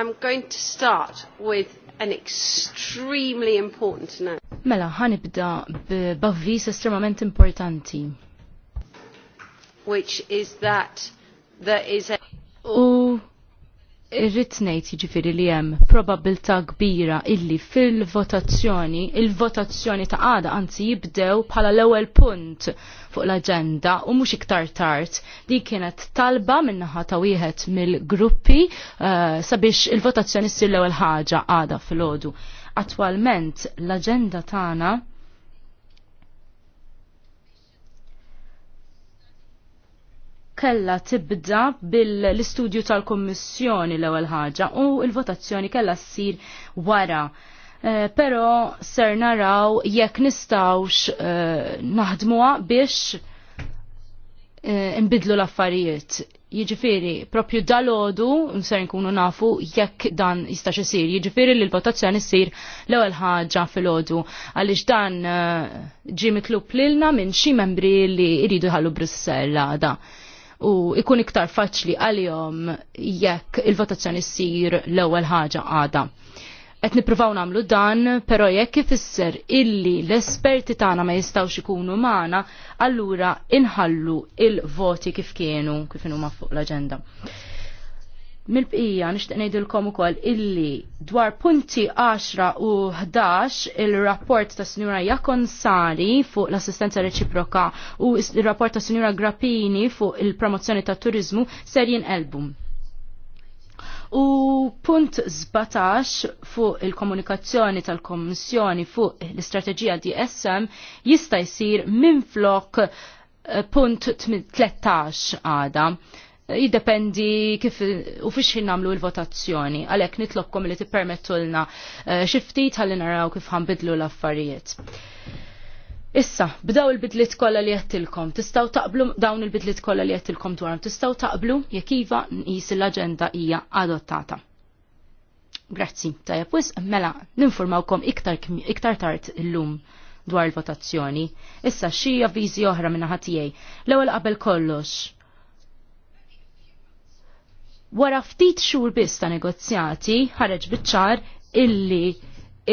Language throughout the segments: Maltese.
I'm going to start with an extremely important note. Mela, ħanibda b'avviż estremament importanti. Which is that there is a irrid ngħid jiġifieri li hemm probabilità kbira illi fil-votazzjoni, il-votazzjoni ta' għada anzi jibdew bħala l-ewwel punt fuq l-aġenda u mhux iktar tard. Di kienet talba minnaħa ta' wieħed mill-gruppi uh, sabiex il-votazzjoni ssir l-ewwel ħaġa għada fil-ħodu. Attwalment l-aġenda tagħna kella tibda bil-istudju tal-Kommissjoni l-ewwel ħaġa u l-votazzjoni kella ssir wara. Eh, però pero ser naraw jekk nistawx eh, naħdmuha biex eh, nbidlu l-affarijiet. Jiġifieri propju dalodu ser nkunu nafu jekk dan jistax isir. Jiġifieri li l-votazzjoni ssir l-ewwel ħaġa fil-ħodu għaliex dan ġie mitlub lilna minn xi membri li jridu jħallu Brussell għada. Da u ikun iktar faċli għalihom jekk il-votazzjoni ssir l-ewwel ħaġa għada. Qed nippruvaw nagħmlu dan, però jekk ifisser illi l-esperti tagħna ma jistgħux ikunu magħna, allura inħallu il-voti kif kienu kif huma fuq l-aġenda. Mil-bqija nishtiq ngħidilkom ukoll illi dwar punti 10 u 11 il-rapport ta' Sinjura Jakon Sari fuq l-assistenza reċiproka u il-rapport ta' Sinjura Grappini fuq il-promozzjoni ta' turizmu ser album. U punt 17 fuq il-komunikazzjoni tal komissjoni fuq l-istrateġija DSM jista' jsir minn flok eh, punt 13 għada jiddependi kif u fiex ħin namlu l-votazzjoni. Għalek nitlobkom li tippermettulna eh, tal ħalli naraw kif ħanbidlu l-affarijiet. Issa, b'daw il-bidlit kolla li jattilkom, tistaw taqblu dawn il-bidlit kolla li jattilkom dwarom, tistaw taqblu jekk iva nqis l-agenda hija adottata. Grazzi, tajab, wis, mela, ninformawkom iktar, iktar tard l-lum dwar il-votazzjoni. Issa, xie avvizi oħra minna ħatijaj. L-ewel qabel kollox, Wara ftit xhur biss ta' negozjati ħareġ biċ-ċar illi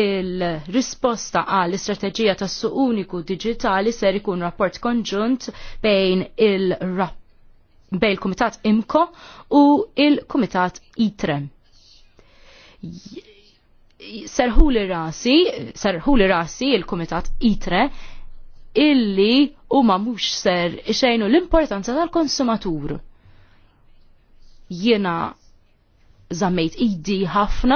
il-risposta għall istrateġija tas suq uniku digitali ser ikun rapport konġunt bejn il bejn il-Kumitat IMCO u il-Kumitat ITREM. Serħu rasi, serħu li rasi il-Kumitat ITRE illi u ma mux ser xejnu l-importanza tal-konsumatur Jiena zammejt idi ħafna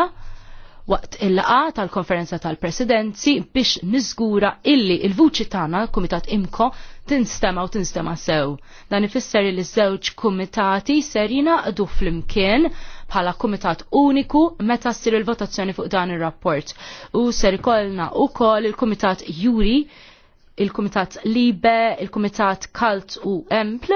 waqt il-laqa tal-konferenza tal-presidenzi biex niżgura illi il-vuċi tagħna l-Kumitat Imko tinstema u tinstema sew. Dan ifisser li żewġ kumitati ser jinaqdu flimkien bħala kumitat uniku meta ssir il-votazzjoni fuq dan ir-rapport. U ser ikollna wkoll il-Kumitat Juri il-Kumitat Libe, il-Kumitat Kalt u Empl,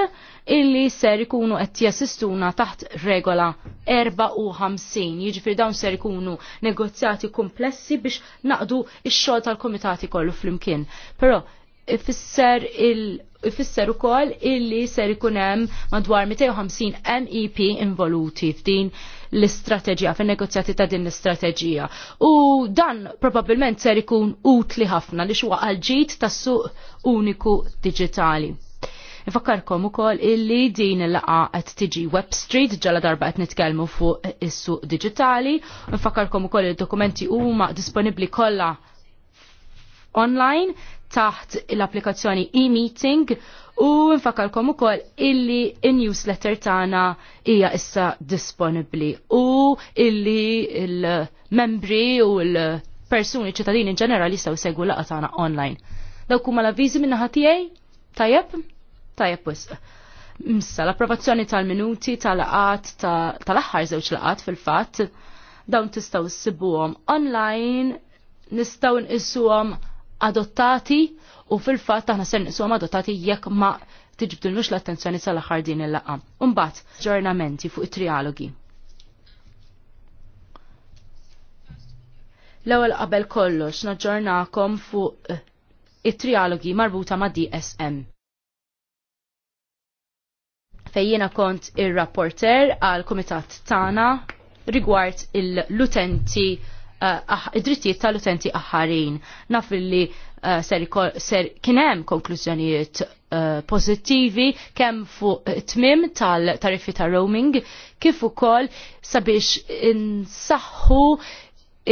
illi ser ikunu qed jassistuna taħt regola 54. Jiġifier dawn ser ikunu negozjati komplessi biex naqdu ix-xogħol tal-kumitati kollu flimkien. Però ifisser il ifisser ukoll illi ser ikun hemm madwar 250 MEP involuti f'din l-istrateġija, fin negozjati ta' din l-istrateġija. U dan probabilment ser ikun utli ħafna li xwa għalġit tas suq uniku digitali. Nfakkarkom ukoll illi din il-laqa qed tiġi Web Street ġala darba qed nitkellmu fuq is-suq digitali. Nfakkarkom ukoll il-dokumenti huma disponibbli kollha online taħt l-applikazzjoni e-meeting u nfakarkom ukoll illi in-newsletter tagħna hija issa disponibbli u illi il-membri u l-persuni ċittadini in ġenerali jistgħu segwu laqgħa tagħna online. Dawk huma l-avviżi minn naħa tiegħi? Tajjeb? Tajjeb wisq. Missa l-approvazzjoni tal-minuti tal-laqat tal-aħħar żewġ laqat fil-fatt dawn tistgħu ssibuhom online nistgħu nqisuhom adottati u fil-fatt aħna ser niqsu ma jekk ma tiġbdilnux l-attenzjoni sal-aħħar din il laqqa Umbat, ġornamenti fuq it-trialogi. L-ewwel qabel kollox naġġornakom fuq eh, it-trialogi marbuta ma' DSM. Fejjina kont ir-rapporter għal kumitat tana rigward il-lutenti l-utenti. il lutenti Eh, id-drittijiet tal-utenti aħħarin. Naf li eh, ser kienem konklużjonijiet eh, pozittivi kemm fuq tmim tal-tariffi ta' roaming kif ukoll sabiex insaħħu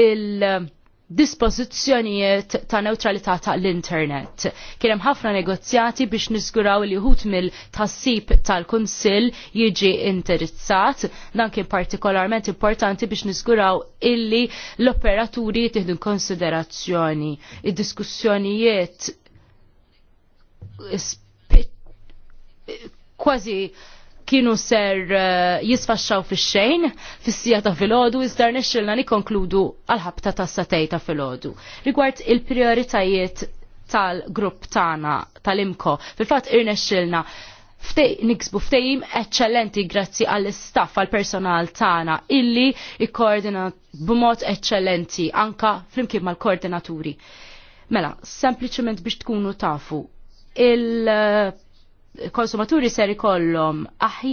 il- dispożizzjonijiet ta' neutralità ta' l-internet. Kien hemm ħafna negozjati biex nisguraw li wħud mill-tassib tal-Kunsill jiġi interizzat, dan kien partikolarment importanti biex nisguraw illi l-operaturi tieħdu konsiderazzjoni. Id-diskussjonijiet kważi kienu ser eh, jisfaxxaw fix xejn fis-sija ta' filgħodu iżda nixxilna nikkonkludu għal ħabta ta' satej ta' filgħodu. Rigward il-prioritajiet tal-grupp tagħna tal-imko, fil-fatt irnexxilna niksbu ftejim eccellenti grazzi għall-istaff għall-personal tagħna illi ikkoordina b'mod eccellenti anka flimkien mal-koordinaturi. Mela, sempliċement biex tkunu tafu il konsumaturi ser ikollhom aħi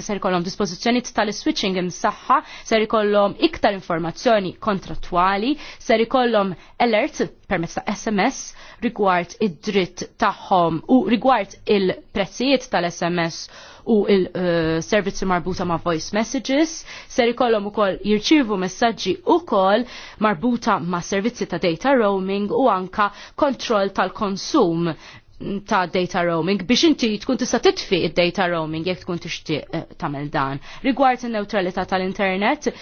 ser ikollom dispozizjoni tal-switching imsaħħa, ser ikollhom iktar informazzjoni kontrattwali, ser ikollhom alert permezz ta' SMS rigward id-dritt tagħhom u rigward il-prezzijiet tal-SMS u il-servizzi eh, marbuta ma' voice messages, ser ikollhom ukoll jirċivu messaġġi ukoll marbuta ma' servizzi ta' data roaming u anka kontroll tal-konsum ta' data roaming biex inti tkun tista' titfi id-data roaming jekk tkun tixtieq eh, tagħmel dan. Rigward in newtralità tal-internet,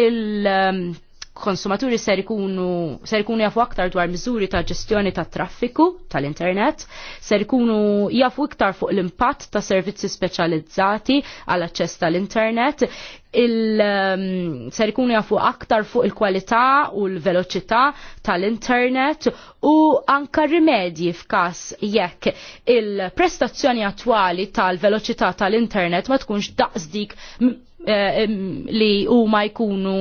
il- um, konsumaturi ser ikunu jafu aktar dwar miżuri ta' ġestjoni ta' traffiku tal-internet, ser ikunu jafu iktar fuq l-impatt ta' servizzi speċjalizzati għal aċċess tal-internet, il um, ser ikunu jafu aktar fuq il-kwalità u l-veloċità tal-internet u anka rimedji f'każ jekk il-prestazzjoni attwali tal-veloċità tal-internet ma tkunx daqs dik eh, li huma jkunu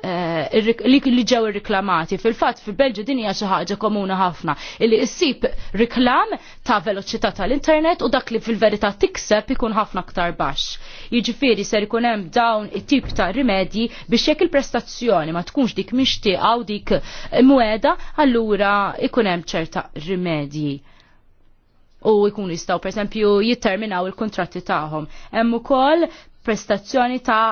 Eh, li ġew irriklamati. Fil-fatt fil-Belġu din hija xi ħaġa komuna ħafna illi ssib riklam ta' veloċità tal-internet u dak li fil-verità tikseb ikun ħafna aktar baxx. Jiġifieri ser ikun hemm dawn it-tip ta' rimedji biex jekk il-prestazzjoni ma tkunx dik mixtieqa u dik mweda, allura ikun hemm ċerta rimedji u jkun jistgħu perempju jitterminaw il-kontratti tagħhom. Hemm ukoll prestazzjoni ta'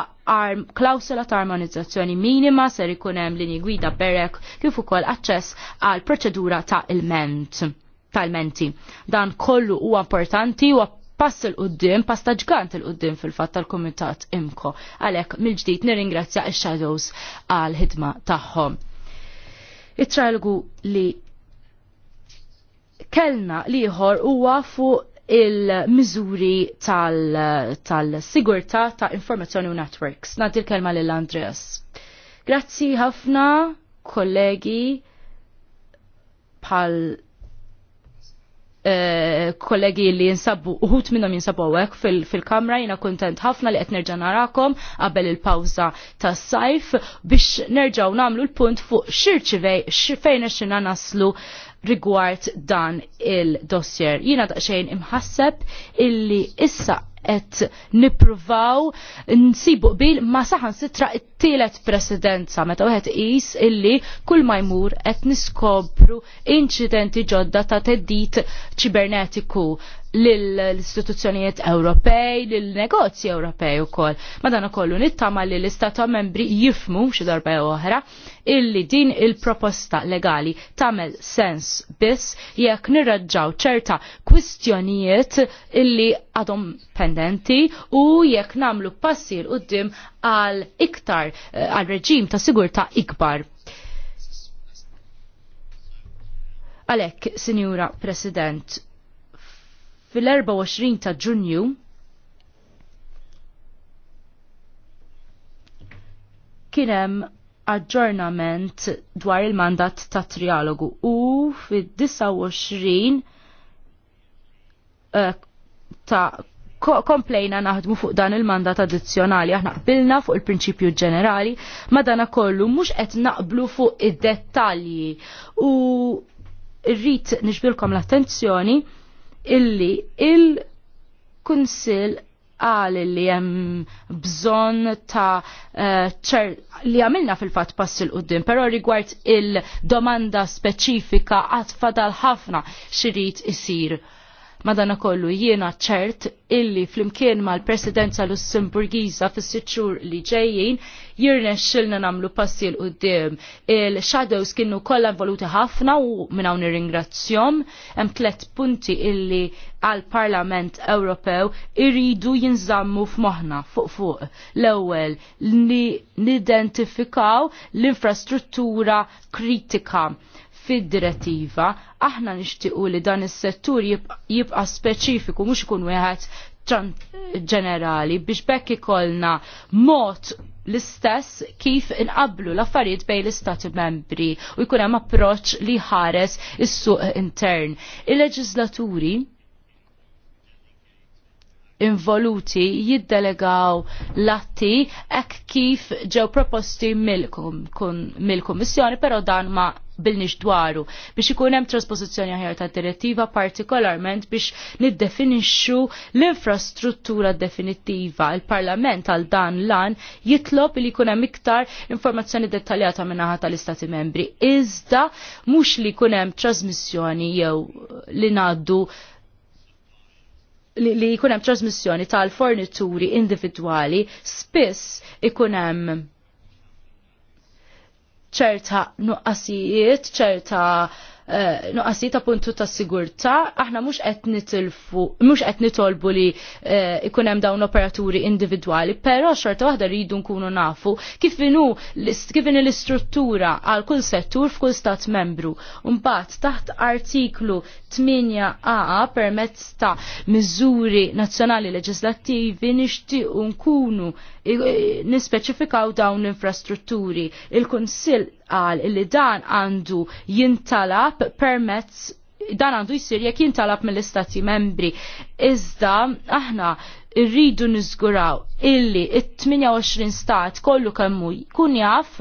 klawsola ta' armonizzazzjoni minima ser ikun hemm linji gwida berek kif ukoll aċċess għal proċedura ta' ilment tal-menti. Dan kollu huwa importanti u pass il-qoddim, pass ta' ġgant il-qoddim fil-fat tal-Komitat Imko. Għalek, mill-ġdid nirringrazzja il-Shadows għal-ħidma tagħhom. it li kellna liħor huwa fuq il-mizuri tal-sigurta tal ta' informazzjoni u networks. Nadi l-kelma l-Andreas. Grazzi ħafna kollegi pal eh, kollegi li jinsabu, uħut minnom jinsabu għek fil-kamra, fil jina kontent ħafna li għet nerġa narakom qabel il-pawza ta' sajf biex nerġaw namlu l-punt fuq xirċivej, xirfejn xina naslu rigward dan il-dossier. Jina daqxejn imħasseb illi issa qed nippruvaw nsibu qbil ma saħan sitra t-tielet presidenza meta wieħed qis illi kull ma jmur qed niskopru inċidenti ġodda ta' teddit ċibernetiku l-istituzzjonijiet Ewropej, l-negozji Ewropej u koll. Madana kollu nittama li l-istata membri jifmu xi darba oħra illi din il-proposta legali tamel sens biss jekk nirraġġaw ċerta kwistjonijiet illi għadhom pendenti u jekk namlu passi l-qoddim għal iktar eh, għal reġim ta' sigurta ikbar. Għalek, Sinjura President, fil-24 ta' ġunju kienem aġġornament dwar il-mandat ta' trialogu u fid-29 uh, ta' komplejna naħdmu fuq dan il-mandat addizzjonali, aħna qbilna fuq il-prinċipju ġenerali, ma dana kollu mhux qed naqblu fuq id-dettalji u rrit nixbilkom l-attenzjoni illi il-Kunsil għal li hemm bżonn ta' eh, ċer uh, li għamilna fil-fatt pass il qudiem però rigward il-domanda speċifika għatfa fadal ħafna xirrit isir. Madana kollu jiena ċert illi flimkien mal-presidenza Lussemburgiza fis sitxur li ġejjin jirnexxilna namlu passi l qoddim Il-shadows kienu kollha involuti ħafna u minn hawn irringrazzjom hemm tliet punti illi għal-Parlament Ewropew irridu jinżammu f'moħħna fuq fuq. L-ewwel li nidentifikaw l-infrastruttura kritika fid-direttiva, aħna nixtiequ li dan is-settur jibqa' speċifiku mhux ikun wieħed ġenerali biex bekk ikollna mod l-istess kif inqablu l-affarijiet bej l-istati membri u jkun hemm approċċ li ħares is-suq intern. Il-leġislaturi involuti jiddelegaw l-atti ek kif ġew proposti mill-Kummissjoni, mil però dan ma bil-nix dwaru biex ikun hemm trasposizzjoni aħjar ta' direttiva partikolarment biex niddefinixxu l-infrastruttura definittiva. Il-Parlament għal dan lan jitlob li jkun hemm iktar informazzjoni dettaljata ħata tal-Istati membri. Iżda mhux li jkun hemm trasmissjoni jew li ngħaddu li jkun hemm trasmissjoni tal-fornituri individwali spiss ikun hemm ċerta nuqqasijiet, ċerta eh, nuqqasijiet ta' puntu ta' sigurta, aħna mux qed nitilfu, mux qed nitolbu li eh, ikunem hemm dawn operaturi individwali, però xorta waħda rridu nkunu nafu kif inu kif l-istruttura għal kull settur f'kull stat membru. Mbagħad taħt artiklu 8a permezz ta' miżuri nazzjonali leġislattivi nixtiequ nkunu nispeċifikaw dawn l-infrastrutturi. Il-Kunsill qal li dan għandu jintalab permezz dan għandu jisir jekk jintalab mill-istati membri. Iżda aħna rridu nizguraw illi it-28 stat kollu kemmu jkun jaf,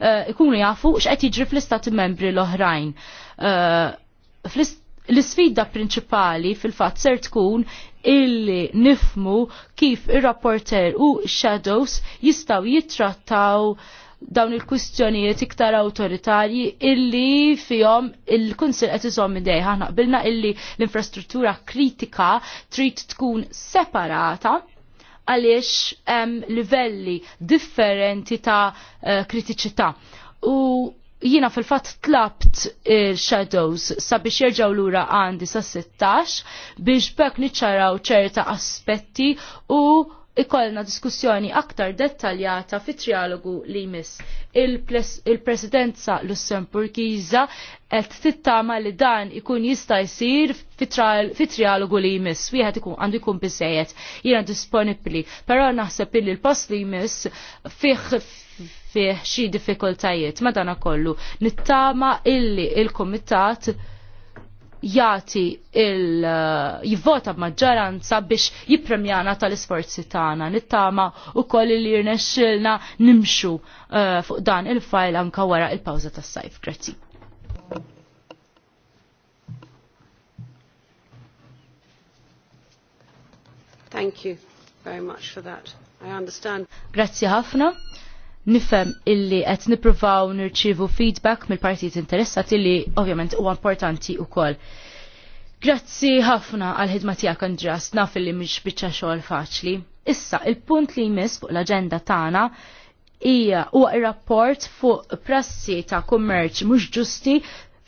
eh, jkun jafu x'qed jiġri fl-istati membri l-oħrajn. Uh, l-sfida prinċipali fil-fat ser tkun illi nifmu kif ir-rapporter u shadows jistaw jittrattaw dawn il-kwistjonijiet iktar autoritarji illi fihom il-Kunsil qed iżomm idej ħana qbilna illi l-infrastruttura kritika trid tkun separata għaliex hemm livelli differenti ta' eh, kritiċità. U jina fil-fat tlabt il-shadows eh, sabiex jirġaw lura għandi sa' 16 biex bekk niċċaraw ċerta aspetti u ikollna diskussjoni aktar dettaljata fit trialogu li jmiss. Il-presidenza il lussemburgiza qed tittama li dan ikun jista' jsir fit trialogu li jmiss. Wieħed ikun għandu jkun biżejjed jiena disponibbli, però naħseb illi l-post li jmiss fih fih xi diffikultajiet madana kollu nittama illi il-komitat jati il jivvota b'maġġoranza biex jippremjana tal-isforzi tagħna. Nittama wkoll li rnexxilna nimxu eh, fuq dan il-fajl anka wara il-pawża tas-sajf. Grazzi. Thank you very much for that. I understand. Grazzi ħafna nifem illi qed nippruvaw nirċivu feedback mill-partijiet interessati li ovvjament huwa importanti wkoll. Grazzi ħafna għal ħidma tiegħek Andreas, naf illi mhix biċċa xogħol faċli. Issa, il-punt li jmiss fuq l-aġenda tagħna hija huwa ir-rapport fuq prassi ta' kummerċ mhux ġusti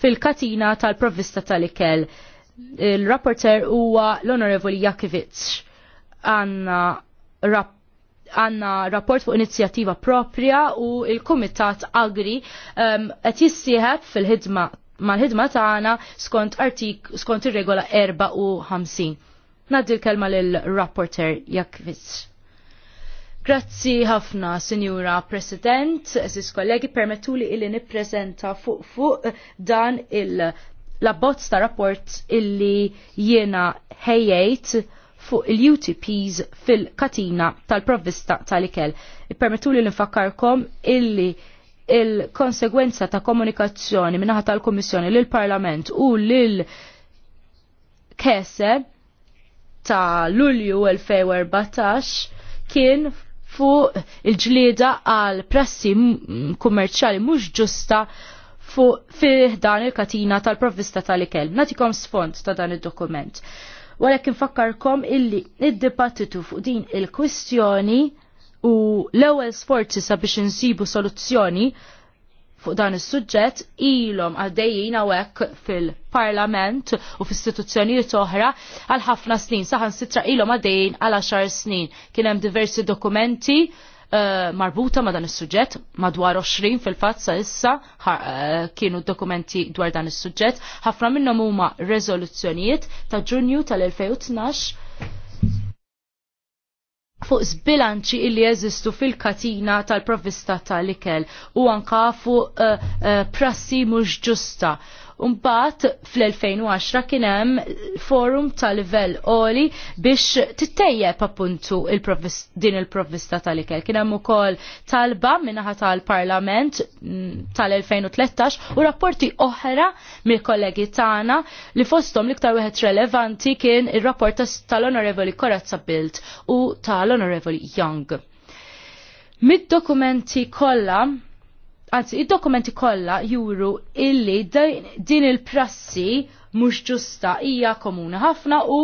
fil-katina tal-provvista tal-ikel. Il-rapporter huwa l-Onorevoli Jakivitz għanna rapport għanna rapport fuq inizjattiva propria u il-Kumitat Agri um, qed um, jissieħeb fil-ħidma mal-ħidma tagħna skont artik skont ir-regola 54. Naddi l-kelma lill-rapporter Jakvitz. Grazzi ħafna, Sinjura President, eżis kollegi, permettu li illi nipprezenta fuq fuq dan il-labbozz ta' rapport illi jiena ħejjejt fuq il-UTPs fil-katina tal-provvista tal-ikel. Permettu li l-infakkarkom illi il-konsegwenza ta' komunikazzjoni minnaħa tal-Komissjoni l-Parlament u l-Kese ta' Lulju 2014 kien fuq il-ġlieda għal prassi kummerċali mhux ġusta fuq fih dan il-katina tal-provvista tal-ikel. Natikom sfond ta' dan il-dokument. Walek infakkarkom illi id-dibattitu fuq din il-kwistjoni u l-ewwel sforzi sabiex insibu soluzzjoni fuq dan is-suġġett ilhom għaddejjin hawnhekk fil-Parlament u fl-istituzzjonijiet oħra għal ħafna snin saħan sitra ilhom għaddejjin għal 10 snin. Kien hemm diversi dokumenti Eh, marbuta ma dan is-suġġett madwar 20 fil-fatt sa issa eh, kienu dokumenti dwar dan is-suġġett, ħafna minnhom huma reżoluzzjonijiet ta' Ġunju tal-2012 fuq sbilanċi illi jeżistu fil-katina tal-provvista tal-ikel u anka fuq uh, uh, prassi mhux ġusta Umbat fl-2010 hemm forum tal livell oli biex tittejjeb appuntu il din il-provvista tal-ikel. Kien hemm ukoll talba minnaħa tal-parlament mm, tal-2013 u rapporti oħra mill kollegi tagħna li fosthom l-iktar wieħed relevanti kien ir rapport tal-Onorevoli Korazza Bilt u tal-Onorevoli Young. Mid-dokumenti kollha Anzi, id-dokumenti kollha juru illi din il-prassi mhux ġusta hija komuni ħafna u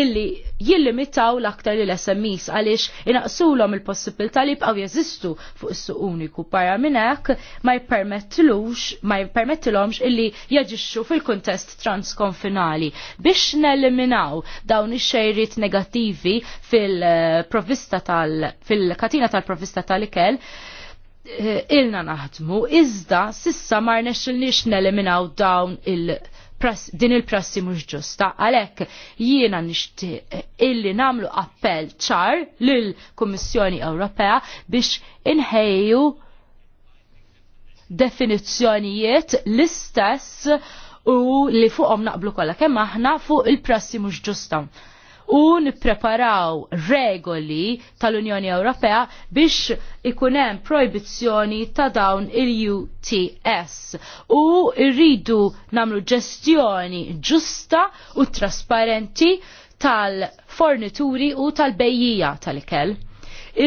illi jillimitaw l-aktar l smis għaliex inaqsulhom il-possibilità li jibqgħu jeżistu fuq is-suq uniku barra minn hekk ma jippermettilux ma jippermettilhomx illi jaġixxu fil-kuntest transkonfinali biex neliminaw dawn ix-xejriet negattivi fil-provista tal fil-katina tal-provista tal-ikel. tal provista tal ikel Eh, ilna naħdmu, iżda sissa mar nexxilniex neliminaw dawn il- din il-prassi mhux ġusta. Għalhekk jiena nixtieq illi nagħmlu appell ċar lill kummissjoni Ewropea biex inħejju definizzjonijiet l-istess u li fuqhom naqblu kollha kemm aħna fuq il-prassi mhux ġusta u nippreparaw regoli tal-Unjoni Ewropea biex ikunem proibizzjoni ta' dawn il-UTS u rridu namlu ġestjoni ġusta u trasparenti tal-fornituri u tal-bejjija tal-ikel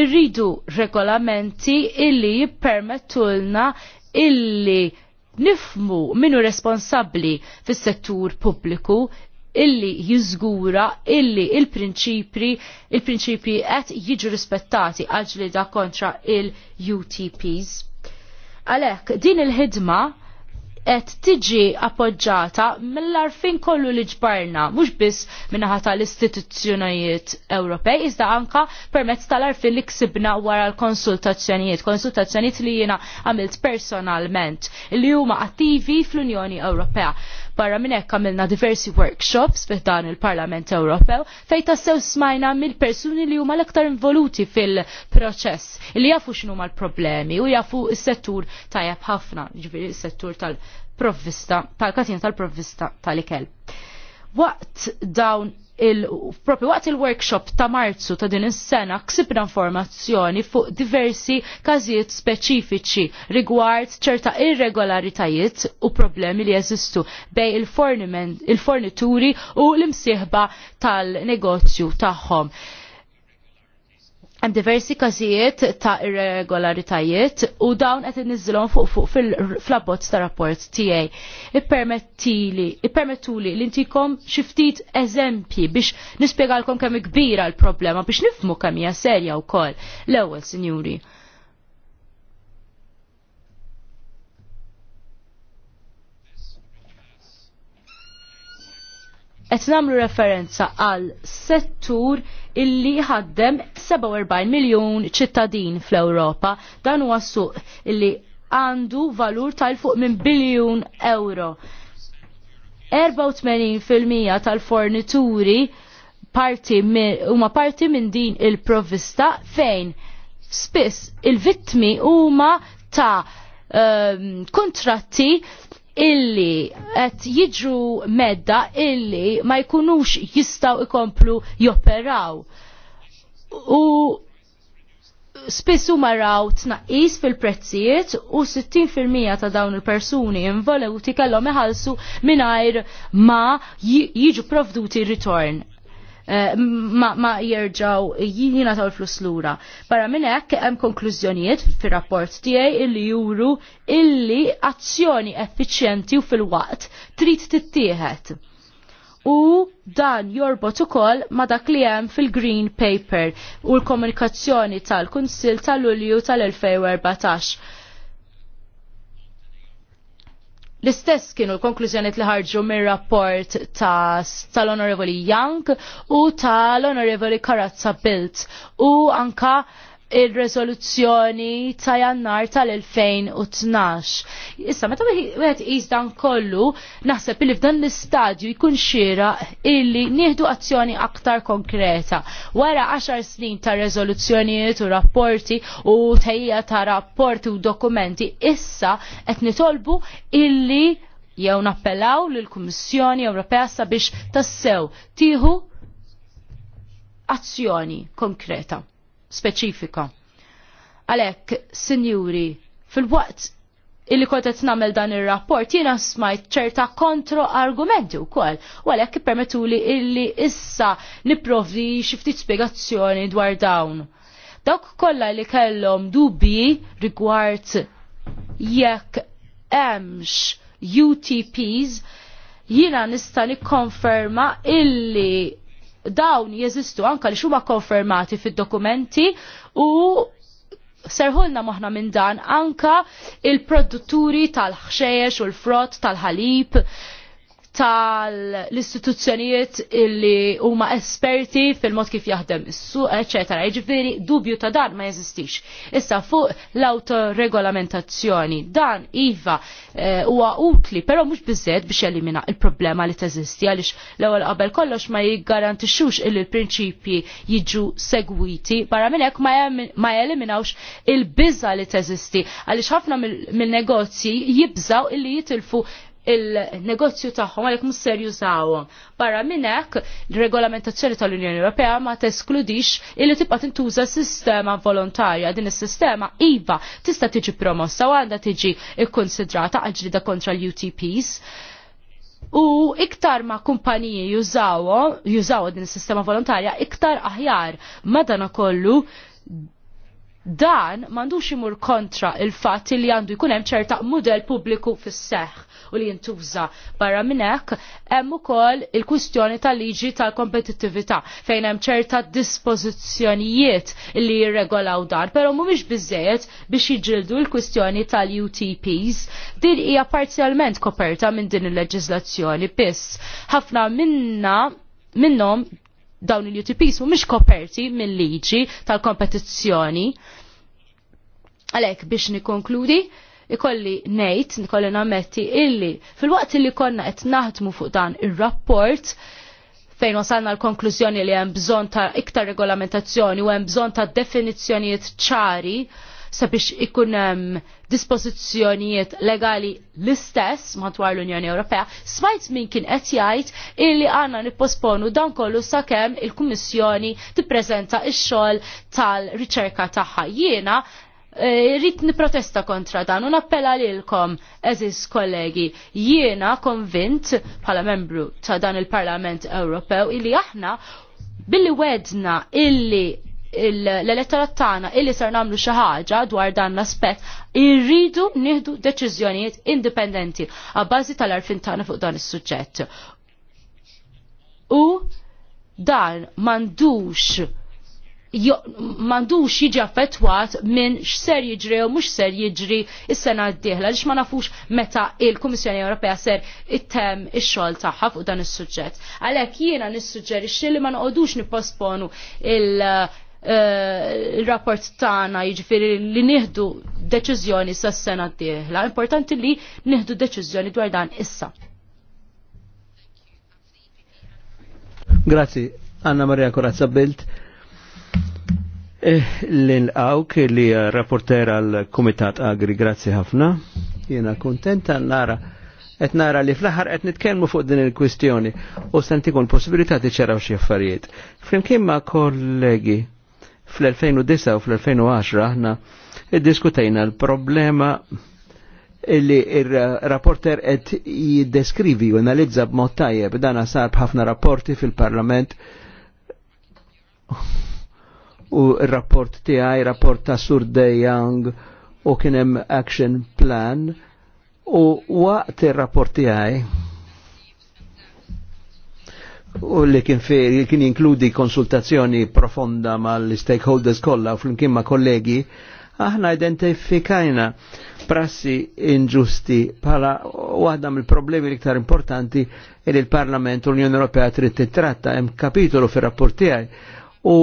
irridu regolamenti illi jippermettulna illi nifmu minu responsabli fis settur pubbliku illi jiżgura illi il-prinċipri il-prinċipji qed jiġu rispettati għal da kontra il-UTPs. Għalhekk din il-ħidma qed tiġi appoġġata mill-arfin kollu li ġbarna, mhux biss minnaħa tal-istituzzjonijiet Ewropej, iżda anka permezz tal-arfin li ksibna wara l-konsultazzjonijiet, konsultazzjonijiet li jiena għamilt personalment, li huma attivi fl-Unjoni Ewropea. Barra minn hekk għamilna diversi workshops fi dan il-Parlament Ewropew fejn tassew smajna mill-persuni li huma l-aktar involuti fil-proċess li jafu x'inhu l-problemi u jafu s-settur tajjeb ħafna, ġifieri s-settur tal-provvista, tal-katina tal-provvista tal-ikel. Waqt dawn il waqt il-workshop ta' marzu ta' din is-sena ksibna informazzjoni fuq diversi każijiet speċifiċi rigward ċerta irregolaritajiet u problemi li jeżistu bej il-fornituri u l-imsieħba tal-negozju tagħhom. Hemm diversi każijiet ta' irregolaritajiet u dawn qed inniżilhom fuq fuq fl-abbozz ta' rapport tiegħi. Ippermettili, ippermettuli li ntikom xi ftit eżempji biex nispjegalkom kemm kbira l-problema biex nifmu kemm hija serja wkoll. L-ewwel, sinjuri qed nagħmlu referenza għal settur illi ħaddem 47 miljun ċittadin fl-Ewropa. Dan huwa suq illi għandu valur tal fuq minn biljun euro. 84% tal-fornituri parti huma parti minn din il provista fejn spiss il-vittmi huma ta' um, ehm, kontratti illi qed jiġru medda illi ma jkunux jistaw ikomplu joperaw. U spissu maraw tnaqqis fil-prezzijiet u 60% ta' dawn il-persuni involuti kellhom iħallsu mingħajr ma jiġu provduti return. Eh, ma, ma jirġaw jina taw l-flus Barra minn hekk hemm konklużjonijiet fir-rapport tiegħi illi juru illi azzjoni effiċjenti u fil-waqt trid tittieħed. U dan jorbot ukoll ma dak li hemm fil-Green Paper u l-komunikazzjoni tal-Kunsill tal-Lulju tal-2014 L-istess kienu l-konklużjoniet li ħarġu mir-rapport ta' tal-Onorevoli Young u tal-Onorevoli Karazza Bilt u anka il-resoluzzjoni ta' jannar tal-2012. Issa, meta wieħed jiz dan kollu, naħseb li f'dan l-istadju jkun xira illi nieħdu azzjoni aktar konkreta. Wara 10 snin ta' rezoluzzjonijiet u rapporti u tajja ta' rapporti u dokumenti, issa qed nitolbu illi jew nappellaw lill-Kummissjoni Ewropea sabiex tassew tieħu azzjoni konkreta speċifika. Għalek, sinjuri, fil-waqt illi kontet namel dan il-rapport, jina smajt ċerta kontro argumenti u kol, u għalek permetu li illi issa niprovdi xiftit spiegazzjoni dwar dawn. Dawk kolla li kellom dubi rigward jekk emx UTPs, jina nista nikkonferma illi dawn jeżistu anka li xuma konfermati fid-dokumenti u serħolna moħna minn dan anka il-produtturi tal-ħxejjex u l-frott tal-ħalib tal-istituzzjonijiet illi huma esperti fil-mod kif jaħdem is-suq, eċetera. Jiġifieri dubju ta' dan ma jeżistix. Issa fuq l-autoregolamentazzjoni dan iva eh, huwa uh, utli, però mhux biżżejjed biex elimina il-problema li teżisti għaliex l-ewwel qabel kollox ma jiggarantixxux illi l-prinċipji jiġu segwiti barra minn hekk ma jeliminawx il-biża li teżisti għaliex ħafna mill-negozji jibżaw illi jitilfu il-negozju tagħhom għalhekk mhux jużawhom. Barra minn hekk, regolamentazzjoni tal-Unjoni Ewropea ma teskludix illi tibqa' tintuża sistema volontarja. Din is-sistema iva tista' tiġi promossa u għandha tiġi kkonsidrata għal kontra l-UTPs. U iktar ma kumpaniji jużawo, jużawo din is-sistema volontarja, iktar aħjar madana kollu Dan mandux imur kontra il-fatt li għandu jkun hemm ċerta model pubbliku fis-seħħ u li jintuża barra minn hekk hemm ukoll il-kwistjoni tal-liġi tal-kompetittività fejn hemm ċerta dispożizzjonijiet li jirregolaw dan, però mhumiex biżejjed biex jiġildu l-kwistjoni tal-UTPs. Din hija parzjalment koperta minn din il-leġiżlazzjoni biss. Ħafna minna minnhom dawn il-UTPs u koperti mill-liġi tal-kompetizzjoni. Għalhekk biex nikkonkludi, ikolli ngħid, ikolli nammetti illi fil-waqt li konna qed naħdmu fuq dan ir-rapport fejn wasalna l-konklużjoni li hemm bżonn ta' iktar regolamentazzjoni u hemm bżonn ta' definizzjonijiet ċari sabiex ikun hemm dispozizjonijiet legali l-istess madwar l-Unjoni Ewropea, smajt min kien qed jgħid illi għandna nipposponu dan kollu sakemm il-Kummissjoni tippreżenta x-xogħol tal-riċerka tagħha. Jiena e, rrit niprotesta kontra dan u nappella lilkom, eżis kollegi, jiena konvint bħala membru ta' dan il-Parlament Ewropew illi aħna billi wedna illi l-elettorat tagħna illi ser nagħmlu xi ħaġa dwar dan l-aspett irridu nieħdu deċiżjonijiet indipendenti għabbażi tal-arfin tagħna fuq dan is-suġġett. U dan mandux mandux jiġi affettwat minn x'ser jiġri u mhux ser jiġri s sena d-dieħla għaliex ma nafux meta il-Kummissjoni Ewropea ser ittem ix-xogħol tagħha fuq dan is-suġġett. Għalhekk jiena nissuġġerixxi li ma noqogħdux nipposponu il-rapport eh, tagħna jiġifieri li nieħdu deċiżjoni sas-sena d Importanti li nieħdu deċiżjoni dwar dan issa. Grazzi, Anna Maria Corazza Bilt. Eh, L-inqawk li rapporter għal Komitat Agri, grazzi ħafna. Jena kontenta nara qed nara li fl-aħħar qed nitkellmu fuq din il-kwistjoni u se possibilitati possibilità xie xi affarijiet. Flimkien ma' kollegi fl-2009 u fl-2010 aħna diskutajna l-problema illi il-rapporter qed jiddeskrivi u analizza b'mod tajjeb dan sar b'ħafna rapporti fil-Parlament u il-rapport tiegħi, rapport ta' Sur De Young u kien hemm action plan u waqt ir-rapport tiegħi u li kien fi kien jinkludi konsultazzjoni profonda mal-stakeholders kollha u flimkien ma' kollegi, aħna identifikajna prassi inġusti pala waħda mill-problemi l-iktar importanti li l-Parlament u l-Unjoni Ewropea trid titratta hemm kapitolu fir-rapport tiegħi u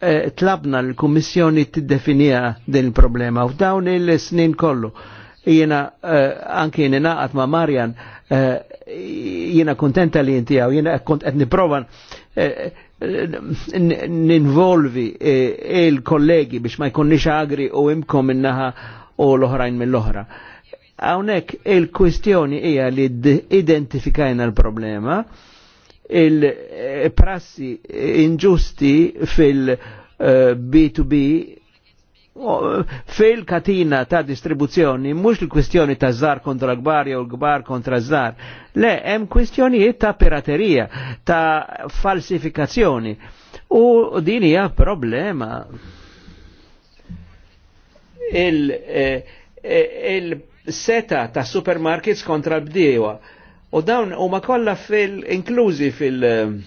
eh, tlabna l-Kummissjoni tiddefinija din il-problema u dawn il-snin kollu Jiena eh, anki naqat ma' Marjan, eh, jiena kontenta li jinti għaw, jiena kont qed provan eh, ninvolvi il-kollegi biex ma jkunni agri u imkom minnaħa u l-oħrajn mill-oħra. Hawnhekk il-kwistjoni hija li identifikajna l-problema, il-prassi inġusti fil- B2B fil-katina ta' distribuzzjoni mhux il-kwistjoni ta' żar kontra l-gbar jew l-gbar kontra żar. Le, hemm kwistjonijiet ta' piraterija, ta' falsifikazzjoni. U din hija problema. Il-seta il eh, eh, ta' supermarkets kontra l-bdiewa. U dawn huma kollha fil-inklużi fil-,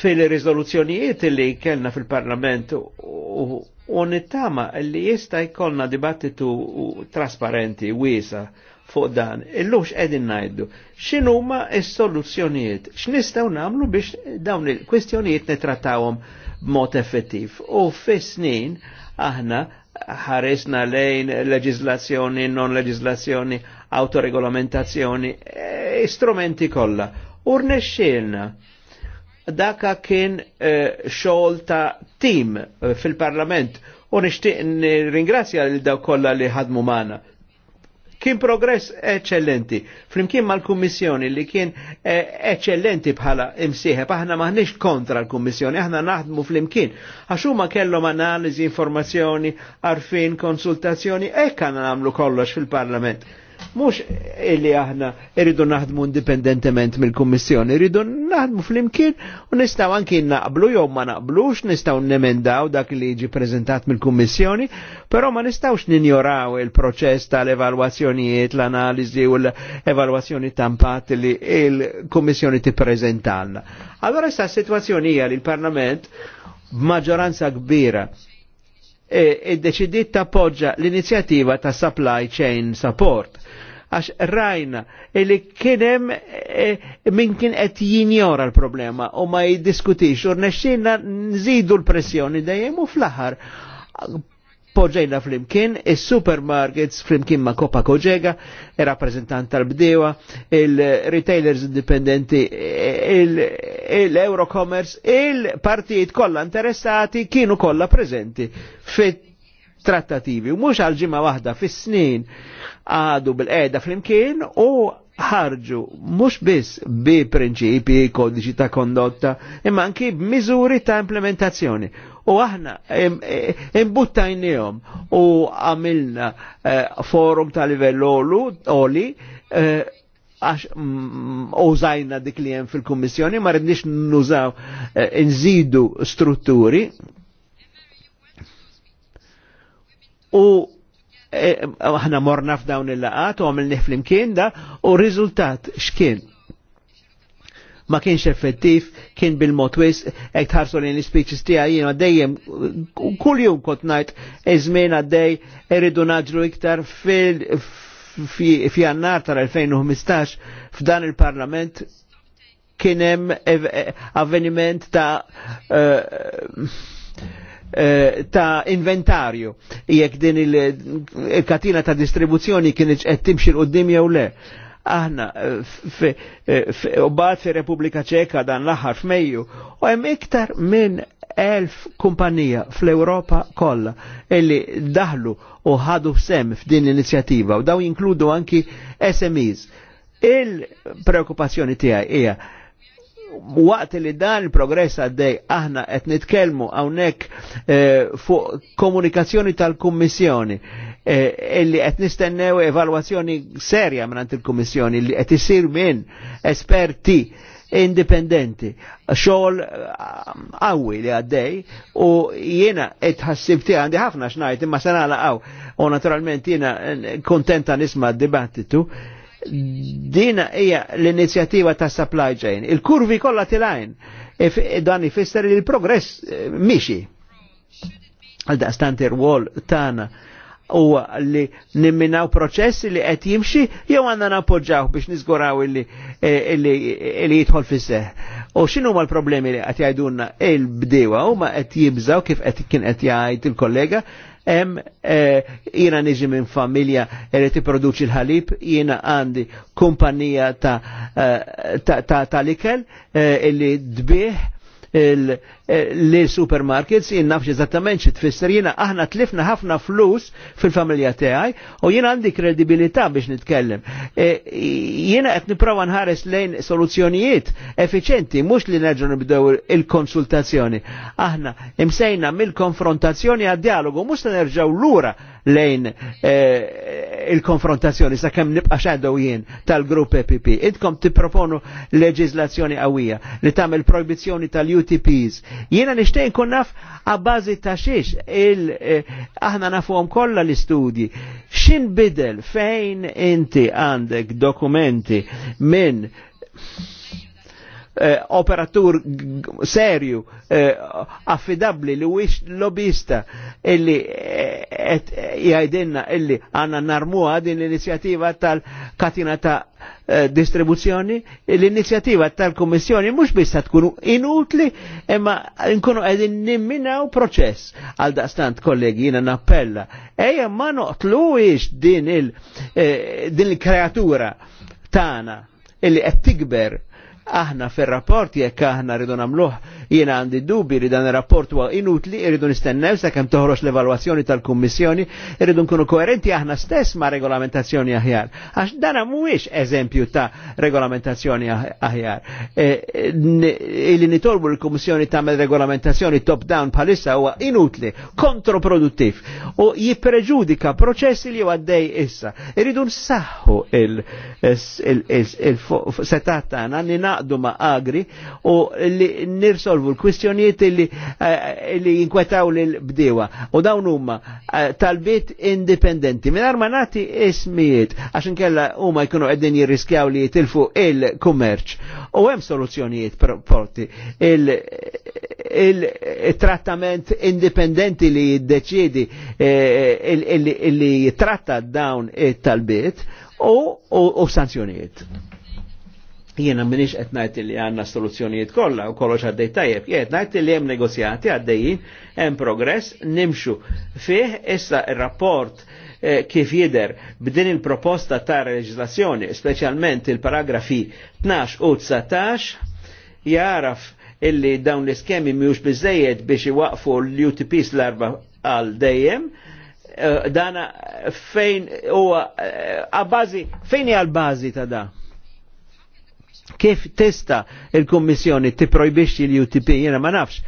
fil eh, rizoluzzjonijiet li kellna fil-parlament u u nittama li jista jkollna dibattitu trasparenti, wiesa fuq dan, illux edin najdu, xinu ma s-soluzzjonijiet, x'nistgħu namlu biex dawn il-kwestjonijiet nitrattawhom b'mod effettiv. U fis-snin aħna ħaresna lejn leġislazzjoni, non leġislazzjoni, autoregolamentazzjoni, e strumenti kollha. U rnexxielna daka kien eh, xogħol ta' tim eh, fil-Parlament u nixtieq ringrazzja lil daw kollha li ħadmu magħna. Kien progress eccellenti. Flimkien mal-Kummissjoni li kien eccellenti eh, bħala imsieħeb, aħna maħniex kontra l-Kummissjoni, aħna naħdmu flimkien. Għax huma kellhom analiżi, informazzjoni, arfin, konsultazzjoni, hekk kanna nagħmlu kollox fil-Parlament mhux illi aħna irridu naħdmu indipendentement mill-Kummissjoni, irridu naħdmu flimkien u nistgħu anki naqblu jew ma naqblux, nistgħu nemendaw dak li jiġi prezentat mill-Kummissjoni, però ma nistgħux ninjoraw il-proċess tal-evalwazzjonijiet, l-analiżi u l-evalwazzjoni tampat li il-Kummissjoni tippreżentalna. Allora sta situazzjoni hija li l-Parlament b'maġġoranza kbira id-deċidiet e, e tappoġġa l-inizjattiva ta' supply chain support għax rajna e li kienem minn kien qed jinjora l-problema u ma jiddiskutix u rnexxinna nżidu l-pressjoni dejjem u fl-aħħar poġġejna flimkien is-supermarkets flimkien ma' Kopa Koġega, e rappresentant tal-bdewa, il-retailers indipendenti, il-Eurocommerce, il-partijiet kollha interessati kienu kollha prezenti fit-trattativi. U mhux għal ġimgħa waħda fis-snin għadu bil-qeda flimkien u ħarġu mhux biss bi prinċipi, kodiċi ta' kondotta, imma anki b'miżuri ta' implementazzjoni. U aħna imbuttajnijom u għamilna eh, forum ta' livell oli eh, għax mm, użajna dik li hemm fil-Kummissjoni ma rridniex nużaw eh, nżidu strutturi u E, aħna morna f'dawn il-laqat u għamilni fl-imkien da u riżultat xkien ma kienx effettiv kien bil-mod wis hekk tħarsu lejn l-speeches tiegħi jiena dejjem kuljum kont ngħid iż-żmien għaddej irridu naġru iktar fil f'jannar tal-2015 f'dan il-Parlament kien hemm avveniment ta' uh, Eh, ta' inventarju jekk din il-katina ta' distribuzzjoni kienet qed timxi l jew le. Aħna eh, eh, u bad fi Repubblika Ċeka dan l-aħħar f'Mejju u hemm iktar minn elf kumpanija fl-Europa kollha illi daħlu u ħadu sem f'din l-inizjattiva u daw jinkludu anki SMEs. Il-preokkupazzjoni tiegħi hija waqt li dan il-progress għaddej aħna qed nitkellmu hawnhekk eh, fuq komunikazzjoni tal-Kummissjoni eh, illi qed nistennew evalwazzjoni serja mingħand il-Kummissjoni li qed isir minn esperti indipendenti, xogħol eh, qawwi li għaddej u jiena ħassib ti għandi ħafna xnajt imma se nagħlaqgħu u naturalment jiena eh, kontenta nisma' d-dibattitu. Dina hija l-inizjattiva ta' supply chain. Il-kurvi kollha tilajn dan ifisser li l-progress eh, miexi. Għal daqstant ir-wol tagħna u li nimminaw proċessi li qed jimxi jew għandna nappoġġaw biex niżguraw illi eh, jidħol fis-seħ. U x'inhu huma l-problemi li qed jgħidulna il-bdewa huma qed jibżaw kif qed kien qed jgħid il-kollega Em, eh, jina niġi minn familja li tipproduċi l-ħalib, jina għandi kumpanija ta', ta, eh, ta, ta, ta likel eh, illi dbieħ Eh, li supermarkets jien nafx eżattament xi tfisser jiena aħna tlifna ħafna flus fil-familja tiegħi u jien għandi kredibilità biex nitkellem. Eh, jiena qed nipprova nħares lejn soluzzjonijiet effiċenti mhux li nerġgħu nibdew il-konsultazzjoni. Aħna imsejna mill-konfrontazzjoni għad-dialogu mhux se nerġgħu lura lejn eh, il-konfrontazzjoni sa' kemm nibqa xadow jien tal-grupp EPP. Idkom tipproponu leġizlazzjoni qawwija li tagħmel projbizzjoni tal-UTPs Jiena nishtej nkun naf għabbażi ta' xiex il eh, aħna nafuhom kollha l-istudji. X'inbidel fejn inti għandek dokumenti minn eh, operatur serju, eh, affidabli li wix lobista illi eh, eh, jgħidinna illi għanna narmuha din l-inizjativa tal-katina ta' eh, distribuzzjoni, l-inizjativa tal-Kommissjoni mhux biss tkun inutli imma nkunu qegħdin nimminaw proċess għal daqstant kollegi jina nappella. Ejja ma noqtlux din eh, il-kreatura eh, tagħna illi qed tikber aħna fir-rapport jekk aħna rridu nagħmluh Jiena għandi dubi li dan il rapport huwa inutli, irridu nistennew sakemm toħroġ l-evalwazzjoni tal-Kummissjoni, irridu nkunu koerenti aħna stess ma' regolamentazzjoni aħjar. Għax dan mhuwiex eżempju ta' regolamentazzjoni aħjar. E, illi nitolbu l-Kummissjoni tagħmel regolamentazzjoni top-down bħalissa huwa inutli, kontroproduttiv u jippreġudika proċessi li għaddej issa. Irridu nsaħħu il-setat tagħna li naqdu ma' agri u li nirsol jisolvu l-kwistjonijiet li, eh, li jinkwetaw l-bdewa. U dawn huma eh, talbiet indipendenti. Minar ma nati ismijiet, għax inkella huma jkunu qegħdin jirriskjaw li jitilfu il-kummerċ. U hemm soluzzjonijiet proporti Il-trattament indipendenti li jiddeċidi eh, li jitratta dawn it-talbiet u sanzjonijiet. Jiena minix qed ngħid li għandna soluzzjonijiet kollha u kollox għaddej tajjeb, jien ngħid li hemm negozjati għaddejjin, hemm progress, nimxu fih issa r rapport eh, kif jider b'din il-proposta ta' leġislazzjoni, speċjalment il-paragrafi 12 u 19, jaraf illi dawn l-iskemi miux bizzejed biex iwaqfu l-UTPs l-arba għal dejjem, eh, dana fejn huwa għabbażi, eh, fejn hija l-bażi ta' da? Kif testa il-Kommissjoni ti tipprojbixxi l-UTP jena ma nafx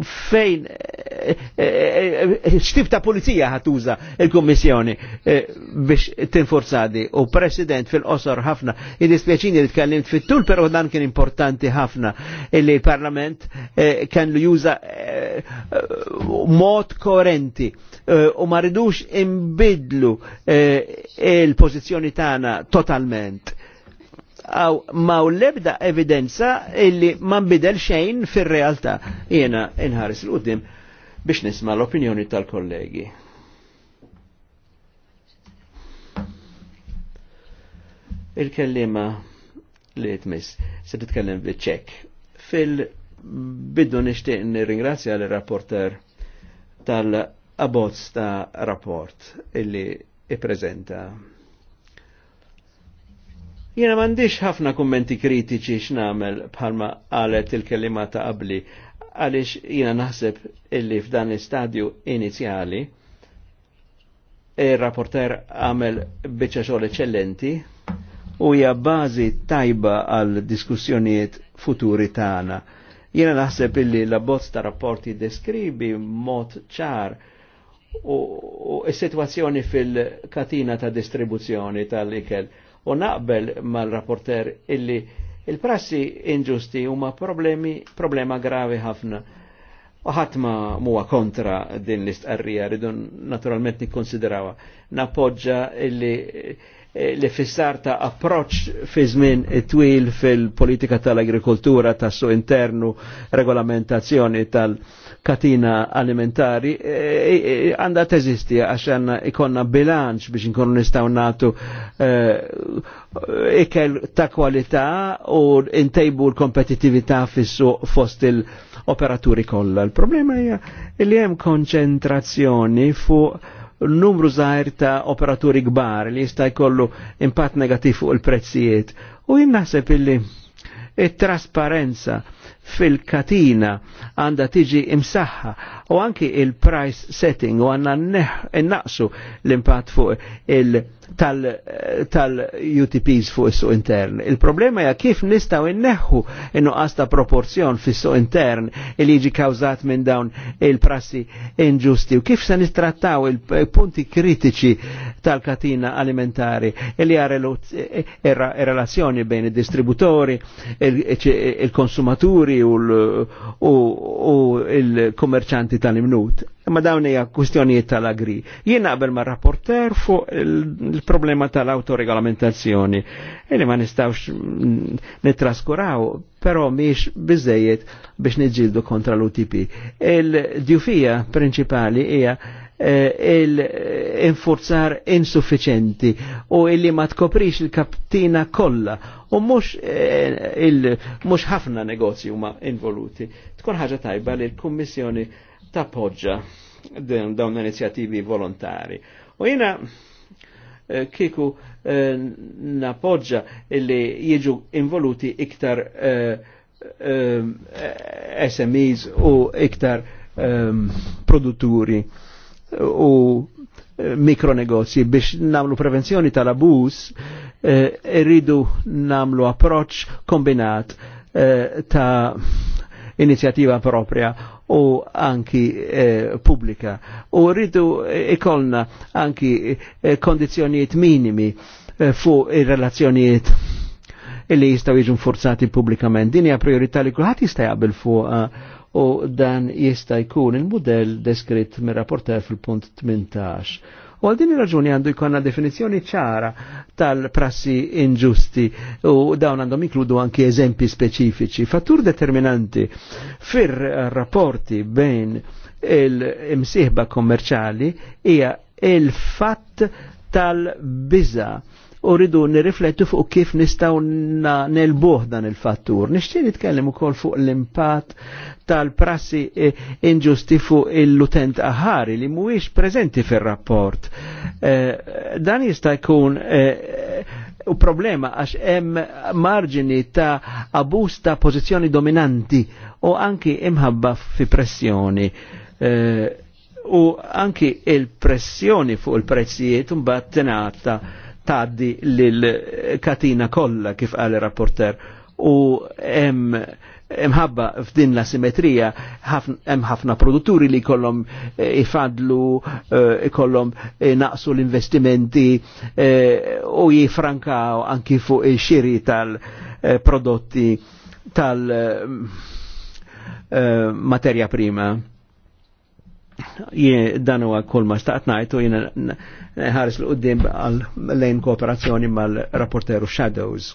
fejn eh, eh, eh, xtif ta' pulizija ħatuża il-Kommissjoni biex tinforzadi u President fil-qosor ħafna id dispieċini li tkellimt fit-tul pero dan kien importanti ħafna illi il-Parlament kan li juża mod koerenti u ma ridux imbidlu il pozizjoni tana totalment għaw maw lebda evidenza illi ma nbidel xejn fir-realtà jiena inħaris l-qudiem biex nisma l-opinjoni tal-kollegi. Il-kellima li jitmis se titkellem biċ-ċek. Fil-bidu nixtieq nirringrazzja l-rapporter tal-abbozz ta' rapport illi ippreżenta Jena mandiċ ħafna kummenti kritiċi x'namel bħalma għalet il-kelima ta' qabli, għalix jena naħseb illi f'dan l-istadju inizjali il-rapporter għamel bieċa xogħol eċċellenti u hija bażi tajba għal diskussjonijiet futuri tagħna. Jiena naħseb illi l bozz ta' rapporti deskribi mod ċar u, u s-sitwazzjoni fil-katina ta' distribuzzjoni tal-ikel u naqbel mal-rapporter illi il-prassi inġusti huma problemi problema gravi ħafna. U ħatma muwa kontra din l-istqarrija, ridu naturalment nikkonsiderawa. Napoġġa illi eh, li fissar ta' approċ fi żmien twil fil-politika tal-agrikoltura, tas-su internu, regolamentazzjoni tal katina alimentari e, e, e, għanda e, teżisti għax ikonna bilanċ biex nkunu nistaw natu ikel ta' kwalità u intejbu l-kompetitività fissu fost il-operaturi kollha. Il-problema hija li hemm konċentrazzjoni fuq numru zaħir ta' operaturi gbar li jista' jkollu impatt negativ fuq il-prezzijiet. U jien naħseb illi it-trasparenza il fil-katina għanda tiġi imsaħħa u anki il-price setting u għanna naqsu l impat fuq il- tal-UTPs fuq il suq intern. Il-problema hija kif nistaw inneħħu innuqqas ta' proporzjon fis-suq intern li jiġi kawzat minn dawn il-prassi inġusti u kif se nittrattaw il-punti kritiċi tal-katina alimentari li eh, eh, relazzjoni bejn id-distributori, il-konsumaturi, u il-kommerċanti tal-imnut. Ma dawn hija kwistjonijiet tal-agri. Jien naqbel ma' rapporter fuq il-problema tal-autoregolamentazzjoni. Ili ma nistawx nitraskuraw, pero miex biżejjed biex niġġieldu kontra l-UTP. Il-djufija principali hija Eh, il-infurzar insuffiċenti u illi ma tkoprix il-kaptina kollha u mhux eh, mhux ħafna negozju huma involuti. Tkun ħaġa tajba li l-Kummissjoni tappoġġa dawn l-inizjattivi volontari. U jiena eh, kiku napoġġa illi jiġu involuti iktar SMEs u iktar produtturi u eh, mikronegozji biex namlu prevenzjoni tal-abus eh, irridu namlu approċ kombinat eh, ta' inizjativa propria u anki eh, pubblika. U rridu ikolna anki kondizjonijiet minimi fu fuq ir-relazzjonijiet illi jistaw iġun forzati pubblikament. Din hija priorità li kulħadd jista' uh, u dan jista' jkun il-modell deskritt mir-rapporter fil-punt 18. U għal din il raġuni għandu jkollna definizjoni ċara tal-prassi inġusti u dawn għandhom inkludu anki eżempi speċifiċi. Fattur determinanti fir-rapporti bejn il-imsieħba kommerċali hija il-fatt tal-biża' u rridu nirriflettu fuq kif nistaw nelbuħ dan il-fattur. Nixtieq nitkellem ukoll fuq l-impatt tal-prassi e, inġusti fuq l-utent aħari li mhuwiex preżenti fir-rapport. E, dan jista' jkun e, u problema għax hemm marġini ta' abus ta' pożizzjoni dominanti u anki imħabba fi pressjoni. u anki il-pressjoni fuq il-prezzijiet mbagħad tingħata taddi lil-katina kollha kif qal ir-rapporter u hemm imħabba f'din la simetrija hemm ħafna produtturi li kollhom eh, ifadlu, ikollhom eh, eh, naqsu l-investimenti u jifrankaw anki fuq ix-xiri tal-prodotti tal-materja prima dan huwa kull ma staqt ngħid u jiena ħares l qudiem għal lejn kooperazzjoni mal-rapporteru Shadows.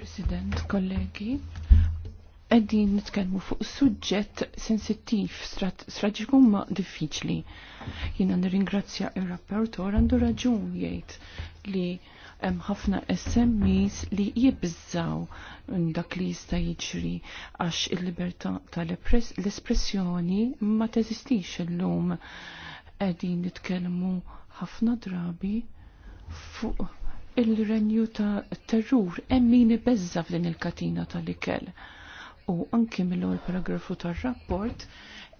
President, kollegi, għeddin nitkellmu fuq suġġett sensittiv, straġiku ma diffiċli. Jiena nirringrazzja ir-rapportor għandu raġun jgħid li hemm ħafna SMEs li jibżaw dak li jista' jiġri għax il-libertà tal-espressjoni ma teżistix illum qegħdin nitkellmu ħafna drabi fuq il-renju ta' terrur hemm min ibeżza f'din il-katina tal-ikel. U anki mill-ewwel paragrafu tar-rapport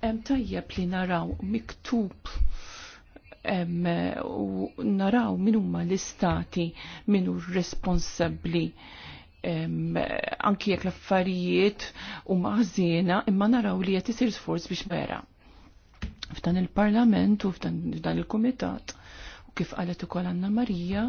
hemm tajjeb li naraw miktub u naraw min huma l-istati min hu responsabbli anki jekk l-affarijiet u maħżiena imma naraw li qed isir sforz biex vera. F'dan il-Parlament u f'dan il-Kumitat u kif qalet ukoll Anna Marija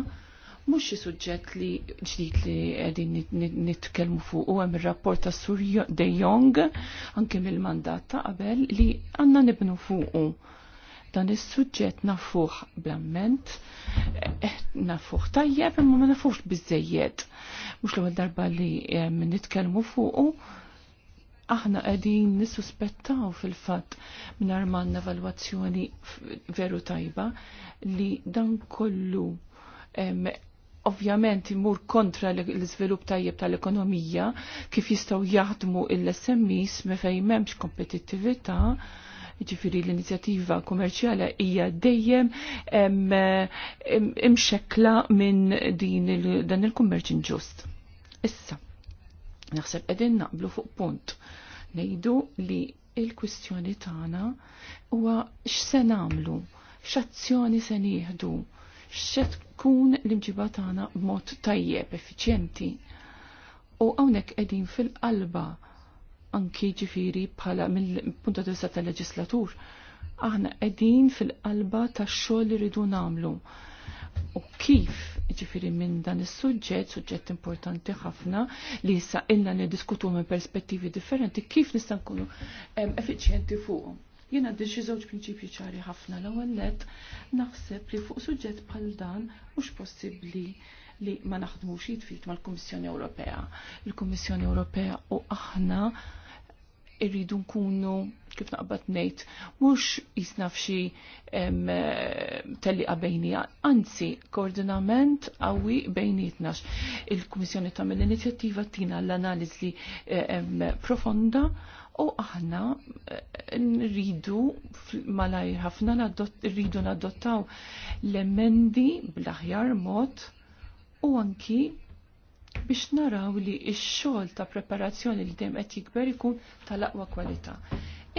mux xi suġġett li ġdid li qegħdin nitkellmu fuq u hemm ir-rapport ta' Sur De Jong anke mill-mandat ta' qabel li għandna nibnu fuqu Dan is-suġġett nafuh blamment, eh, nafuh tajjeb imma ma nafuhx biżejjed. Mhux l-ewwel darba li eh, nitkellmu fuqu aħna qegħdin nissuspettaw fil-fatt mingħajr m'għandna valwazzjoni veru tajba li dan kollu ovvjament imur kontra l-izvilup tajjeb tal-ekonomija kif jistaw jaħdmu il-SMEs me fejn memx kompetittività Ġifiri l-inizjattiva komerċjala hija dejjem imxekla minn din dan il-kummerċ inġust. Issa, naħseb qegħdin naqblu fuq punt ngħidu li il-kwistjoni tagħna huwa x'se nagħmlu, x'azzjoni se nieħdu, x'se tkun l-imġiba tagħna b'mod tajjeb, effiċjenti. U hawnhekk qegħdin fil-qalba anki ġifiri bħala mill-punta d-vista tal-leġislatur. Aħna qegħdin fil-qalba tax-xogħol li rridu nagħmlu. U kif ġifiri minn dan is-suġġett, suġġett importanti ħafna, li issa illa niddiskutu minn perspettivi differenti, kif nista' nkunu effiċjenti fuq. Jena għandi xi żewġ prinċipji ċari ħafna l-ewwel naħseb li fuq suġġett bħal dan mhux possibbli li ma naħdmux jitfit mal-Kummissjoni Ewropea. Il-Kummissjoni Ewropea u aħna irridu nkunu kif naqbad ngħid, mhux jisna f'xi telli bejni, anzi koordinament qawwi bejnietna. Il-Kummissjoni mill inizjattiva tina l-analiżi profonda u aħna rridu malajr ħafna rridu nadottaw l-emendi bl-aħjar mod u anki biex naraw li x-xogħol ta' preparazzjoni li dejjem qed jikber ikun tal-aqwa kwalità.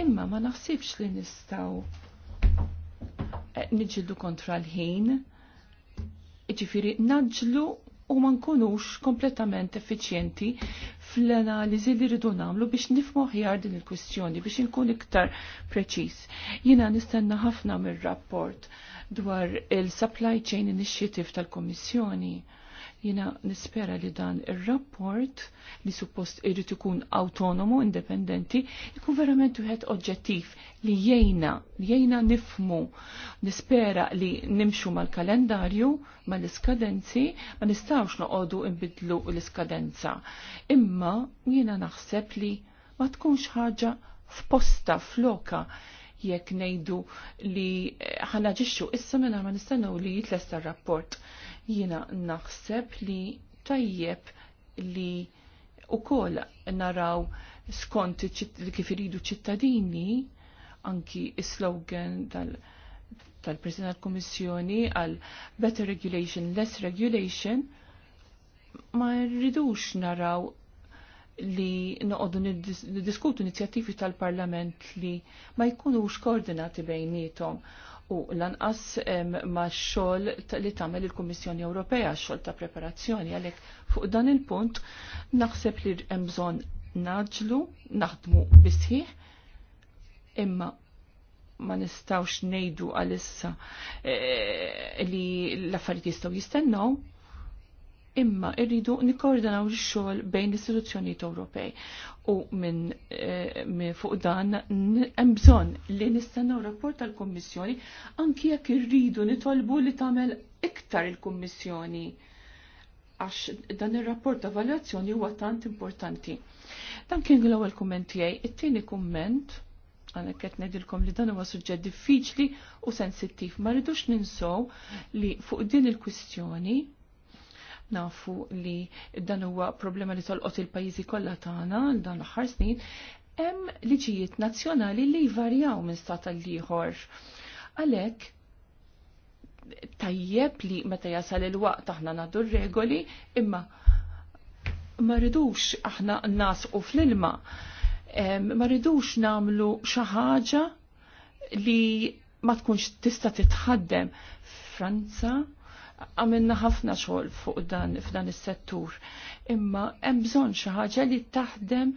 Imma ma naħsibx li nistgħu eh, niġildu kontra l-ħin, jiġifieri naġġlu u ma nkunux kompletament effiċjenti fl-analiżi li rridu nagħmlu biex nifmu ħjar din il-kwistjoni biex inkun iktar preċiż. Jiena nistenna ħafna mir-rapport dwar il-Supply Chain Initiative tal kummissjoni Jina nispera li dan ir-rapport li suppost irrid ikun autonomo, indipendenti, ikun verament wieħed oġġettiv li jgħina, li jgħina nifmu. Nispera li nimxu mal-kalendarju, mal-iskadenzi, ma nistawx noqogħdu nbidlu l-iskadenza. Imma jiena naħseb li ma tkunx ħaġa f'posta floka jekk nejdu li ħanaġixxu issa minna ma nistennew li jitlesta r-rapport. Jiena naħseb li tajjeb li u kol naraw skont li kif iridu ċittadini anki slogan tal-President tal tal-Kommissjoni għal Better Regulation, Less Regulation, ma rridux naraw li noqogħdu niddiskutu inizjattivi tal-Parlament li ma jkunux koordinati bejnietom u lanqas ma xogħol li tagħmel il-Kummissjoni Ewropea xogħol ta' preparazzjoni għalhekk fuq dan il-punt naħseb li hemm bżonn naġlu, naħdmu bisħiħ imma ma nistawx nejdu għalissa eh, li l-affarijiet jistgħu jistennew imma irridu nikkoordinaw l-xogħol bejn l-istituzzjonijiet Ewropej u minn eh, min fuq dan hemm bżonn li nistennew rapport tal-Kummissjoni anki jekk irridu nitolbu li tagħmel iktar il-Kummissjoni għax dan ir-rapport ta' valjazzjoni huwa tant importanti. Dan kien l-ewwel kumment tiegħi, it-tieni kumment għana kett nedilkom li dan huwa suġġett diffiċli u sensittiv. Ma rridux ninsow li fuq din il-kwistjoni nafu li dan huwa problema li tolqot il-pajjiżi kollha tagħna dan l-aħħar snin, hemm liġijiet nazzjonali li jvarjaw minn stat għal ieħor. Għalhekk tajjeb li meta jasal il-waqt aħna nagħdu regoli imma ma rridux aħna u fl-ilma. Ma rridux namlu xi ħaġa li ma tkunx tista' titħaddem. Franza għamilna ħafna xogħol fuq dan f'dan is-settur. Imma hemm bżonn xi ħaġa li taħdem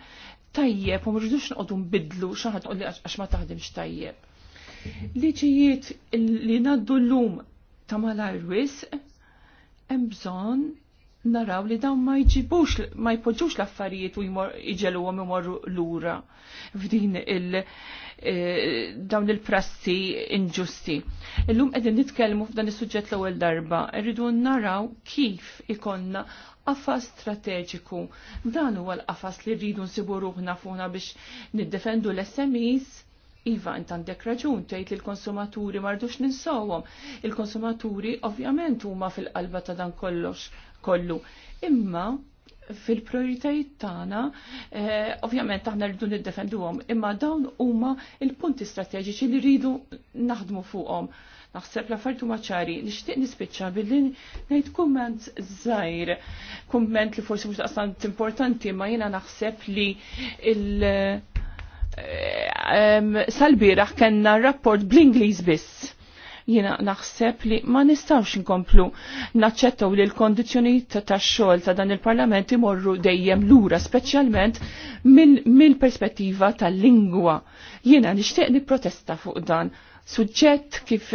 tajjeb u mridux noqogħdu nbidlu xi ħadd tqolli għax ma taħdimx tajjeb. Liġijiet li ngħaddu llum ta' malajr wisq hemm bżonn naraw li dawn ma jġibux, ma jpoġġux l-affarijiet u jġelu għom imorru l-ura f'din il- e, dawn il-prassi inġusti. Illum edin nitkelmu f'dan is-suġġett l-ewwel darba, rridu naraw kif ikonna qafas strateġiku. Dan huwa l-qafas li rridu nsibu ruħna fuqna biex niddefendu l-SMEs Iva, int għandek raġun, tgħid li l-konsumaturi mardux ninsawhom. Il-konsumaturi ovvjament huma fil-qalba ta' dan kollox kollu. Imma fil-prioritajiet tagħna, eh, ovvjament aħna rridu niddefenduhom, imma dawn huma il-punti strateġiċi li rridu naħdmu fuqhom. Naħseb l-affarijiet huma ċari, nixtieq nispiċċa billi ngħid kumment żgħir, kumment li forsi mhux daqstant importanti, ma jiena naħseb li il- eh, salbiraħ kena rapport bl-Ingliż biss Jiena naħseb li ma nistawx nkomplu naċċettaw li l kondizjoni tax-xogħol ta' dan il-Parlament imorru dejjem lura speċjalment mill-perspettiva tal-lingwa. Jiena nixtieq nipprotesta fuq dan suġġett kif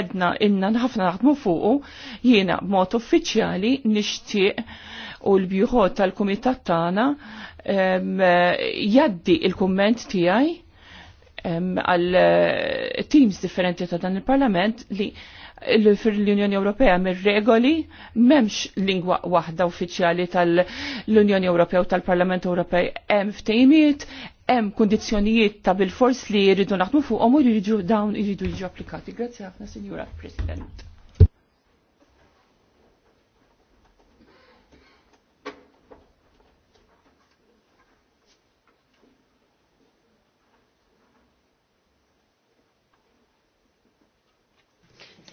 edna inna ħafna naħdmu fuqu jiena b'mod uffiċjali nixtieq u l-bjuħot tal-kumitat tagħna jaddi il-kumment tiegħi għal eh, teams differenti ta' dan il-Parlament li fil-Unjoni Ewropea mir regoli memx lingwa waħda uffiċjali tal-Unjoni Ewropea u tal-Parlament Ewropej hemm ftejmiet, hemm kundizzjonijiet ta' bil-fors li jridu naħdmu fuqhom u jridu dawn jridu jiġu applikati. Grazzi ħafna, Sinjura President.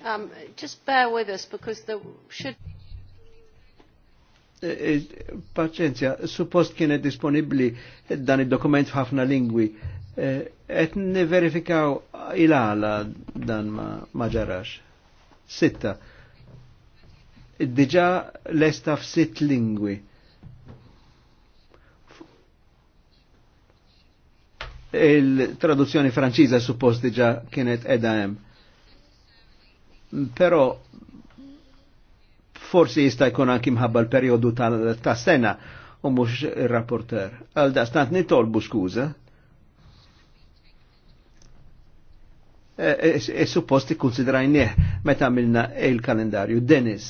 Um, just bear with us because there should eh, eh, Paċenzja, suppost kienet disponibli dan il-dokument f'ħafna lingwi. Eh, et verifikaw il-għala dan ma ġarax. Sitta. l lesta f'sitt lingwi. Il-traduzzjoni franċiza suppost dġa kienet edha hemm pero forsi jista' jkun anki mħabba l periodu ta' sena u mhux ir-rapporter. Għal da stant nitolbu skuża. E, e, e, Suppost ikkunsidrajnieh meta għamilna il-kalendarju. Dennis.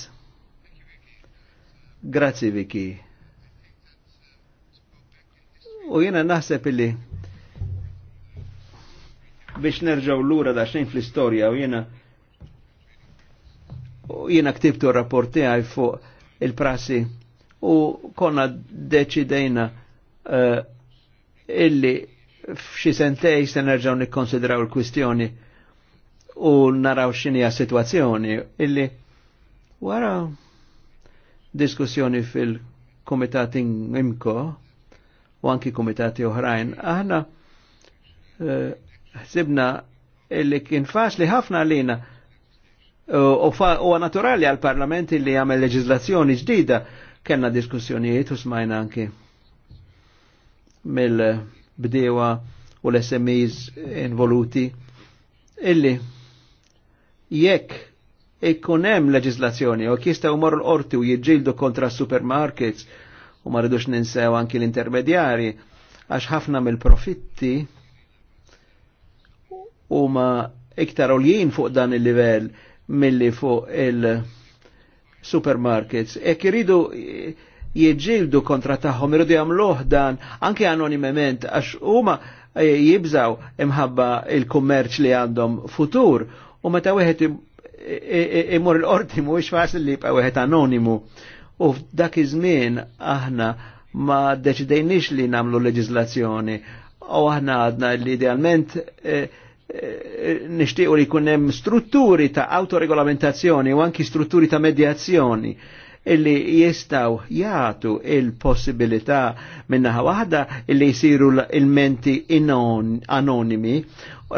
Grazzi Viki. U jena naħseb illi biex nerġaw l-ura da xejn fl istoria u jiena jiena ktibtu rapporti għaj fuq il-prassi u konna deċidejna uh, illi f'xi sentej se nerġgħu nikkonsidraw il-kwistjoni u naraw x'inhi situazzjoni illi wara diskussjoni fil-kumitat imko u anki kumitati oħrajn aħna eh, ħsibna uh, illi kien faċli ħafna għalina U naturali għal parlamenti li jagħmel leġizlazzjoni ġdida kellna diskussjonijiet u smajna anki mill-bdewa u l-SMEs involuti illi jekk ikun hemm leġiżlazzjoni u jistgħu morru l-qorti u jiġġieldu kontra supermarkets u ma rridux ninsew anki l-intermedjari għax ħafna mill-profitti huma iktar oljien fuq dan il-livell milli fuq il-supermarkets. Ek iridu jieġildu kontra taħħom, iridu jamluħ dan anke anonimement għax huma e, jibżaw imħabba il-kummerċ li għandhom futur u meta wieħed e, e, imur l-qorti mhuwiex faċli li jibqa' wieħed anonimu. U f'dak iż-żmien aħna ma deċidejniex li namlu leġislazzjoni u aħna għadna li idealment eh, Eh, nishtiqu li kunem strutturi ta' autoregolamentazzjoni u anki strutturi ta' medjazzjoni illi jistaw jgħatu il-possibilità minnaħa waħda illi jisiru il-menti anonimi,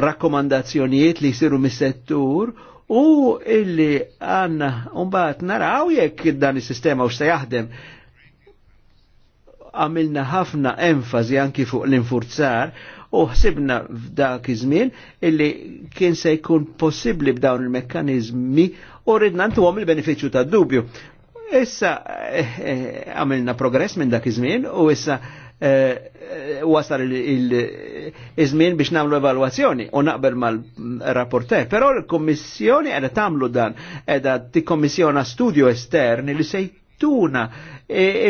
rakkomandazzjonijiet li jisiru mis-settur u illi għanna unbat naraw jekk dan il-sistema u xta jaħdem għamilna ħafna enfazi anki fuq l-infurzar u ħsibna f'dak iż-żmien illi kien se jkun possibbli b'dawn il-mekkaniżmi u ridna ntuhom il-benefiċċju ta' dubju Issa eh, eh, għamilna progress minn dak iż-żmien u issa eh, wasal il-żmien biex namlu evalwazzjoni u naqbel mal-rapporter. Però l-Kommissjoni qiegħda tagħmlu dan, t tikkommissjona studju esterni li se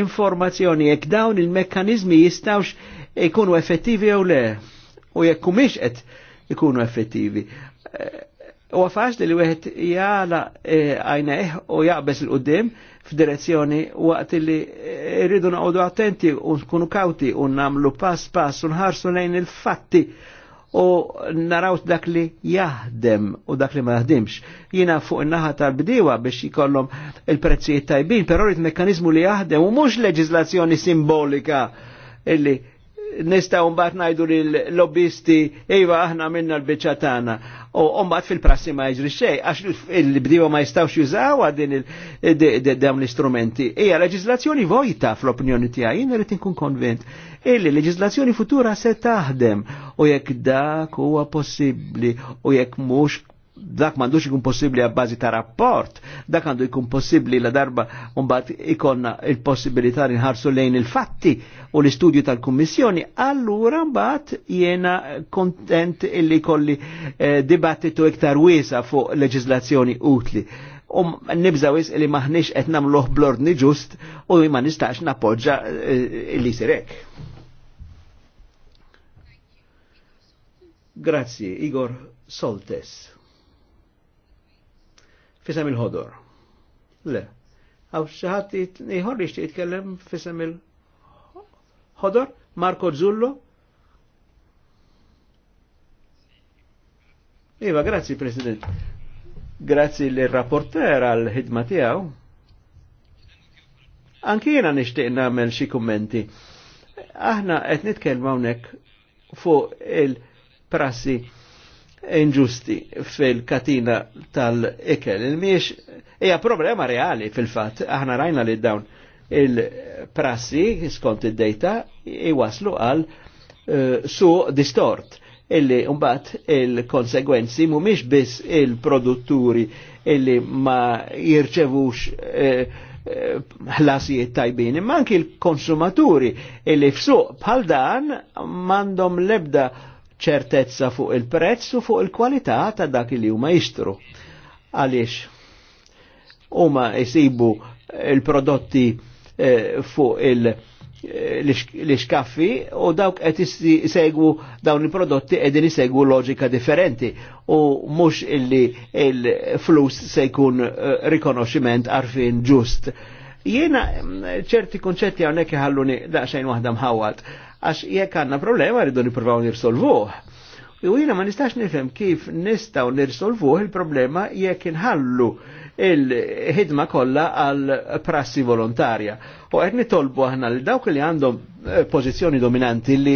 informazzjoni jekk dawn il-mekkanizmi jistawx ikunu effettivi jew le. U jekk mhix qed ikunu effettivi. Eh, huwa faċli li wieħed jala eh, għajneħ eh u jaqbes il-qudiem f'direzzjoni waqt li rridu naqogħdu attenti u nkunu kawti u nagħmlu pass pass u nħarsu lejn il-fatti u naraw dak li jaħdem u dak li ma jaħdimx. Jina fuq in-naħa tal-bdiewa biex jkollhom il-prezzijiet tajbin, però rrid mekkanizmu li jaħdem u mhux leġislazzjoni simbolika illi nistaw mbaħt najdu li l lobbisti ejwa aħna minna l bicċatana U mbaħt fil-prassi ma jġri xej, għax il bdiva ma jistgħux jużaw din dawn l-istrumenti. Eja, leġiżlazzjoni vojta fl-opinjoni tija, jina irid inkun konvent. Illi leġiżlazzjoni futura se taħdem u jekk dak huwa possibbli u jekk mux dak mandux ikun possibli għabbażi ta' rapport, dak għandu ikun possibli la darba unbat ikonna il-possibilità nħarsu lejn il-fatti u l-istudju tal kommissjoni allura mbagħad jiena kontent illi kolli eh, dibattitu iktar wiesa fuq legislazzjoni utli. U um, nibżaw is li maħniex qed blordni ġust u ma nistax napoġġa eh, illi sirek. Grazie, Igor Soltes fisem il-ħodor. Le. Għaw xaħat li xti jitkellem fisem il-ħodor? Marko Zullo? Iva, grazzi, President. Grazzi l-rapporter għal-ħidma tijaw. Ankina nishtiq namel xie kommenti. Aħna qed nitkellmu hawnhekk fuq il-prassi inġusti fil-katina tal ekel Il-miex hija problema reali fil-fatt, aħna rajna li dawn il-prassi skont id-dejta jwaslu għal uh, su distort illi umbat il-konsegwenzi mhumiex biss il-produtturi illi ma jirċevux ħlasijiet eh, eh, tajbin, il-konsumaturi illi fsuq bħal dan mandom lebda ċertezza fuq il-prezz u fuq il-kwalità ta' dak li huma jixtru. Għaliex huma jsibu il-prodotti eh, fuq il- eh, l-iskaffi u dawk qed isegwu dawn il-prodotti qegħdin isegwu loġika differenti u mhux illi il-flus se jkun eh, rikonoxximent għarfien ġust. Jiena mm, ċerti konċetti hawnhekk iħalluni daqsxejn waħda mħawat għax jekk għandna problema rridu nippruvaw nirsolvuh. U jina ma nistax nifhem kif nistaw nirsolvuh il-problema jekk inħallu il-ħidma kollha għal prassi volontarja. U qed nitolbu aħna li dawk li għandhom eh, pożizzjoni dominanti li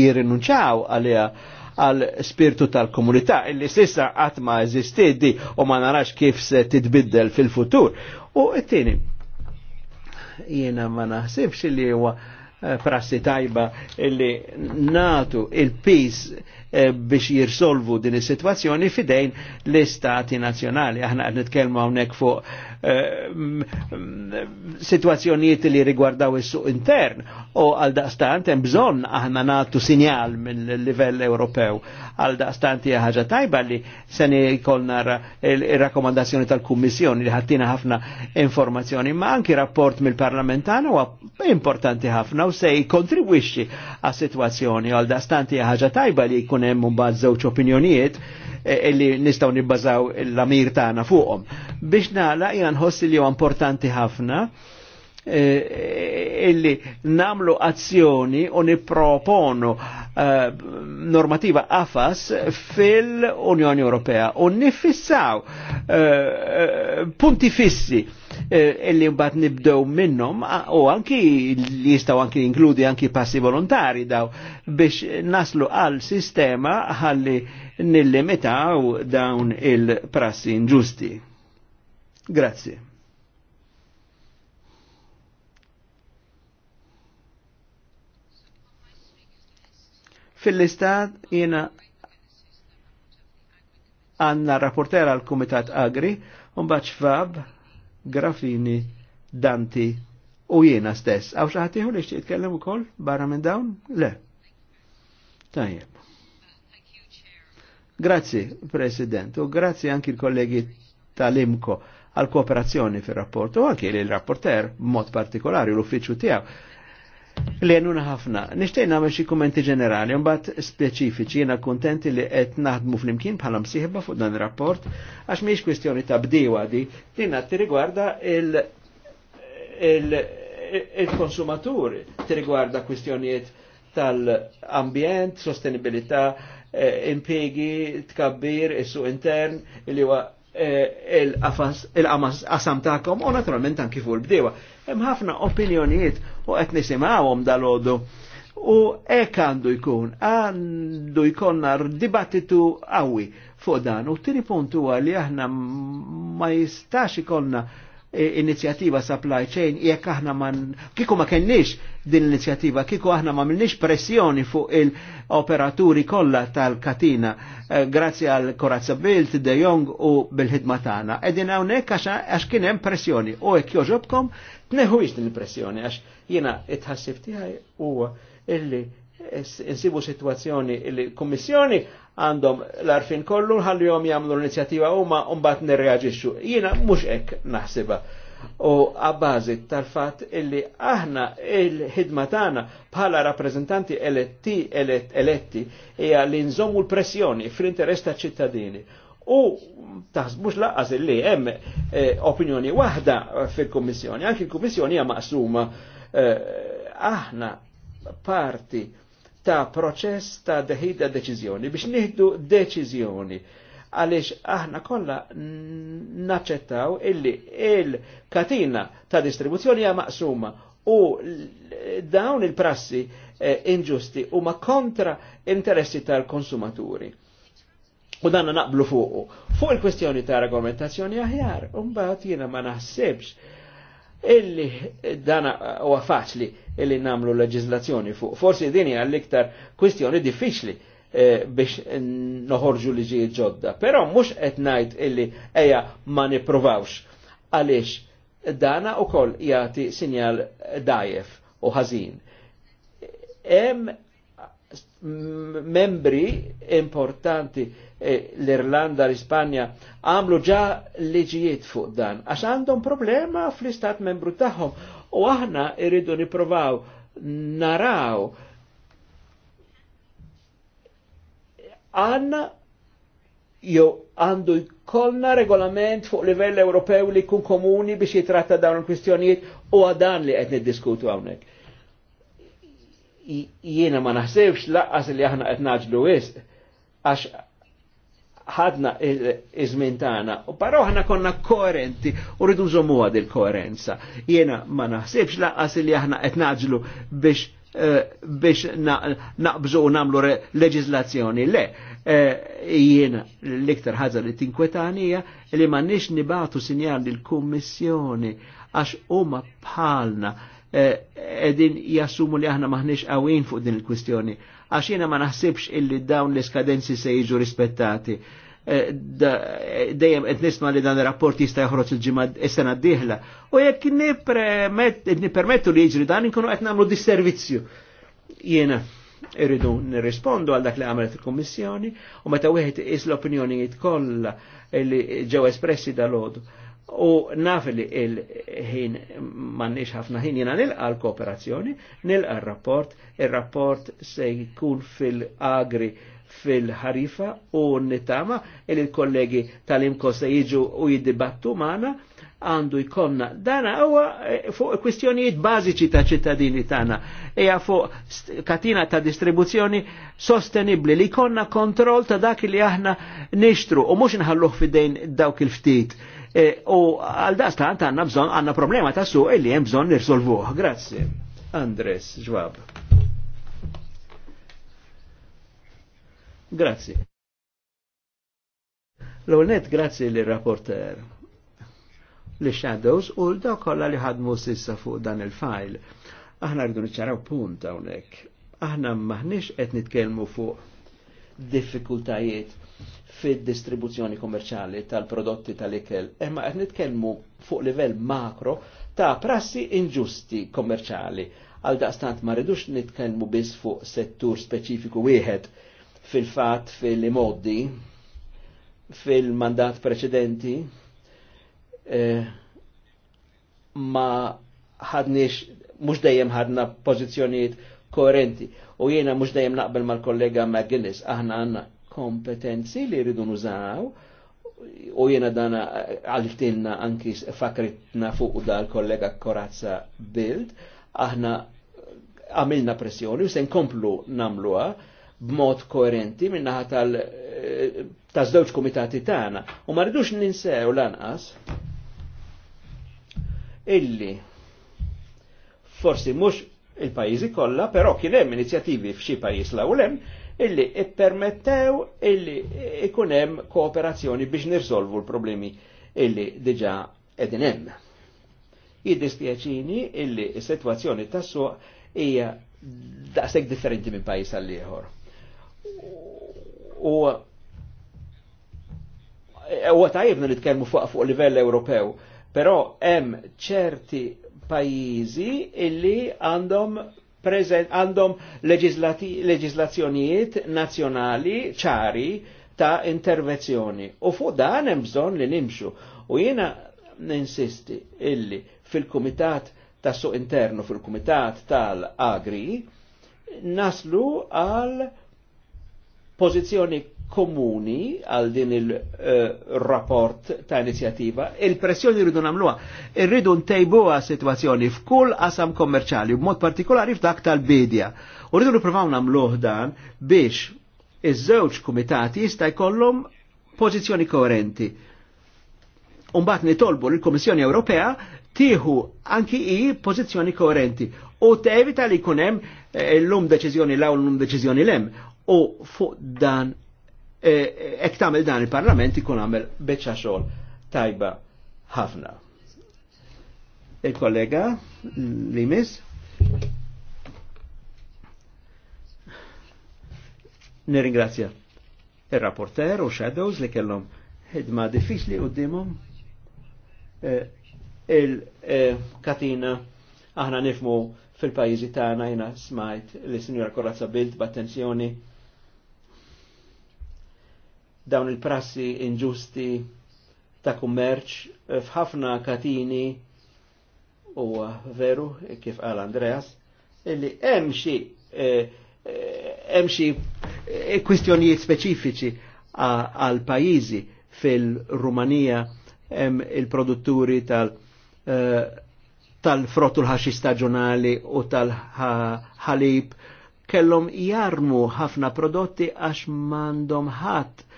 jirrinunċaw għalija għal spirtu tal-komunità illi sissa qatt ma u ma narax kif se titbiddel fil-futur. U t tini jiena ma naħsibx li huwa Eh, prassi tajba illi natu il-pis eh, biex jirsolvu din is-sitwazzjoni fidejn l-istati nazzjonali. Aħna qed nitkellmu hawnhekk fuq Eh, situazzjonijiet li rigwardaw is-suq intern u għal daqstant hemm bżonn aħna nagħtu sinjal minn livell Ewropew. Għal daqstant hija ħaġa tajba li se jkollna ir-rakkomandazzjoni tal-Kummissjoni li ħattina ħafna informazzjoni, ma anki rapport mill-parlamentana huwa importanti ħafna u se jkontribwixxi għas-sitwazzjoni għal daqstant hija ħaġa tajba li jkun hemm mbagħad żewġ opinjonijiet illi eh, nistgħu nibbażaw l-amir tagħna fuqhom. Biex nagħlaq nħossi li huwa importanti ħafna eh, eh, illi namlu azzjoni u niproponu eh, normativa AFAS fil-Unjoni Ewropea u nifissaw punti fissi illi mbagħad nibdew minnhom u anki li jistgħu anki inkludi anki passi volontari daw biex naslu għal sistema ħalli nillimitaw dawn il-prassi inġusti. Grazie. Fil-listat jena għanna rapportera għal Kumitat Agri, unbaċ Fab, Grafini, Danti u Jena stess. Għaw xaħatiħu li xtiq jitkellem u koll barra minn dawn? Le. Tajjeb. Grazie, President, u grazie anki l-kollegi tal-imko għal kooperazzjoni fil-rapport u anki li l-rapporter mod partikolari l-uffiċu tijaw. Li ħafna, nishtej namel xie kommenti ġenerali, mbatt speċifiċi, jena kontenti li qed naħdmu fl-imkien bħala msiħba fuq dan il-rapport, għax miex kwestjoni ta' bdiwa di, dinna ti rigwarda il- il-konsumatur, il ti rigwarda kwestjonijiet tal-ambjent, sostenibilità, eh, impiegi, tkabbir, issu intern, li huwa Eh, il-qasam qamas ta'kom u naturalment anki fuq il-bdewa. Hemm ħafna opinjonijiet u qed nisimgħuhom dal-għodu. U hekk għandu jkun, għandu jkollna dibattitu qawwi fuq dan. U tieni punt huwa li aħna ma jistax ikollna Eh, inizjattiva supply chain jekk aħna ma kieku ma kenniex din l-inizjattiva, kieku aħna ma minniex pressjoni fuq il-operaturi kollha tal-katina eh, grazzi għal Korazza Bilt, De Jong u bil-ħidma tagħna. Qegħdin hawnhekk għax kien hemm pressjoni u hekk joġobkom tneħu din il-pressjoni għax jiena it-ħassib tiegħi huwa illi insibu situazzjoni il-Kommissjoni għandhom l-arfin kollu ħallihom jagħmlu l-inizjattiva huma mbagħad nirreagġiċu. Jiena mhux hekk naħsibha. U għabbażi tal-fatt illi aħna il ħidmatana bħala rappreżentanti eletti eletti hija li nżommu l-pressjoni fl-interess ta' ċittadini. U taħsbux laqqas illi hemm eh, opinjoni waħda fil-Kummissjoni, anki l kommissjoni hija maqsuma eh, aħna parti ta' proċess ta' deħida deċiżjoni biex nieħdu deċiżjoni għaliex aħna kollha naċċettaw illi il-katina ta' distribuzzjoni hija maqsuma u dawn il-prassi eh, inġusti huma kontra interessi tal-konsumaturi. U danna naqblu fuqu. Fuq il-kwestjoni ta' regolamentazzjoni aħjar, mbagħad jiena ma naħsibx illi dana huwa faċli illi namlu leġizlazzjoni fuq. Forsi din hija l-iktar kwistjoni diffiċli eh, biex noħorġu liġijiet ġodda. Però mhux qed ngħid illi eja ma nipprovawx għaliex dana koll jagħti sinjal dajef u ħażin. Hemm membri importanti E l-Irlanda, l-Ispanja, għamlu ġa liġijiet fuq dan, għax għandhom problema fl-istat membru tagħhom u aħna irridu niprovaw naraw għanna jew għandu jkollna regolament fuq livell Ewropew li jkun komuni biex jitratta dawn il-kwistjonijiet u għadan li qed niddiskutu hawnhekk. Jiena ma naħsibx laqqas li aħna qed naġlu wisq għax ħadna iż-żmien tagħna, u però aħna konna koerenti u rridu nżommu għad il-koerenza. Jiena ma naħsibx laqas li aħna qed naġlu biex eh, biex naqbżu u namlu leġizlazzjoni. Le, eh, jiena l-iktar ħaġa li tinkwetanija li ma nix nibatu sinjal l-Kummissjoni għax huma bħalna edin eh, jassumu li aħna maħniex għawin fuq din il-kwistjoni għax jiena ma naħsibx illi dawn l-iskadenzi se jiġu rispettati. Eh, eh, dejjem qed nisma' li dan ir-rapport jista' joħroġ il-ġimgħa is-sena d-dieħla. U jekk nippermettu li jiġri dan inkunu qed nagħmlu disservizzju. Jiena irridu nirrispondu għal dak li għamlet il kummissjoni u meta wieħed is l-opinjonijiet kollha li ġew espressi dal-għodu U naf li il-ħin mannix ħafna ħin jena nilqa l-kooperazzjoni, nilqa l-rapport, il-rapport se jkun fil-agri fil-ħarifa u n-nitama il-kollegi tal-imko se jiġu u jiddibattu maħna għandu jkomna. Dana huwa eh, fuq kwistjonijiet bażiċi ta' ċittadini tagħna. Hija fuq katina ta' distribuzzjoni sostenibbli li jkollna kontroll ta' dak li aħna nixtru u mhux inħalluh fidejn dawk il-ftit E, u għal dastant għanna bżon, għanna problema ta' su illi jem bżon nirsolvuħ. Grazie. Andres, ġwab. Grazie. l għolnet grazie li rapporter li shadows u l-dak kolla li ħadmu sissa fuq dan il-fajl. Aħna rridu nċaraw punt hawnhekk. Aħna maħniex qed nitkellmu fuq diffikultajiet fid-distribuzzjoni kommerċali tal-prodotti tal-ikel, imma qed nitkellmu fuq livell makro ta' prassi inġusti kommerċali. Għal daqstant ma rridux nitkellmu biss fuq settur speċifiku wieħed fil-fat fil-imoddi fil-mandat preċedenti eh, ma ħadniex mhux dejjem ħadna pożizzjonijiet koerenti. U jiena mhux dejjem naqbel mal-kollega McGuinness, aħna għandna kompetenzi li rridu nużaw u jiena dana għaltinna anki fakritna fuq dal-kollega Korazza Bild, aħna għamilna pressjoni u se nkomplu namluha b'mod koerenti minnaħa tal ta' żewġ kumitati tagħna. U ma rridux ninsew lanqas illi forsi mhux il-pajizi kollha, però kien hemm inizjattivi f'xi pajjiż l-ewlen illi ippermettew illi ikun hemm kooperazzjoni biex nirsolvu l-problemi illi diġà qegħdin hemm. Jiddispjaċini illi s-sitwazzjoni tas-suq hija daqshekk differenti minn pajjiż għal ieħor. U huwa tajjeb nitkellmu fuq livell Ewropew, però hemm ċerti pajjiżi illi għandhom għandhom leġislazzjonijiet nazzjonali ċari ta' intervenzjoni. U fuq dan hemm bżonn li nimxu. U jiena ninsisti illi fil-Kumitat ta' Suq Internu, fil-Kumitat tal-Agri, naslu għal pożizzjoni komuni għal din il-rapport eh, uh, ta' inizjativa, il-pressjoni rridu namluwa, Rridu ntejbuha situazzjoni f'kull qasam kommerċali, b'mod partikolari f'dak tal-bidja. U rridu nippruvaw namluħ dan biex iż-żewġ kumitati jista' jkollhom pożizzjoni koerenti. Umbat nitolbu l-Komissjoni Ewropea tieħu anki i pożizzjoni koerenti u tevita li kunem eh, l-lum deċiżjoni law l-lum deċiżjoni lem u fuq dan E, e, ek tagħmel dan il-Parlament ikun għamel beċa xogħol tajba ħafna. Il-kollega li miss Nirringrazzja il-rapporter u shadows li kellhom ħidma diffiċli d-dimum e, il-katina aħna nifmu fil-pajizi tagħna jiena smajt li sinjora Korrazza Bilt b'attenzjoni dawn il-prassi inġusti ta' kummerċ eh, f'ħafna katini u veru eh, kif qal Andreas illi hemm xi eh, hemm xi kwistjonijiet speċifiċi għal pajjiżi fil-Rumanija hemm il-produtturi tal- tal-frottu l-ħaxi staġjonali u tal-ħalib kellhom jarmu ħafna prodotti għax m'għandhom ħadd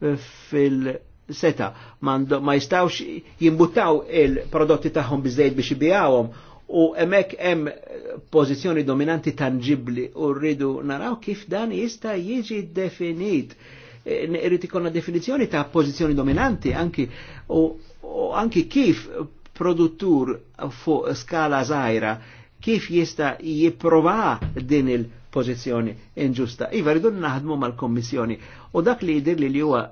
fil-seta ma jistawx jimbuttaw il-prodotti taħħom biżejjed biex jibijawhom u emek hemm pożizzjoni dominanti tangibli u rridu naraw kif dan jista' jiġi definit. E, irrid ikonna definizjoni ta' pozizjoni dominanti anki u, u anki kif produttur fuq skala żgħira kif jista' jipprova din il- pożizzjoni inġusta. Iva rridu naħdmu mal-Kommissjoni u dak li jidir li li huwa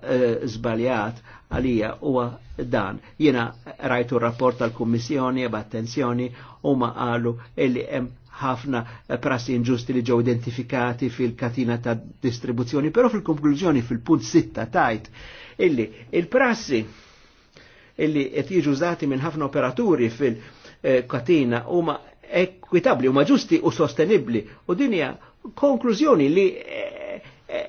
żbaljat eh, għalija huwa dan. Jiena rajtu rapport tal-Kummissjoni attenzjoni u ma qalu illi hemm ħafna eh, prassi inġusti li ġew identifikati fil-katina ta' distribuzzjoni, però fil-konklużjoni fil-punt sitta tajt illi il-prassi illi qed jiġu użati minn ħafna operaturi fil-katina eh, huma ekwitabli huma ġusti u sostenibli u dinja konklużjoni li eh, eh,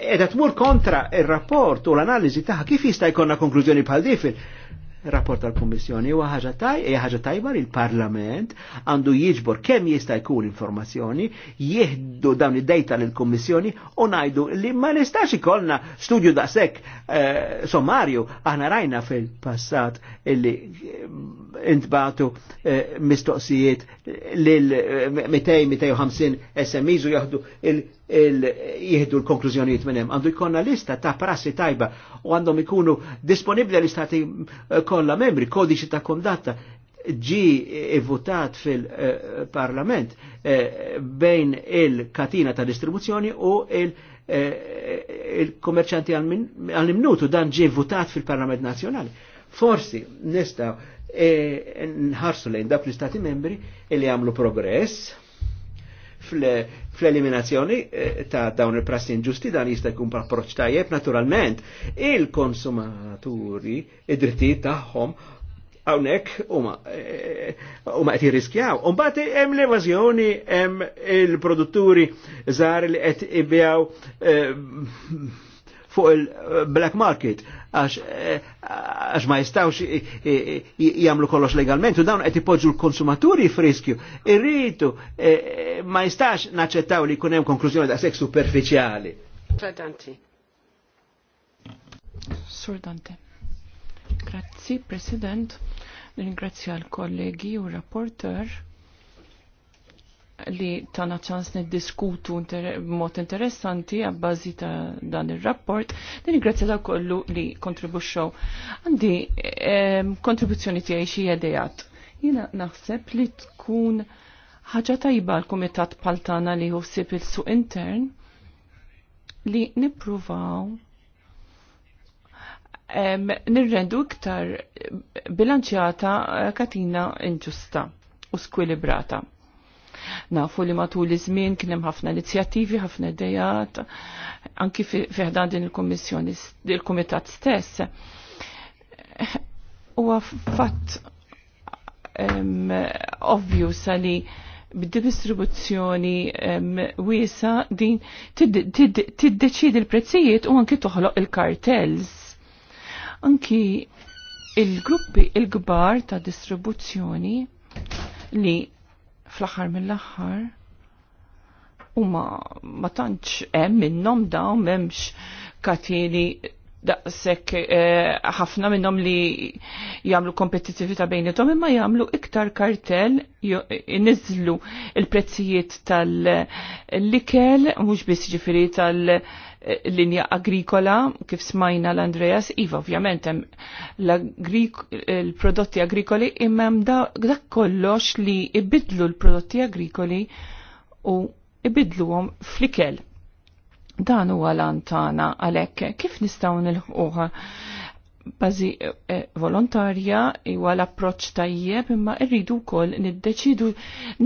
edha tmur kontra il-rapport u l-analizi taħ kif jista' jkonna konklużjoni bħal difil rapport tal-Kummissjoni u ħaġa tajba, ħaġa tajba parlament għandu jiġbor kemm jista' jkun informazzjoni, jieħdu dawn id-dejta lill kummissjoni u ngħidu li ma nistax ikollna studju daqshekk eh, sommarju aħna rajna fil-passat illi eh, intbatu eh, mistoqsijiet lil 200-250 SMEs u jaħdu il- jihdu l-konklużjonijiet minn hemm. Għandu jkollna lista ta' prassi tajba u għandhom ikunu disponibbli l-istati eh, kollha membri, kodiċi ta' kondatta ġi votat fil-parlament eh, bejn il-katina ta' distribuzzjoni u eh, il-kommerċanti għal-imnutu dan ġi votat fil-parlament nazjonali. Forsi nistaw nħarsu lejn dak l-istati membri li għamlu progress fl-eliminazzjoni eh, ta' dawn il-prassi inġusti dan jista' jkun approċċ tajjeb naturalment il-konsumaturi id-drittijiet tagħhom hawnhekk huma eh, huma qed jirriskjaw. Imbagħad hemm l-evażjoni hemm il-produtturi żgħar li qed ibjaw eh, fuq il-black eh, market eh, għax ma jistawx eh, jamlu kollox legalment u dawn għet ipoġġu l-konsumaturi friskju. Irritu ma jistax naċċettaw li kunem konklużjoni da' sek superficiali. Danti. Sur Dante. Grazzi, President. Ringrazzja l-kollegi u rapporter li tana ċans niddiskutu mod interessanti għabbażi ta' dan il-rapport. Din grazzi ta' kollu li kontribuxxew. Għandi ehm, kontribuzzjoni tiegħi xi idejat. Jiena naħseb li tkun ħaġa tajba l-kumitat paltana li ħossib il-suq intern li nippruvaw ehm, nirrendu iktar bilanċjata eh, katina inġusta u skwilibrata. Nafu li matul iż-żmien kien hemm ħafna inizjattivi, ħafna idejat, anki fiħdan din il-Kummissjoni, il-Kumitat stess. Huwa fatt ovvju sali bid-distribuzzjoni wiesa din tiddeċidi l-prezzijiet u anki toħloq il-kartels. Anki il-gruppi il-gbar ta' distribuzzjoni li fl-aħħar mill-aħħar U ma tantx hemm minnhom dawn m'hemmx katini daqsek eh, ħafna eh, minnhom li jagħmlu kompetittività bejnietom imma jagħmlu iktar kartell niżlu il-prezzijiet tal-likel mhux biss ġifieri tal- Eh, linja agrikola, kif smajna l-Andreas, iva ovvjament hemm l-prodotti agrikoli imma hemm dak kollox li ibidlu l-prodotti agrikoli u għom flikel. Dan huwa lantana għalhekk kif nistgħu nilħuha bazi eh, volontarja huwa l-approċċ tajjeb imma rridu wkoll niddeċidu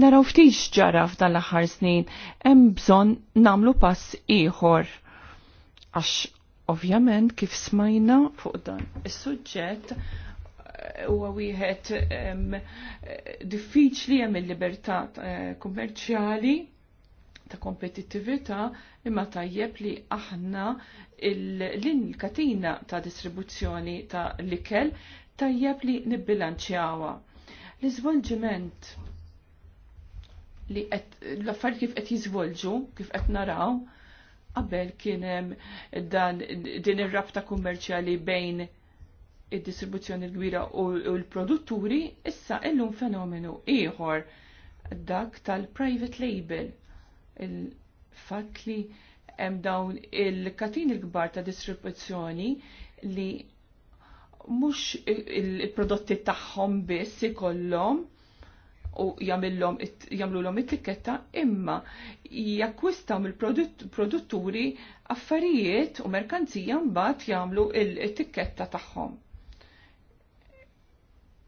naraw ftit ġara f'dan l-aħħar snin hemm bżonn nagħmlu pass ieħor Għax ovvjament kif smajna fuq dan is-suġġett eh, huwa wieħed eh, diffiċli hemm il-libertà eh, kummerċjali ta' kompetittività imma tajjeb li aħna l-katina ta' distribuzzjoni ta' l-ikel tajjeb li nibbilanċjawa. L-iżvolġiment li l-affarijiet kif qed jiżvolġu, kif qed naraw, Qabel kien hemm dan din ir-rabta kummerċjali bejn id-distribuzzjoni l-gwira u l-produtturi, issa illum fenomenu ieħor dak tal-private label. Il-fatt li hemm dawn il-katin il-kbar ta' distribuzzjoni li mhux il-prodotti tagħhom biss ikollhom u l-om it-tikketta imma jakkwistaw mill-produtturi affarijiet u merkanzija mbagħad jagħmlu il tikketta tagħhom.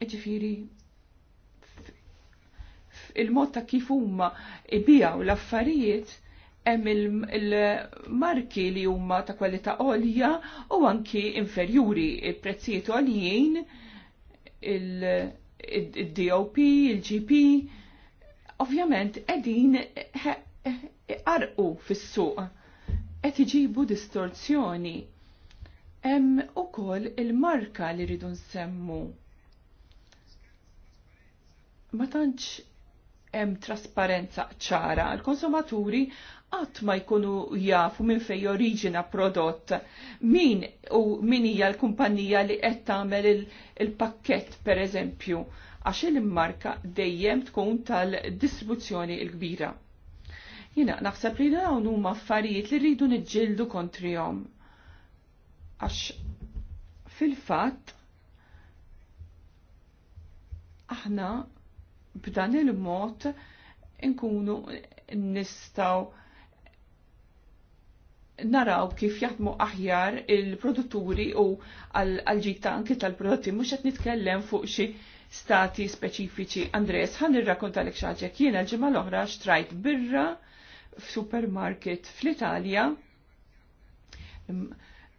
Iġifiri, il-mod ta' kif huma ibijaw l-affarijiet hemm il-marki li huma ta' kwalità għolja u anki inferjuri, prezzijiet għoljien il- il-DOP, il-GP, ovvjament edin arqu fis-suq, qed iġibu distorzjoni. Hemm ukoll il-marka li rridu nsemmu. Ma tantx hemm trasparenza ċara. Il-konsumaturi qatt ma jkunu jafu minn fej oriġina prodott min u min hija l-kumpanija li qed tagħmel il-pakkett il pereżempju għax il-marka dejjem tkun tal-distribuzzjoni l-kbira. Jina, naħseb li dawn huma affarijiet li rridu niġġieldu kontrihom. Għax fil-fatt aħna b'dan il-mod inkunu nistaw naraw kif jaħdmu aħjar il-produtturi u għal ġita anki tal-prodotti mux għet nitkellem fuq xi stati speċifiċi. Andres, ħan l xaġek, jiena l-ġimma l-oħra xtrajt birra f'supermarket fl-Italja.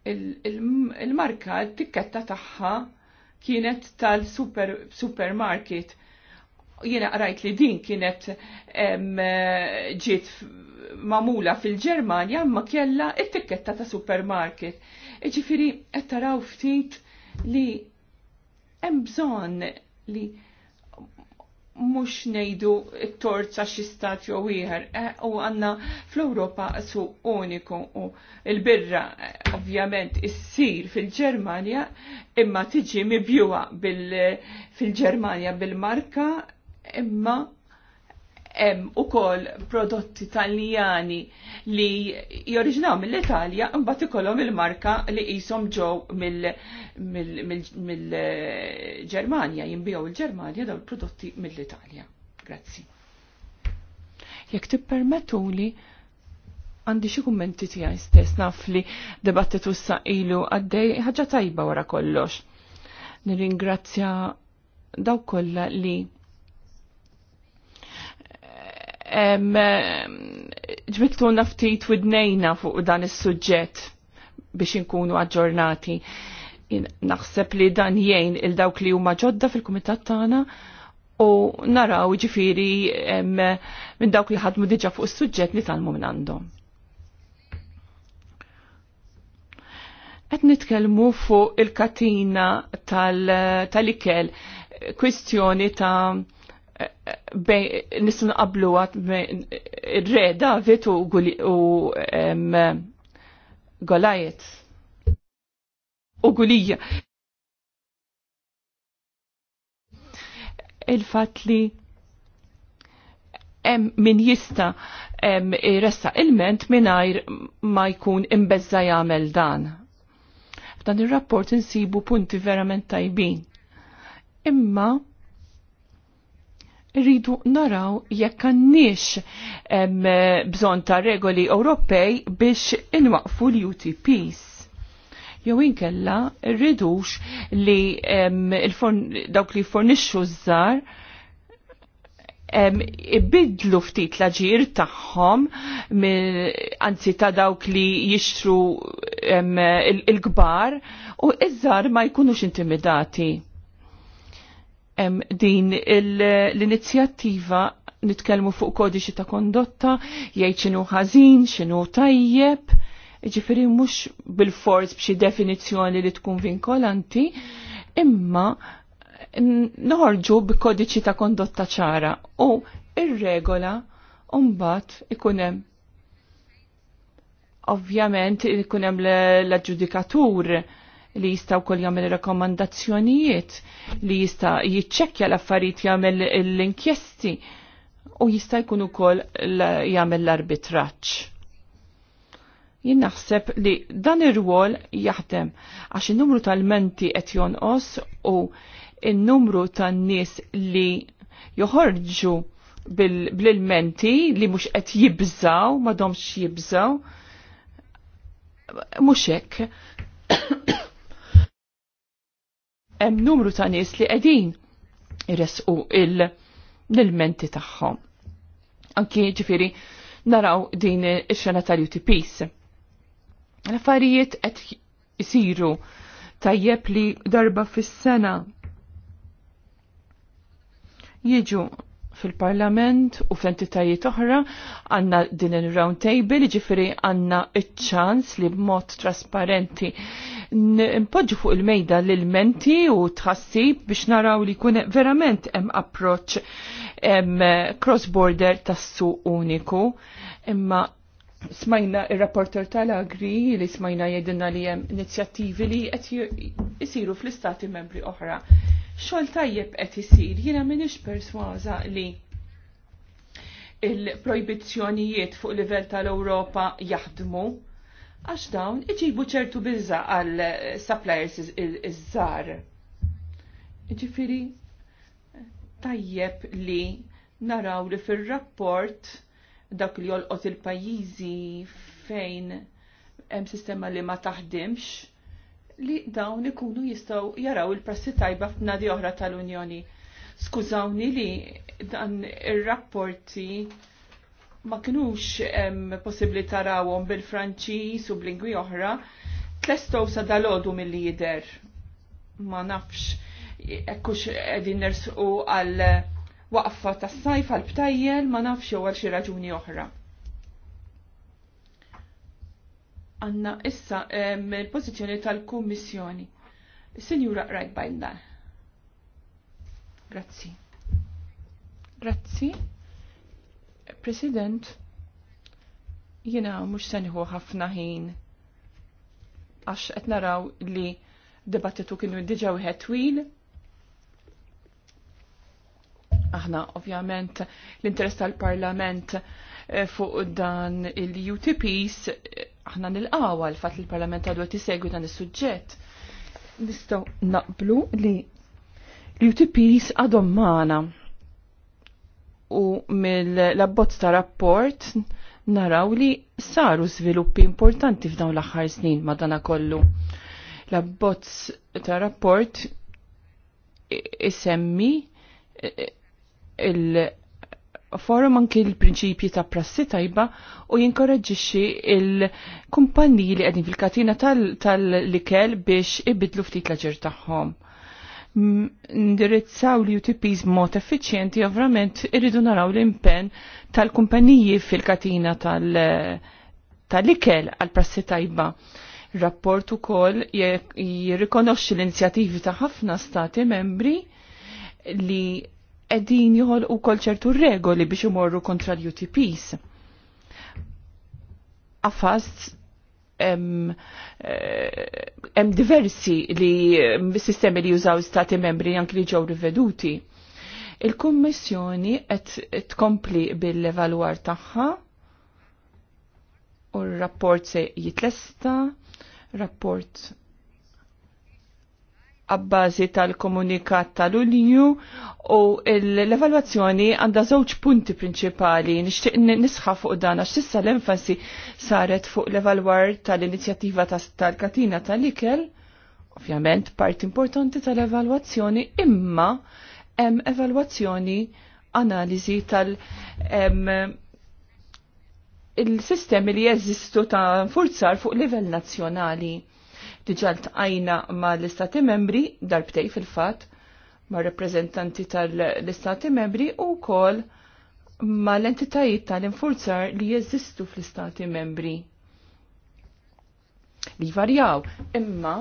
Il-marka, il tikketta il kienet tal-supermarket jiena qrajt li din kienet ġiet mamula fil-Ġermanja ma kella it-tikketta ta' supermarket. Ġifiri, qed taraw ftit li hemm bżonn li mhux ngħidu t-tort sa xi stat jew ieħor e, u għandna fl-Ewropa su uniku u l-birra e, ovvjament issir fil-Ġermanja imma tiġi mibjuwa fil-Ġermanja bil-marka Imma hemm ukoll prodotti taljani li joriġinaw mill-Italja mbagħad ikollhom il-marka li qishom ġew mill-Ġermanja jinbigħu il-Ġermanja dawn il-prodotti mill-Italja. Grazzi. Jekk tippermettuli għandi xi kummenti tiegħi stess naf li debattitu issa ilu għaddej ħaġa tajba wara kollox. Nirringrazzja daw kollha li ġbittu naftit widnejna fuq dan is-suġġett biex inkunu aġġornati. Naħseb li dan jgħin il-dawk li huma ġodda fil-kumitat tagħna u naraw ġifiri minn dawk li ħadmu diġa fuq is-suġġett li talmu minn għandhom. Qed nitkellmu fuq il-katina tal-ikel kwistjoni ta' nisun qablu għat re David u, Golajet u Gulija. Il-fat li min jista jressa il-ment minajr ma jkun imbezza jagħmel dan. F'dan ir rapport insibu punti verament tajbin. Imma rridu naraw jekk għandniex bżonn ta' regoli Ewropej biex inwaqfu l-UTPs. Jew inkella rridux li dawk li fornixxu żżar ibidlu ftit l-ġir tagħhom anzi ta' dawk li jixtru il-kbar u iż-żar ma jkunux intimidati din l-inizjattiva nitkellmu fuq kodiċi ta' kondotta, jgħid xinu ħażin, xinu tajjeb, ġifiri mhux bil-forz b'xi definizzjoni li tkun vinkolanti, imma noħorġu b'kodiċi ta' kondotta ċara u ir-regola mbagħad ikun hemm ovvjament ikun hemm l-aġġudikatur li jista' kol jagħmel rakkomandazzjonijiet, li jista' jiċċekkja l-affarijiet jagħmel l-inkjesti u jista' jkun ukoll jagħmel l-arbitraġġ. Jien naħseb li dan ir-rwol jaħdem għax in-numru tal-menti qed jonqos u in-numru tan-nies li joħorġu bil-menti li mhux qed jibżaw, m'għadhomx jibżaw, mhux hekk hemm numru ta' nies li qegħdin irresqu l menti tagħhom. Anki ġifieri naraw din ix-xena tal-UTPs. L-affarijiet qed isiru tajjeb li darba fis-sena jiġu fil-parlament u fl-entitajiet oħra għanna din il-round table, ġifiri għanna il-ċans li b'mod trasparenti npoġġu fuq il-mejda l-menti u tħassib biex naraw li kune verament hemm approċ cross-border tas uniku imma smajna il-rapporter tal-agri li smajna jedinna li jem inizjattivi li qed jisiru fl-istati membri oħra. Xol tajjeb qed isir, jiena minix perswaza li il-projbizzjonijiet fuq livell tal-Ewropa jaħdmu għax dawn iġibu ċertu bizza għal suppliers iż-żar. Iġifiri tajjeb li naraw li fil-rapport dak li jolqot il-pajjiżi fejn hemm sistema li ma taħdimx li dawn ikunu jistgħu jaraw il-prassi tajba f'nadi oħra tal-Unjoni. Skużawni li dan ir-rapporti ma kinux hemm possibbli tarawhom bil-Franċiż u b'lingwi oħra, tlestow sa dalodu mill Ma nafx ekkux qegħdin nersqu għal waqfa tas-sajf għal btajjel ma nafx jew għal xi raġuni oħra. Għanna issa il-pożizzjoni tal-Kummissjoni. Sinjura rajt bajna. Grazzi. Grazzi. President, jina mux senħu ħafna ħin għax qed naraw li debattitu kienu diġa wieħed twil Aħna ovvjament l-interess tal-Parlament eh, fuq dan il-UTPs eh, aħna nil-qawa l-fat il-Parlament għadu tisegwi dan is-suġġett. Nistgħu naqblu li l-UTPs għadhom magħna u mill-abbozz ta' rapport naraw li saru sviluppi importanti f'dawn l-aħħar snin madana kollu. L-abbozz ta' rapport isemmi eh, il-forum anki l-prinċipji ta' prassi tajba u jinkoraġġixxi il kumpanniji li qegħdin fil-katina tal-likel biex ibidlu ftit l-aġir tagħhom ndirizzaw li UTPs mod effiċjenti, ovvjament irridu naraw l-impen tal kumpanniji fil-katina tal-ikel għal prassi tajba. Rapport ukoll koll jirrikonoxxi l-inzjativi ta' ħafna stati membri li edin joħol u kol ċertu regoli biex imorru kontra l-UTPs. Għafast hemm eh, diversi li sistemi li jużaw stati membri anki li ġew riveduti. Il-Kummissjoni qed tkompli bil-evalwar tagħha u r-rapport se jitlesta, rapport għabbażi tal-komunikat tal-Unju u l-evalwazzjoni għandha żewġ punti prinċipali nixtieq nisħa fuq dan għax l-enfasi saret fuq l-evalwar tal-inizjattiva tal-katina tal-ikel, ovvjament part importanti tal-evalwazzjoni imma hemm evalwazzjoni analiżi tal- il-sistemi li jeżistu ta' forzar fuq livell nazzjonali diġà tqajna ma' l-istati membri darbtej fil-fatt ma' rappresentanti tal-istati membri u wkoll ma' l-entitajiet tal-infurzar li jeżistu fl-istati membri li varjaw. Imma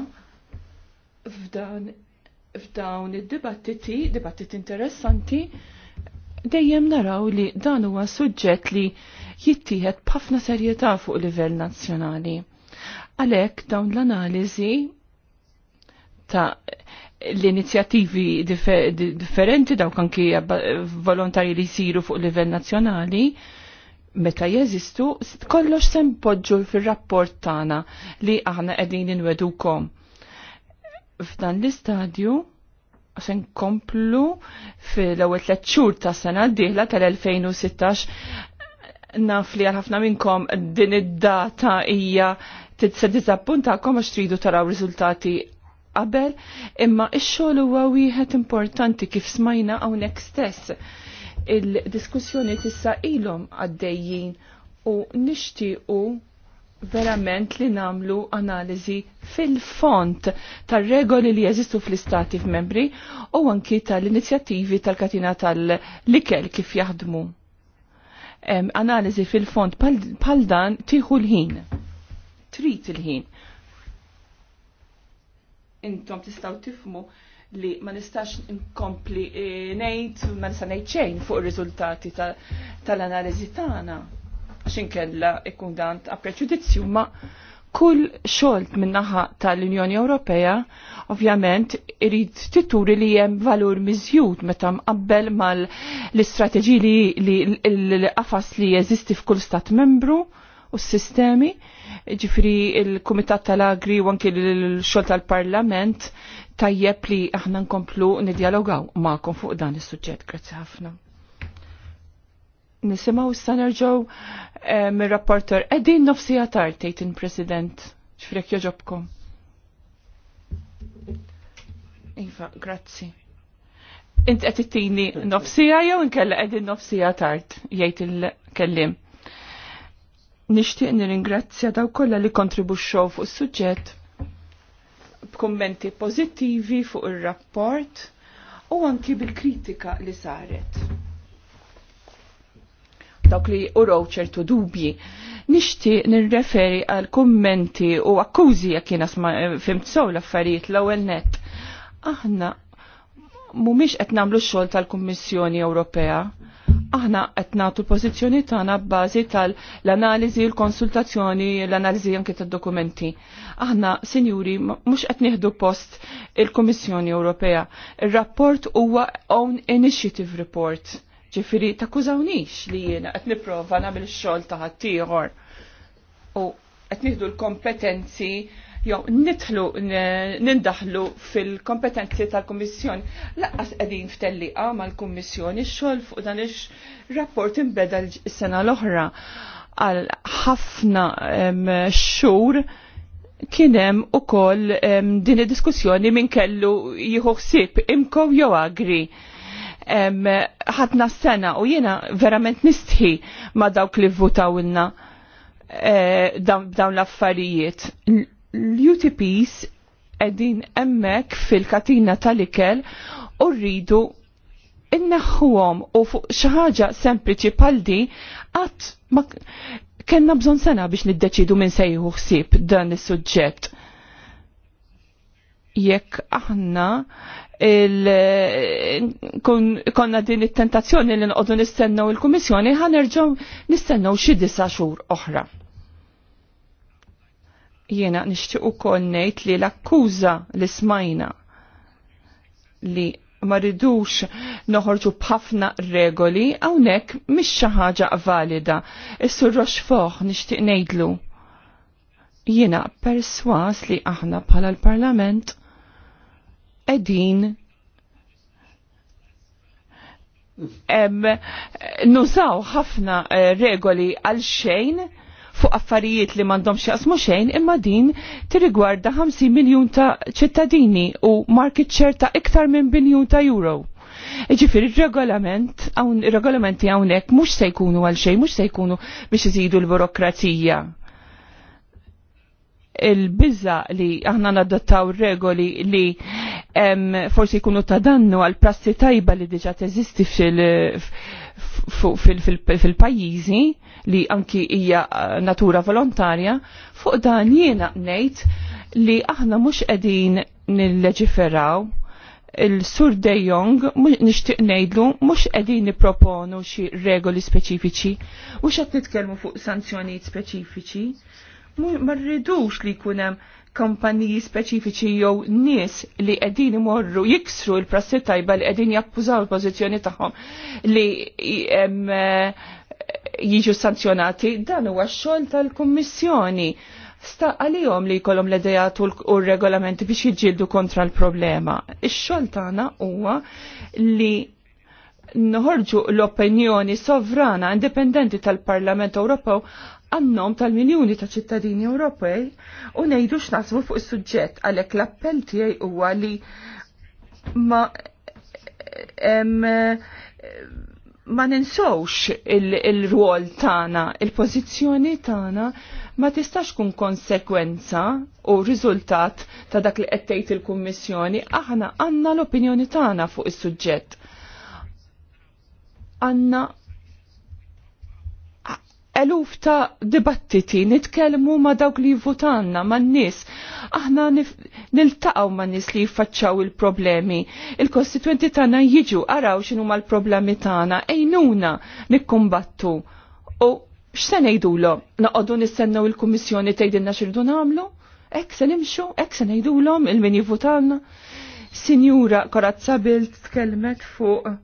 f'dawn id-dibattiti, dibattiti interessanti, dejjem naraw li dan huwa suġġett li jittieħed b'ħafna serjetà fuq livell nazzjonali. Għalhekk dawn l-analiżi ta' l-inizjattivi differenti dawk anki volontari li jsiru fuq livell nazzjonali meta jeżistu kollox se npoġġu fir-rapport tagħna li aħna qegħdin inwedukom. F'dan l-istadju se nkomplu fil-ewwel tliet xhur ta' sena d-dieħla tal-2016 naf li għal ħafna minnkom din id-data hija se kom għax tridu taraw riżultati qabel, imma ix-xogħol huwa wieħed importanti kif smajna hawnhekk stess. Il-diskussjoni tissa ilhom għaddejjin u nixtiequ verament li namlu analizi fil-font tal-regoli li jeżistu fl-istati f'membri u anki tal-inizjattivi tal-katina tal-likel kif jaħdmu. Analizi fil-font pal dan tiħu l-ħin. Trit il-ħin. Intom tistgħu tifmu li ma nistax inkompli eh, ngħid ma nistax ngħid xejn fuq ir-riżultati tal-analiżi tagħna. Xin kella ikun dan ta' preġudizzju ma' kull xolt minnaħa tal-Unjoni Ewropea ovvjament irid tituri li hemm valur miżjud meta mqabbel mal l-istrateġiji li l-qafas li jeżisti f'kull stat membru u s-sistemi, ġifri il-Kumitat tal-Agri u anki l-xol tal-Parlament tajjeb li aħna nkomplu nidjalogaw ma'kom fuq dan is-suġġett. Grazzi ħafna. Nisimaw s nerġgħu eh, mir-rapporter qegħdin nofsi Atar, tgħid in-President. X'frek joġobkom. Iva, grazzi. Int qed ittini nofsija jew inkella qegħdin nofsija tard jgħid il-kellim. Nixtieq nirringrazzja daw kollha li kontribuxxew fuq is-suġġett b'kummenti pożittivi fuq ir-rapport u anki bil-kritika li saret. Dawk li uraw ċertu dubji nixtieq nirreferi għal kummenti u akkużi jekk jiena fimt sew l-affarijiet l-ewwel net. Aħna mhumiex qed nagħmlu x-xogħol tal-Kummissjoni Ewropea aħna qed nagħtu l-pożizzjoni tagħna bbażi tal-analiżi, l-konsultazzjoni, l-analiżi anke tad-dokumenti. Aħna, sinjuri, mhux qed nieħdu post il-Kummissjoni Ewropea. Ir-rapport huwa own initiative report. Ġifieri takkużawnix li jiena qed nipprova nagħmel ix-xogħol ta' ħaddieħor. U qed nieħdu l-kompetenzi jew nitħlu nindaħlu fil-kompetenzi tal-Kummissjoni laqqas qegħdin f'telliqa mal-Kummissjoni x-xogħol fuq dan ix-rapport inbeda s-sena l-oħra għal ħafna xhur kienem u ukoll din diskussjoni minn kellu ħsieb, imkow jew agri. ħatna s-sena u jiena verament nistħi ma dawk li votawilna eh, dawn l-affarijiet l-UTPs edin emmek fil-katina tal-ikel u rridu inneħħuhom u fuq xi ħaġa sempliċi paldi, għat qatt ma kellna bżonn sena biex niddeċidu minn sejħu ħsieb dan is-suġġett. Jekk aħna konna din it-tentazzjoni li nqogħdu nistennew il-Kummissjoni ħanerġgħu nistennew xi disa' xhur oħra. Jiena nixtieq ukoll ngħid li l-akkuża li smajna li ma ridux noħorġu b'ħafna regoli hawnhekk mhix xi ħaġa valida. Issu sur nixtieq ngħidlu. Jiena perswas li aħna bħala l-Parlament qegħdin nużaw ħafna eh, regoli għal xejn fuq affarijiet li mandom xjaqsmu xejn imma din tirigwarda 50 miljun ta' ċittadini u market share ta' iktar minn biljun ta' euro. Iġifir il-regolament, għawn il-regolamenti għawnek mux se jkunu għal xej, mux se jkunu biex iżidu l-burokrazija. Il-bizza li aħna nadottaw regoli li em, forsi jkunu ta' dannu għal prassi tajba li diġa teżisti fil-pajizi, fil, fil, fil, fil, fil, fil, fil, fil li anki hija eh, natura volontarja, fuq dan jiena ngħid li aħna mhux qegħdin nilleġiferaw il-Sur De Jong nixtieq ngħidlu mhux qegħdin nipproponu xi regoli speċifiċi u għat nitkellmu fuq sanzjonijiet speċifiċi. Ma rridux li jkun hemm speċifiċi jew nies li qegħdin imorru jiksru l-prassi tajba li qegħdin jappużaw il-pożizzjoni tagħhom li eh, jiġu sanzjonati, dan huwa xogħol tal-Kummissjoni. Sta għalihom li jkollhom l-idejat u r-regolamenti biex jiġġieldu kontra l-problema. Ix-xogħol tagħna huwa li nħorġu l-opinjoni sovrana indipendenti tal-Parlament Ewropew għannom tal-miljoni ta' ċittadini Ewropej u nejdu x'naħsbu fuq is-suġġett għalhekk l-appell tiegħi huwa li ma em, ma ninsowx il-rwol il tana, il-pozizjoni tana ma tistax kun konsekwenza u riżultat ta' dak li qed il-Kummissjoni aħna għandna l-opinjoni tagħna fuq is-suġġett. Għanna eluf ta' dibattiti, nitkelmu ma' dawk li votanna, ma' n-nis. Aħna niltaqaw ma' n-nis li jiffaċċaw il-problemi. Il-kostituenti tana jiġu, araw xinu ma' l-problemi tana, ejnuna nikkumbattu. U x'sen ejdulom? Naqodu nistennaw il-Kommissjoni tejdilna xirdu namlu? Ek se nimxu, ek se nejdulom il-min jivutanna. Sinjura Korazza Bilt tkellmet fuq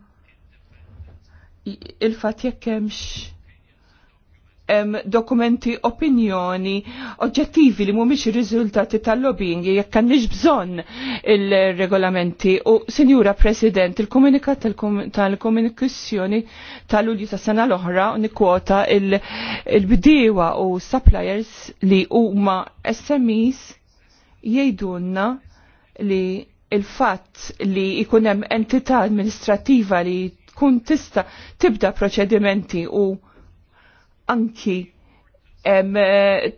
il-fat jekk hemmx dokumenti opinjoni oġġettivi li mhumiex ir-riżultati tal-lobbying jekk għandniex bżonn il-regolamenti u Sinjura President il-komunikat tal-komunikazzjoni tal-Ulju tas sena l-oħra nikkwota il-bdiewa u suppliers li huma SMEs jgħidulna li il-fatt li jkun hemm entità amministrativa li tkun tista' tibda proċedimenti u anki eh,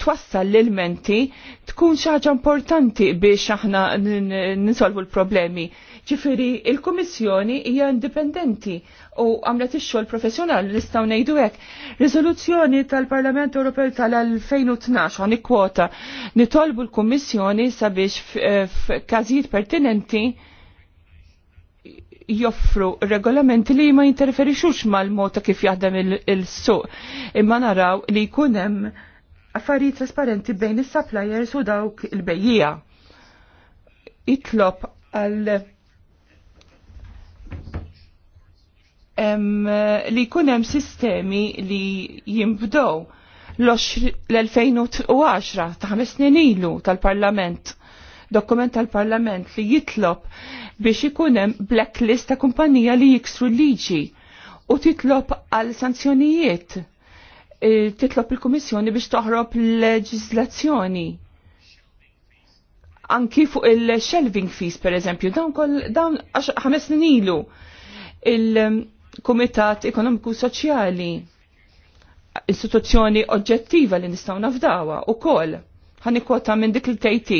twassal l-elementi tkun xaġa importanti biex aħna nisolvu l-problemi. Ġifiri, il-Komissjoni hija indipendenti u għamlet ix-xogħol professjonali nistgħu ngħidu hekk. Riżoluzzjoni tal-Parlament Ewropew tal-2012 għan kwota nitolbu l-Kummissjoni sabiex f'każijiet pertinenti joffru regolamenti li ma jinterferixux mal-mod kif jaħdem il-suq. Imma naraw li jkun hemm affarijiet trasparenti bejn is-suppliers u dawk il-bejjija. Itlob għal em, li jkun hemm sistemi li jimbdow l-2010 ta' ħames snin ilu tal-Parlament dokument tal-Parlament li jitlob biex ikun hemm blacklist ta' kumpanija li jiksru liġi u titlob għal sanzjonijiet. E, titlob il-Kummissjoni biex toħrob leġizlazzjoni. anki fuq il-shelving fees, per eżempju, dawn kol, dawn ħames nilu il-Komitat Ekonomiku Soċjali, istituzzjoni oġġettiva li nistaw nafdawa u kol, ħani minn dik il-tejti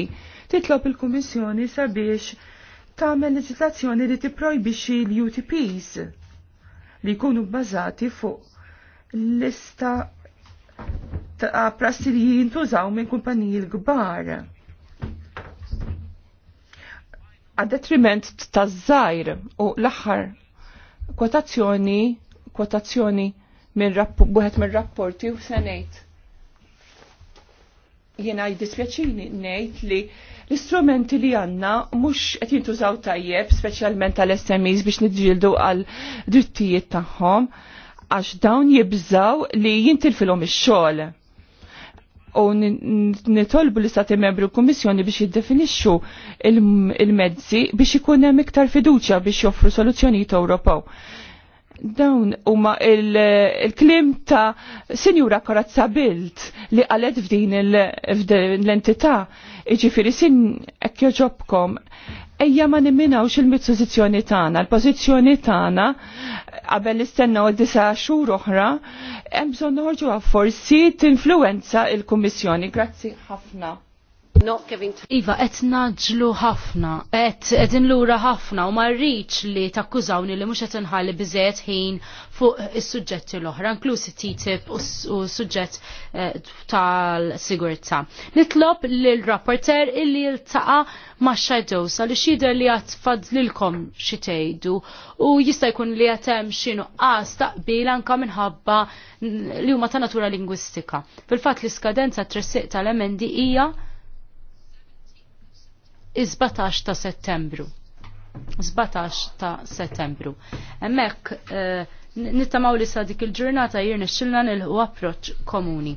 titlob il-Kummissjoni sabiex tagħmel leġislazzjoni li tipprojbixxi l-UTPs li jkunu bbażati fuq lista ta' prassi li jintużaw minn kumpaniji l-kbar. Għad-detriment ta' zzajr u l-axar kwotazzjoni, kwotazzjoni minn minn rapporti u senejt Jiena jidispjaċini ngħid li l-istrumenti li għanna mux qed jintużaw tajjeb, speċjalment tal SMEs biex nidġildu għal drittijiet tagħhom, għax dawn jibżaw li jintilfilhom ix-xogħol. U nitolbu l-istati membru u kummissjoni biex jiddefinixxu il-mezzi biex ikun hemm iktar fiduċja biex joffru soluzzjonijiet Ewropew Dawn huma il-klim il ta' Sinjura Korazza Bilt li qalet f'din l-entità. iġifiri sin hekk joġobkom ejja ma nimminawx il-pozizjoni tagħna. L-pożizzjoni tagħna qabel nistennew disa xhur oħra hemm bżonn noħorġu forsi tinfluwenza il-Kummissjoni. Grazzi ħafna. Iva, qed naġlu ħafna, et qegħdin lura ħafna u ma rridx li takkużawni li mhux qed inħalli biżejjed ħin fuq is-suġġetti l-oħra, inklusi TTIP u suġġett eh, tal-sigurtà. Nitlob l rapporter illi jiltaqa' ma' shadows għaliex jidher li għat fadlilkom xi tgħidu u jista' jkun li qed hemm għas taqbila taqbil anke minħabba li huma ta' natura lingwistika. Fil-fatt l-iskadenza tressiq tal-emendi hija 17 ta' settembru. 17 ta' settembru. Emmek, uh, eh, nittamaw li sa' dik il-ġurnata jirni xilna nil-ħu approċ komuni.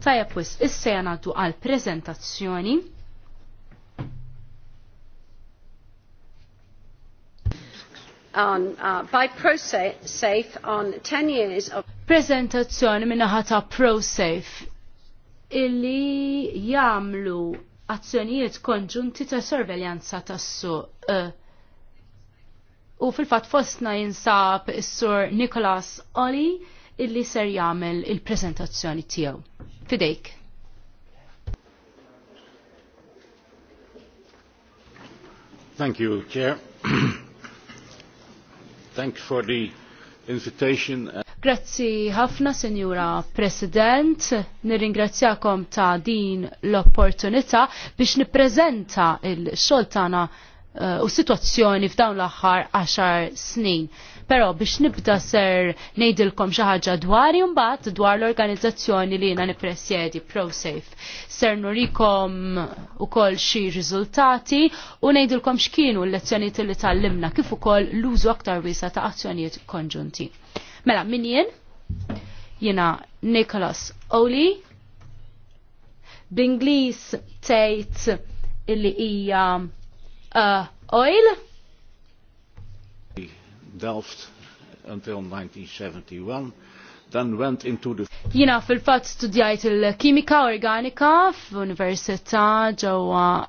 Tajja is issa janaddu għal prezentazzjoni. On, uh, by ProSafe on 10 years of... Prezentazzjoni minna minnaħata ProSafe illi jamlu azzjonijiet konġunti ta' sorveljanza tas-suq. Eh, u fil-fat fostna jinsab is-sur Nicholas Oli illi ser jamel il prezentazzjoni tiegħu. Fidejk. Thank you, Chair. Thanks for the invitation. Uh, Grazzi ħafna, Senjura President. Nirringrazzjakom ta' din l-opportunità biex niprezenta il xoltana tagħna uh, u uh, situazzjoni f'dawn l-aħħar 10 snin. Però biex nibda ser ngħidilkom xi ħaġa dwar jumbat dwar l-organizzazzjoni li jiena nippresjedi ProSafe. Ser nurikom ukoll xi riżultati u ngħidilkom x'kienu l lezzjoniet li tallimna kif ukoll l-użu aktar wiesa ta' azzjoniet konġunti. Mela min jien? Jina Nicholas Oli b'Ingliż tejt illi hija uh, oil Delft until 1971 then went into the... Jina fil-fat studjajt il-kimika organika f'Università ġewwa um,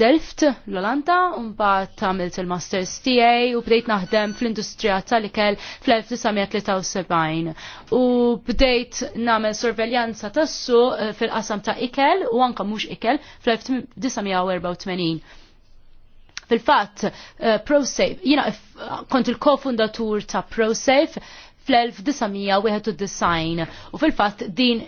Delft, l-Olanda, mbagħad tagħmilt il-masters TA u bdejt naħdem fl-industrija tal-ikel fl-1973. U bdejt nagħmel sorveljanza tas-suq eh, fil-qasam ta' ikel u anke mhux ikel fl-1984. Fil-fatt, uh, ProSafe, jina uh, kont il-kofundatur ta' ProSafe fl-1991 u fil-fatt din,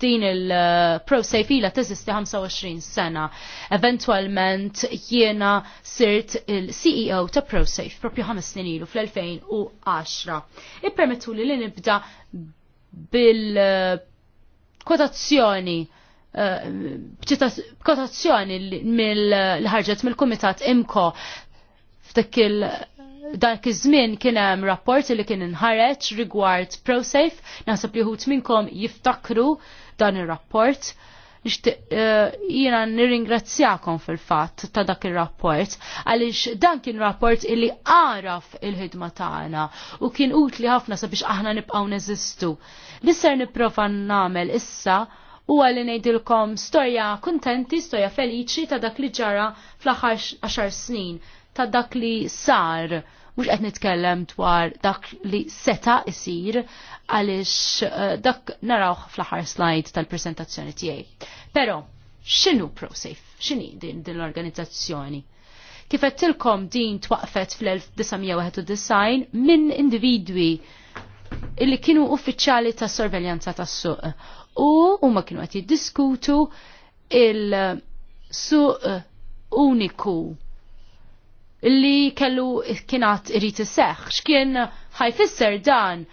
din il-ProSafe uh, ila teżisti 25 sena. Eventualment jiena sirt il-CEO ta' ProSafe propju 5 snin ilu fl-2010. Ippermettu li li nibda bil-kotazzjoni uh, b'kotazzjoni mill-ħarġet mill-Kumitat Imko f'dak il- dak iż-żmien kien hemm rapport li kien inħareġ rigward ProSafe, naħseb li ħut minnkom jiftakru dan ir-rapport. Eh, jiena nirringrazzjakom fil-fatt ta' dak ir-rapport għaliex dan kien rapport illi għaraf il-ħidma tagħna u kien utli ħafna sabiex aħna nibqgħu neżistu. Li nipprova nagħmel issa u għalli nejdilkom storja kontenti, storja feliċi ta' dak li ġara fl aħar għaxar snin, ta' dak li sar, mux qed nitkellem dwar dak li seta isir għalix uh, dak narawħ fl aħar slide tal-presentazzjoni tiegħi. Pero, xinu ProSafe? Xini din, din l-organizzazzjoni? Kifettilkom din twaqfet fl-1991 minn individwi illi kienu uffiċjali ta' sorveljanza tas suq u huma kienu qed jiddiskutu il-suq uniku illi kellu kienat irrit seħ x'kien ħajfisser dan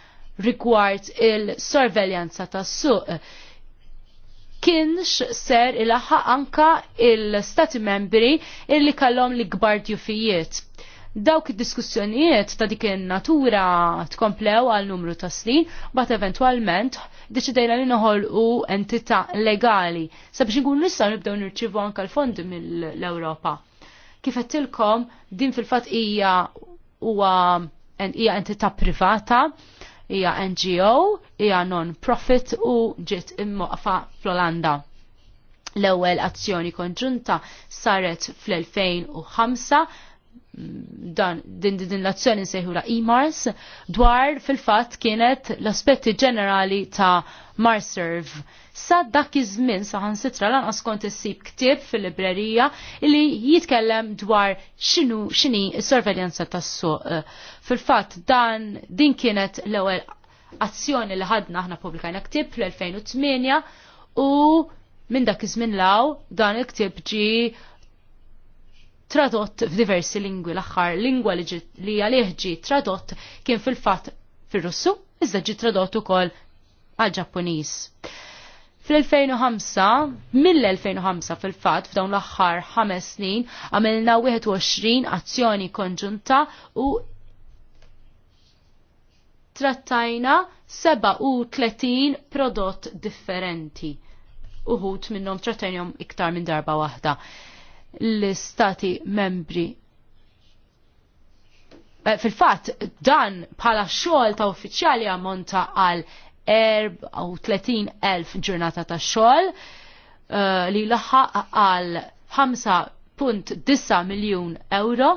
rigward il-sorveljanza tas-suq kienx ser il-ħa anka il-stati membri illi kallom li gbar djufijiet. Dawk id-diskussjonijiet ta' dik natura tkomplew għal numru ta' snin, bat eventualment deċidejna li noħol u entita legali sabiex nkun nistgħu nibdew nirċivu anke l-fondi mill-Ewropa. Kif qedtilkom din fil-fatt hija huwa hija entità privata, hija NGO, hija non-profit u ġiet imwaqfa fl-Olanda l-ewwel azzjoni konġunta saret fl-2005 dan din din l-azzjoni nsejħu la e-Mars dwar fil-fatt kienet l-aspetti ġenerali ta' Marserv. Sa dak iż-żmien sa ħansitra lanqas kont issib ktieb fil-librerija li jitkellem dwar x'inhu x'inhi s-sorveljanza tas-suq. Fil-fatt dan din kienet l-ewwel azzjoni li ħadna aħna pubblikajna ktieb fl-2008 u minn dak iż-żmien law dan il-ktieb ġie tradott f'diversi lingwi l-aħħar lingwa li għalih ġi tradott kien fil-fatt fir-Russu, iżda ġi tradott ukoll għal-Ġappuniż. Fl-2005, mill-2005 fil-fat, f'dawn l-axħar 5 snin, għamilna 21 azzjoni konġunta u trattajna 37 prodott differenti. Uħut minnom trattajnjom iktar minn darba waħda l-istati membri. Eh, fil-fat, dan bħala xogħol ta' uffiċjali ammonta għal 4 u 30 elf ġurnata ta' xogħol eh, li laħaq għal 5.9 miljun euro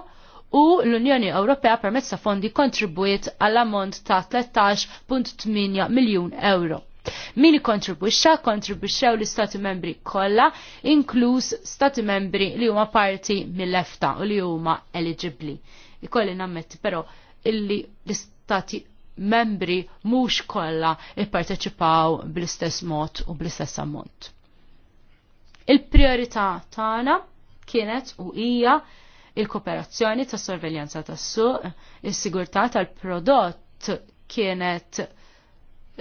u l-Unjoni Ewropea permezz ta' fondi kontribwiet għall ammont ta' 13.8 miljun euro. Min kontribuxxa kontribuxxew l-Stati membri kollha, inkluż Stati membri li huma parti mill-EFTA u li huma eligibbli. Ikolli nammetti però illi l-Stati membri mhux kollha ipparteċipaw bl-istess mod u bl-istess ammont. Il-priorità tagħna kienet u hija il-kooperazzjoni ta' sorveljanza tas suq, is-sigurtà tal-prodott kienet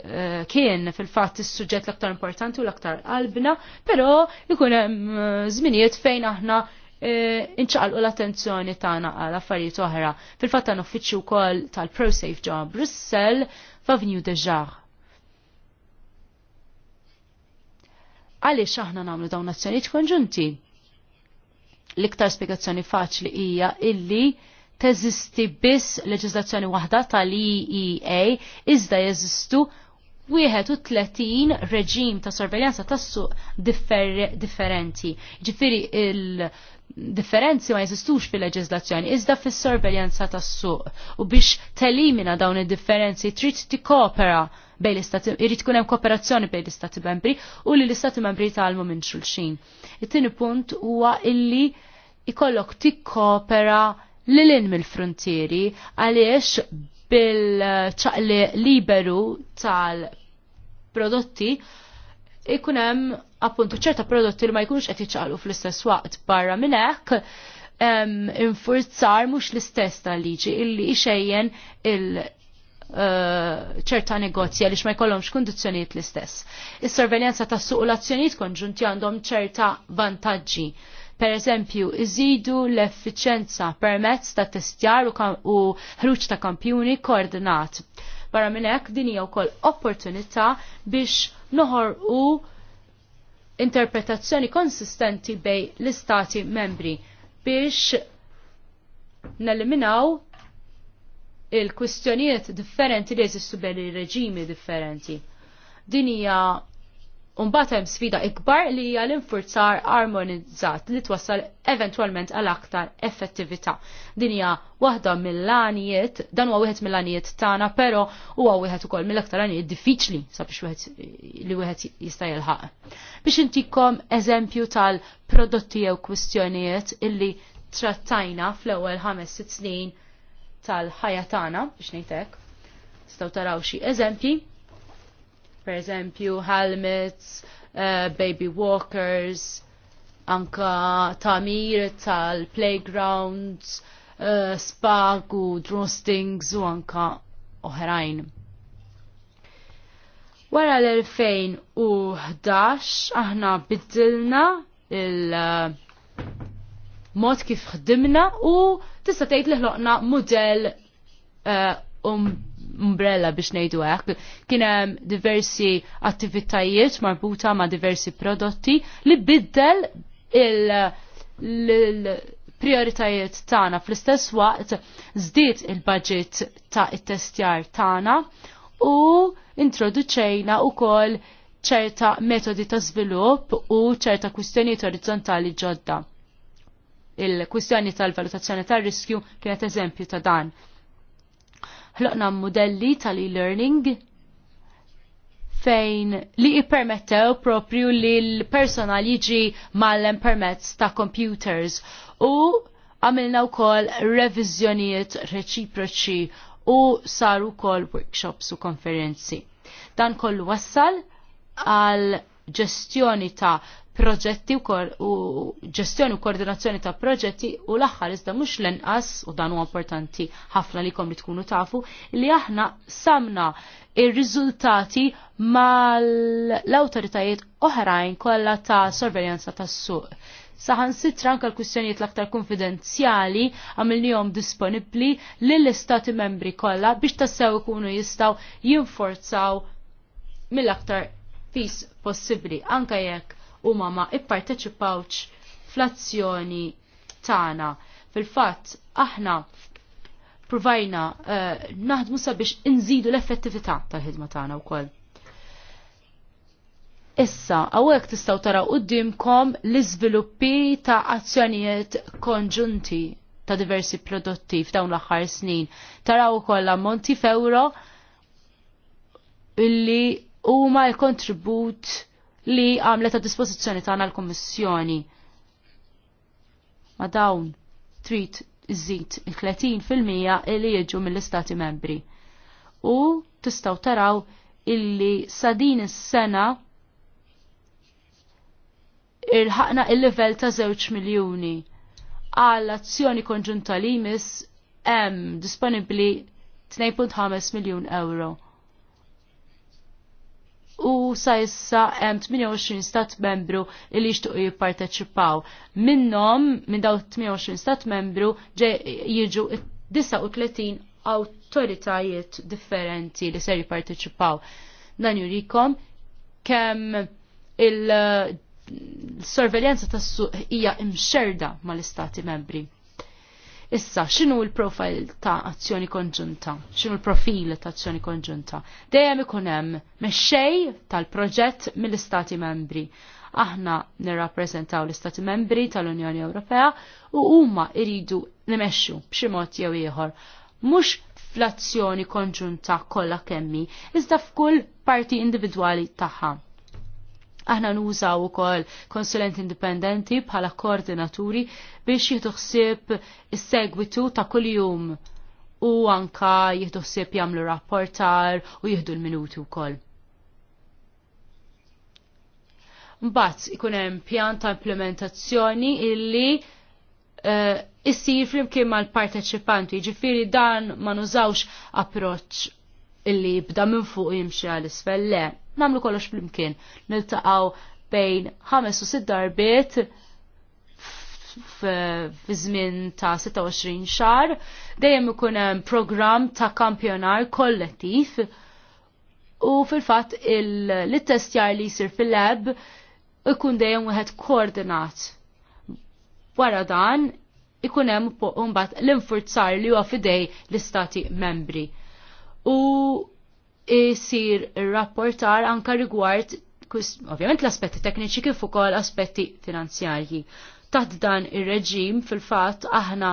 Eh, kien fil-fatt is-suġġett l-aktar importanti u l-aktar qalbna, però ikun hemm eh, żminijiet fejn aħna eh, inċaqalqu l-attenzjoni tagħna għal affarijiet oħra. Fil-fatt għan uffiċċju wkoll tal-ProSafe ġo Brussell f'Avenue de Jar. Għaliex aħna nagħmlu dawn azzjonijiet konġunti? L-iktar spjegazzjoni faċli hija illi teżisti biss leġislazzjoni waħda tal-EEA iżda jeżistu 31 reġim ta' sorveljanza tas-suq differ differenti. Ġifiri il-differenzi ma jeżistux fil-leġizlazzjoni, iżda fis-sorveljanza tas-suq u biex telimina dawn id-differenzi trid tikkopera bej l-istati, irrid tkun hemm kooperazzjoni bejn l-istati membri u li l-istati membri talmu minn xulxin. It-tieni punt huwa illi ikollok tikkopera lil-in mill-frontieri għaliex bil-ċaqli liberu tal-prodotti ikun hemm appuntu ċerta prodotti li ma jkunux qed jiċċaqlu fl-istess waqt barra minn hekk infurzar mhux l-istess tal-liġi illi xejjen il- eh, ċerta uh, negozji għaliex ma jkollhomx kundizzjonijiet l-istess. Is-sorveljanza tas suq l-azzjonijiet konġunti għandhom ċerta vantaġġi Per eżempju, iżidu l-effiċenza permezz ta' testjar u ħruġ ta' kampjuni koordinat. Barra minn hekk din hija wkoll opportunità biex noħorqu interpretazzjoni konsistenti bej l-istati membri biex neliminaw il-kwistjonijiet differenti li jeżistu bejn il-reġimi differenti. Din hija Unbat hemm sfida ikbar li hija l-infurzar armonizzat li twassal eventwalment għal aktar effettività. Din hija waħda mill-għanijiet, dan huwa wieħed mill-għanijiet tagħna, però huwa wieħed ukoll mill-aktar għanijiet diffiċli sabiex wieħed li wieħed jista' jilħaq. Biex intikom eżempju tal-prodotti jew kwistjonijiet illi trattajna fl-ewwel ħames snin tal-ħajja tagħna biex ngħidlek. Staw taraw xi eżempji per eżempju helmets, uh, baby walkers, anka tamir tal-playgrounds, uh, eh, spag u drostings u anka oħrajn. Wara l-2011 aħna biddilna il-mod eh, kif ħdimna u tista' tgħid liħloqna ħloqna mudell uh, um umbrella biex nejdu għak. kienem diversi attivitajiet marbuta ma diversi prodotti li biddel il-prioritajiet tana fl-istess waqt zdiet il-budget ta' it-testjar tana u introduċejna u kol ċerta metodi ta' svilupp u ċerta kwistjonijiet orizzontali ġodda. Il-kwistjoni tal-valutazzjoni tal-riskju kienet eżempju ta' dan ħloqna modelli tal-e-learning fejn li jippermettew propju li l-personal jiġi mallem permezz ta' computers u għamilna wkoll reviżjonijiet reċiproċi u saru wkoll workshops u konferenzi. Dan kollu wassal għal ġestjoni ta' proġetti u ġestjoni u koordinazzjoni ta' proġetti u l-aħħar iżda mhux l-inqas u dan huwa importanti ħafna li kom li tkunu tafu li aħna samna ir-riżultati mal-awtoritajiet oħrajn kollha ta' sorveljanza tas-suq. Saħan sitra anka l-kwistjonijiet l-aktar konfidenzjali għamilnijom disponibli lill-istati membri kollha biex tassew ikunu jistaw jinforzaw mill-aktar fis possibli anka jekk u ma ipparteċipawċ fl-azzjoni tagħna. Fil-fatt aħna provajna uh, naħdmu sabiex inżidu l-effettività tal-ħidma tagħna wkoll. Issa, għawek tistaw taraw qoddimkom l-izviluppi ta' azzjonijiet konġunti ta' diversi prodotti f'dawn l-aħħar snin. Taraw ukoll ammonti f'euro illi huma l-kontribut li għamlet a dispożizzjoni tagħna l-Kummissjoni. Ma dawn trid iżid il-30% li jiġu mill-Istati membri. U tistaw taraw illi sadin is-sena irħaqna il-level ta' żewġ miljuni. Għal azzjoni konġunta li jmiss hemm disponibbli 2.5 miljun euro u sa issa hemm 28 stat membru li jixtuqu jipparteċipaw. Minnhom minn daw 28 stat membru jiġu 39 awtoritajiet differenti li ser jipparteċipaw. Dan jurikom kemm il-sorveljanza tas-suq hija imxerda mal-istati membri. Issa, xinu l-profil ta' azzjoni konġunta? Xinu l-profil ta' azzjoni konġunta? Dejjem ikun hemm mexxej tal-proġett mill-Istati membri. Aħna nirrappreżentaw l-Istati membri tal-Unjoni Ewropea u huma iridu nimexxu b'xi mod jew ieħor. Mhux fl-azzjoni konġunta kollha kemmi, iżda f'kull parti individwali tagħha. Aħna nużaw ukoll konsulenti indipendenti bħala koordinaturi biex jieħdu ħsieb is-segwitu ta' kuljum u anka jieħdu ħsieb jagħmlu rapportar u jieħdu l-minuti wkoll. Mbagħad ikun hemm pjan ta' implementazzjoni illi uh, issir mal-parteċipanti, ġifiri dan ma nużawx approċ illi bda minn fuq jimxi għal isfel le namlu kollox flimkien. Niltaqaw bejn ħames u sitt darbiet fi żmien ta' 26 xar, dejjem ikun hemm programm ta' kampjonar kollettiv u fil-fatt il-testjar li jsir fil-lab ikun dejjem wieħed koordinat. Wara dan ikun hemm l-infurzar li huwa fidej l-istati membri. U jisir rapportar anka rigward ovvjament l-aspetti tekniċi kif ukoll aspetti finanzjarji. Taħt dan ir-reġim fil-fatt aħna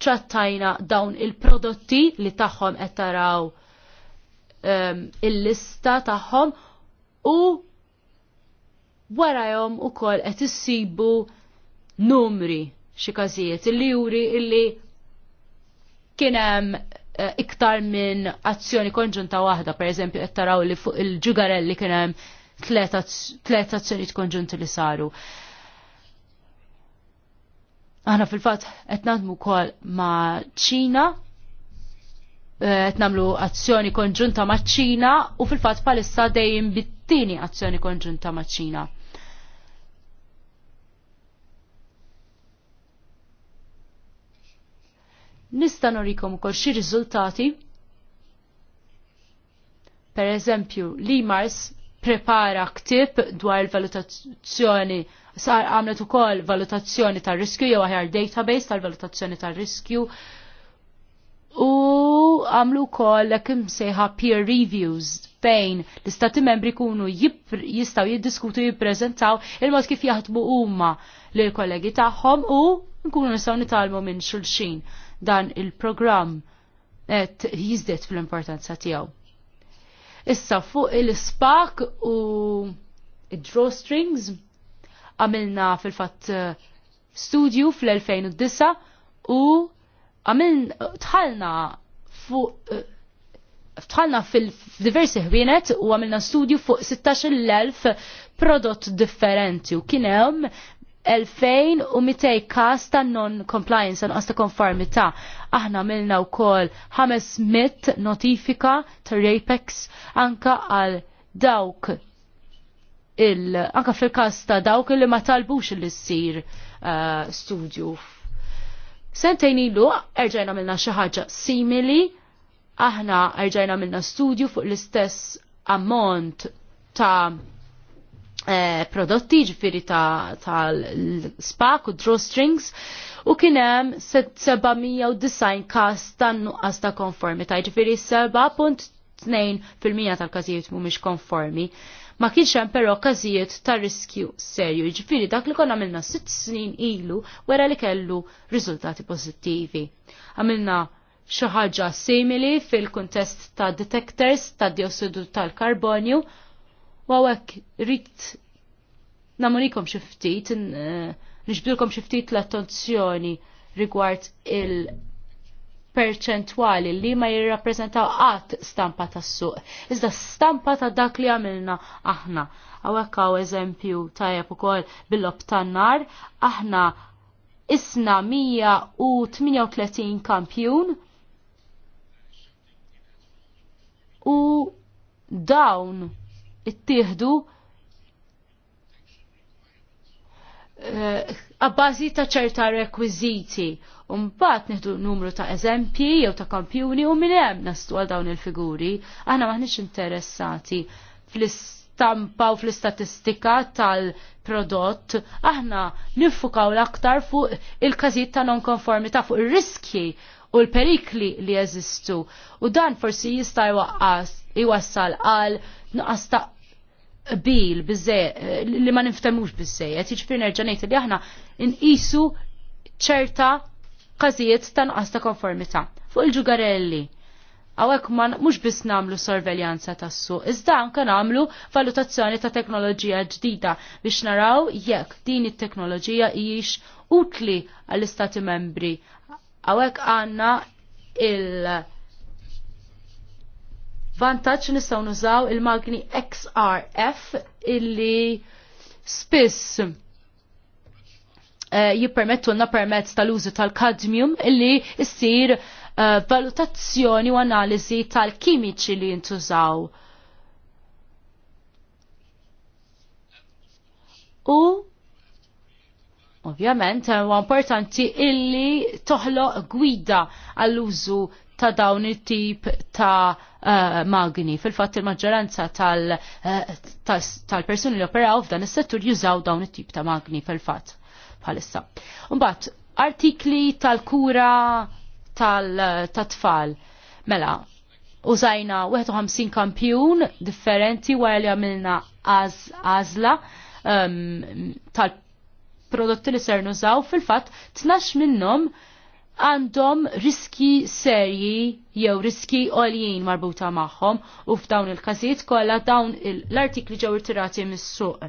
ċattajna dawn il-prodotti li tagħhom qed taraw um, il-lista tagħhom u warajhom ukoll qed issibu numri xi każijiet illi juri illi kien hemm Eh, iktar minn azzjoni konġunta waħda, per eżempju, qed taraw li fuq il-ġugarelli kien hemm tliet azzjonijiet konġunti li saru. Aħna fil-fatt qed nagħmu wkoll ma' Ċina, eh, qed nagħmlu azzjoni konġunta ma' Ċina u fil-fatt palissa dejjem bit-tieni azzjoni konġunta ma' Ċina. Nista' norikom ukoll xi riżultati. Per eżempju, Mars prepara ktib dwar il-valutazzjoni sar għamlet ukoll valutazzjoni tar-riskju jew aħjar database tal-valutazzjoni tar-riskju u għamlu kol l sejħa peer reviews fejn l-istati membri kunu jistaw jiddiskutu jippreżentaw il-mod kif jaħdmu huma l kollegi tagħhom u nkunu nistgħu nitalmu minn xulxin dan il-programm qed jizdet fl-importanza tiegħu. Issa fuq il-spak u il-drawstrings għamilna fil fat uh, studio fl-2009 u għamil tħalna fuq uh, tħalna fil-diversi ħwienet u għamilna studju fuq 16.000 prodott differenti u kienem 2200 kas ta' non-compliance, anqas ta' konformità. Aħna milna wkoll 500 notifika ta' Rapex anka għal dawk il anka fil-kas ta' dawk li ma talbux li ssir uh, studju. Sentejn ilu erġajna milna xi ħaġa simili, aħna erġajna milna studju fuq l-istess ammont ta' Eh, prodotti ġifiri tal-spak u drawstrings u kienem 790 kas tan nuqqas ta' konformita ġifiri 7.2% tal-kazijiet mumiex konformi. Ma kienx hemm però każijiet ta' riskju serju, jiġifieri dak li konna għamilna sitt snin ilu wara li kellu riżultati pożittivi. Għamilna xi ħaġa simili fil-kuntest ta' detectors ta' dioxidu tal-karbonju u għawek rrit namunikom xiftit, eh, nixbdurkom xiftit l-attenzjoni rigward il- perċentwali li ma jirrappreżentaw għat stampa ta' suq. Iżda stampa ta' dak li għamilna aħna. Għawek għaw eżempju tajab u kol bil-lob tannar, aħna isna 138 kampjun u dawn ittieħdu għabbażi eh, ta' ċerta rekwiziti. Umbat neħdu numru ta' eżempji jew ta' kampjuni u minn hemm nastu għal dawn il-figuri. Aħna maħniex interessati fl-istampa u fl-istatistika tal-prodott. Aħna nifukaw l-aktar fuq il-każijiet ta' nonkonformità fuq ir-riskji u l-perikli li jeżistu. U dan forsi jista' jwaqqas jwassal għal nuqqas ta' bil bizzej li ma niftemux bizzej. Jiġifieri nerġa' ngħid li aħna nqisu ċerta każijiet ta' nuqqas ta' konformità. Fuq il-ġugarelli għawek ma mux bis namlu sorveljanza su. iżda anka namlu valutazzjoni ta' teknoloġija ġdida biex naraw jekk din it-teknoloġija hijiex utli għall-istati membri Għawek għanna il- vantaċ nistaw nużaw il-magni XRF illi spiss eh, jippermettu l permezz tal-użu tal-kadmium illi issir eh, valutazzjoni u analizi tal-kimiċi li jintużaw. U Ovvjament, eh, huwa importanti illi toħloq gwida għall-użu ta' dawn it-tip ta' eh, magni. Fil-fatt il-maġġoranza eh, tal-persuni li operaw f'dan is-settur jużaw dawn it-tip ta' magni fil-fatt bħalissa. Mbagħad artikli tal-kura tal-tfal. Mela, użajna 51 kampjun differenti wara li għamilna għażla ehm, tal prodotti li ser nużaw fil-fatt tnax minnhom għandhom riski serji jew riski għoljien marbuta magħhom u f'dawn il-każijiet kollha dawn l-artikli ġew irtirati mis-suq.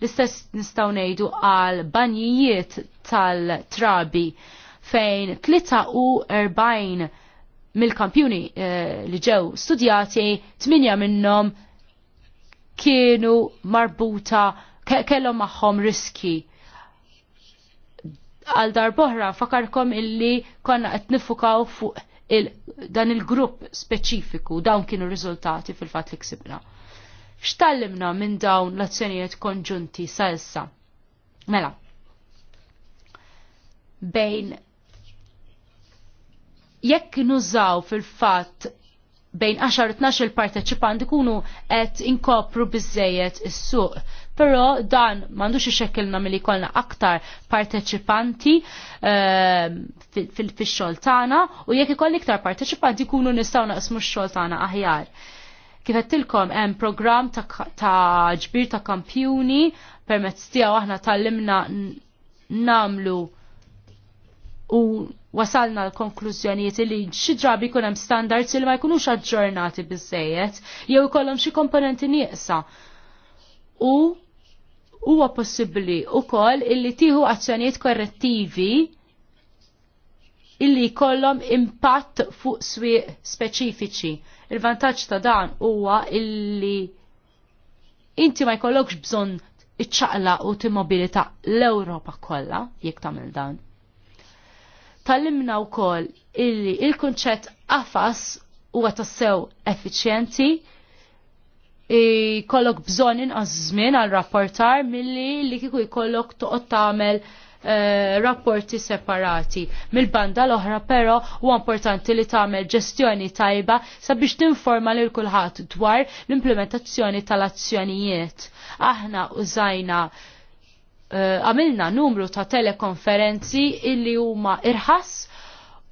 L-istess nistgħu ngħidu għal banjijiet tal-trabi fejn 43 mill-kampjuni eh, li ġew studjati, tminja minnhom kienu marbuta kellhom magħhom riski għal darboħra fakarkom illi konna qed nifukaw fuq il dan il-grupp speċifiku dawn kienu riżultati fil-fatt li ksibna. X'tallimna minn dawn l-azzjonijiet konġunti sa issa? Mela. Bejn jekk nużaw fil-fatt bejn 10-12 parteċipant ikunu qed inkopru biżejjed is-suq. Però dan m'għandux ixekkilna milli jkollna aktar parteċipanti ehm, fix-xogħol tagħna u jekk ikoll iktar parteċipanti jkunu nistgħu naqsmu x-xogħol tagħna aħjar. Kif tilkom hemm programm ta' ġbir ta' kampjuni permezz tiegħu aħna tallimna namlu u wasalna l-konklużjonijiet li xi drabi jkun hemm standards li ma jkunux aġġornati biżejjed jew ikollhom xi komponenti nieqsa. U huwa possibbli wkoll illi tieħu azzjonijiet korrettivi illi jkollhom impatt fuq swieq speċifiċi. Il-vantaġġ ta' dan huwa illi inti ma jkollokx bżonn iċċaqla u timmobilita l-Ewropa kollha jekk tagħmel dan. Tallimna wkoll illi il-kunċett qafas huwa tassew effiċjenti kollok bżon inqas żmien għal rapportar milli li kiku jkollok toqgħod tagħmel eh, rapporti separati. Mil-banda l-oħra però huwa importanti li tagħmel ġestjoni tajba sabiex tinforma lil kulħadd dwar l-implementazzjoni tal-azzjonijiet. Aħna użajna Eh, għamilna numru ta' telekonferenzi illi huma irħas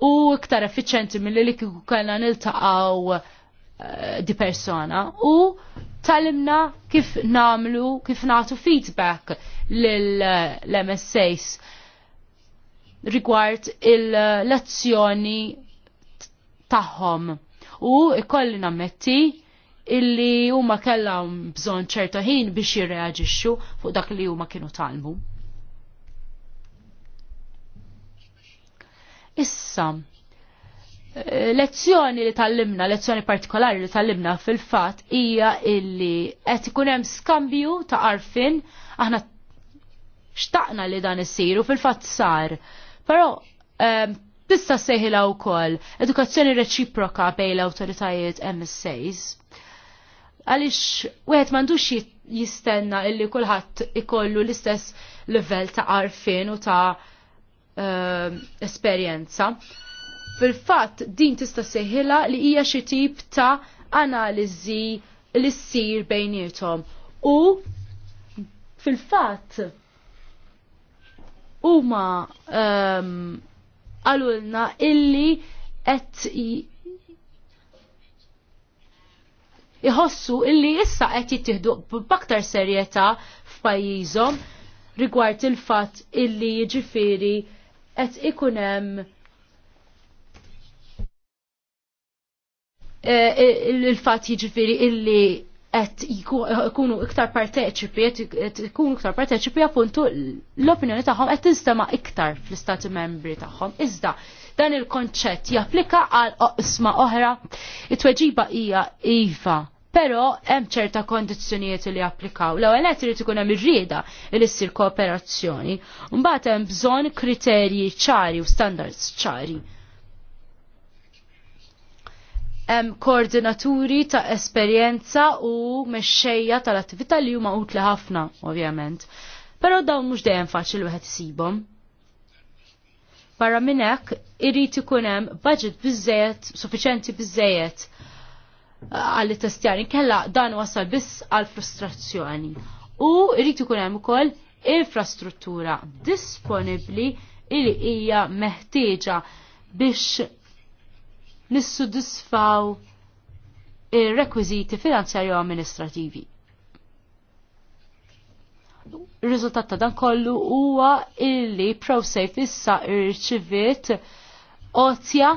u iktar effiċenti mill li kiku kellna niltaqgħu eh, di persona u talimna kif namlu, kif nagħtu feedback l-MSAs eh, rigward il-lezzjoni tagħhom. U ikolli nammetti illi huma kellhom bżonn ċerta ħin biex jirreaġixxu fuq dak li huma kienu talmu. Issa, eh, lezzjoni li tallimna, lezzjoni partikolari li tallimna fil-fat hija illi qed ikun hemm skambju ta' arfin aħna xtaqna li dan issiru fil-fatt sar. Però ehm, tista' sejħilha wkoll edukazzjoni reċiproka bejn l-awtoritajiet MSAs għaliex wieħed m'għandux jistenna illi kulħadd ikollu l-istess livell ta' arfin u ta' uh, esperjenza. Fil-fatt din tista' seħila li hija xi tip ta' analiżi li ssir bejnietom. U fil-fatt huma um, għalulna illi qed iħossu illi issa qed jittieħdu b'aktar serjetà f'pajjiżhom rigward il-fatt illi jiġifieri qed ikun hemm e, e, il-fatt jiġifieri illi qed ikunu iktar parteċipi, qed ikunu iktar parteċipi appuntu l-opinjoni tagħhom qed tinstema' iktar fl-istati membri tagħhom. Iżda dan il-konċett japplika għal isma oħra? It-tweġiba hija iva. Pero hemm ċerta kondizzjonijiet li applikaw. L-ewwel qed irid ikun hemm ir-rieda li issir kooperazzjoni. Mbagħad hemm bżonn kriterji ċari u standards ċari hemm koordinaturi ta' esperjenza u mexxejja tal-attività li huma utli ħafna, ovvjament. Però dawn mhux dejjem faċli wieħed isibhom. Barra minnek irrit ikun hemm budget biżejjed, suffiċenti biżejjed uh, għalli testjani kella dan wasal biss għal frustrazzjoni. U irrit ikun hemm ukoll infrastruttura disponibbli li hija meħtieġa biex nissudisfaw ir-rekwiżiti u amministrativi. Rizultat ta' dan kollu huwa illi ProSafe issa irċivit ozja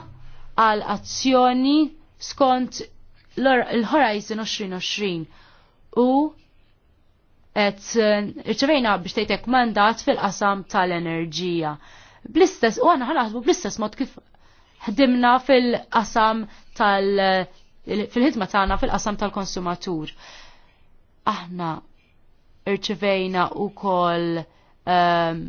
għal azzjoni skont l-Horizon 2020 u et eh, irċivejna biex tejtek mandat fil-qasam tal-enerġija. Blistess, u għana ħanaħdmu blistess mod kif ħdimna fil-qasam tal- fil-ħidma tagħna fil-qasam tal-konsumatur. Aħna irċivejna u koll um, ehm,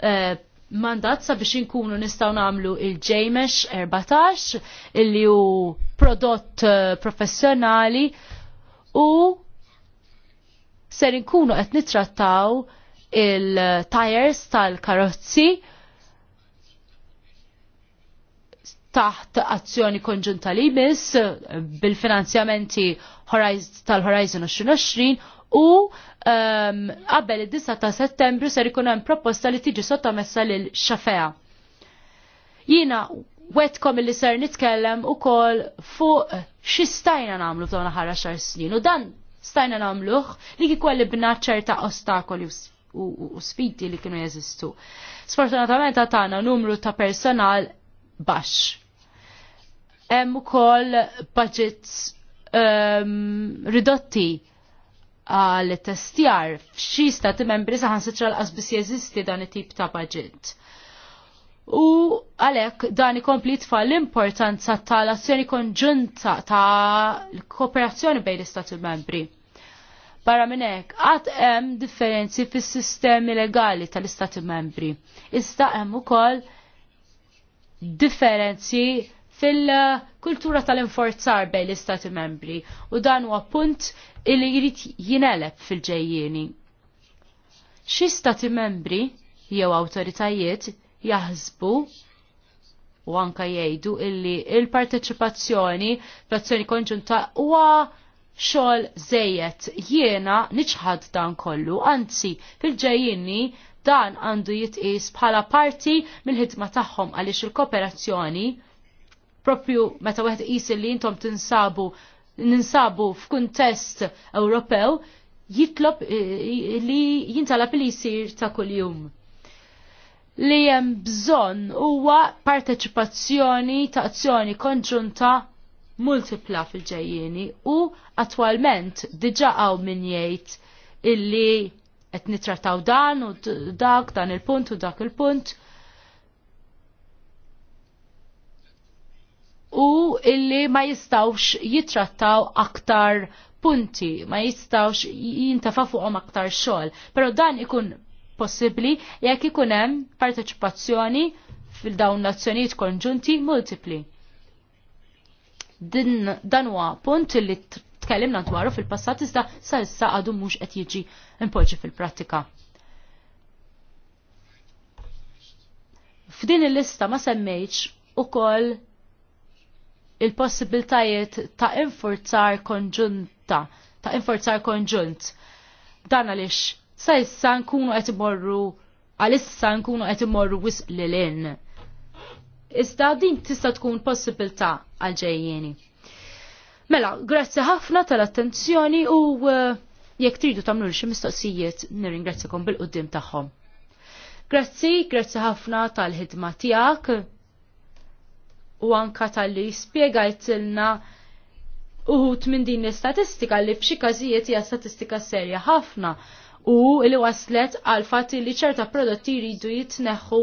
uh, eh, mandat biex inkunu nistaw namlu il ġejmex 14 illi hu prodott eh, professjonali u ser inkunu qed nitrattaw il-tires tal-karozzi taħt azzjoni konġunta li jmiss eh, bil-finanzjamenti tal-Horizon 2020 u ehm, qabel id-9 ta' settembru ser ikun hemm proposta li tiġi sottomessa lil xafea. Jiena wetkom li ser nitkellem ukoll fuq xi stajna nagħmlu f'dawn ħara xar snin u dan stajna namluħ li kikolli bnaċċer ċerta ostakoli u sfidi li kienu jeżistu. Sfortunatament għatana numru ta' personal baxx hemm ukoll budgets um, ridotti għal testjar f'xi stati membri saħan sitra l biss jeżisti dan it-tip ta' budget. U għalek dan ikompli tfal l-importanza tal-azzjoni konġunta ta' l-kooperazzjoni bejn l-istati membri. Barra minn hekk, għad hemm differenzi fis-sistemi legali tal-istati membri. Iżda hemm ukoll differenzi fil-kultura tal-inforzar bej l-istati membri u dan huwa punt li jrid jineleb fil-ġejjieni. Xi stati membri jew awtoritajiet jaħsbu u anka jgħidu illi il-parteċipazzjoni fl-azzjoni konġunta huwa xogħol żejjed jiena niċħad dan kollu, anzi fil-ġejjinni dan għandu jitqis bħala parti mill-ħidma tagħhom għaliex il-kooperazzjoni propju meta wieħed isil li intom tinsabu ninsabu f'kuntest Ewropew jitlob eh, li jintalab li jsir ta' kuljum li hemm bżonn huwa parteċipazzjoni ta' azzjoni konġunta multipla fil-ġejjieni u attwalment diġa hawn min jgħid illi qed nittrattaw dan u dak dan il-punt u dak il-punt u illi ma jistawx jitrattaw aktar punti, ma jistawx jintafa fuqhom aktar xogħol. Però dan ikun possibbli jekk ikun hemm parteċipazzjoni fil-dawn l-azzjonijiet konġunti multipli. Din, dan huwa punt li tkellimna dwaru fil-passat iżda sa issa għadu mhux qed jiġi impoġġi fil-prattika. F'din il-lista ma semmejx ukoll il-possibiltajiet ta' infurzar konġunta, ta' infurzar konġunt. Dan għaliex sa' issa nkunu qed imorru għalissa nkunu qed imorru wisq lil Iżda din tista' tkun possibilità għal ġejjeni. Mela, grazzi ħafna tal-attenzjoni u eh, jekk tridu tagħmlu xi mistoqsijiet nirringrazzjakom bil-qudiem tagħhom. Grazzi, grazzi ħafna tal-ħidma tiegħek u anka tal-li jtilna uħut minn din l-istatistika li f'xi każijiet hija statistika serja ħafna u li waslet għal fatti li ċerta prodotti jridu jitneħħu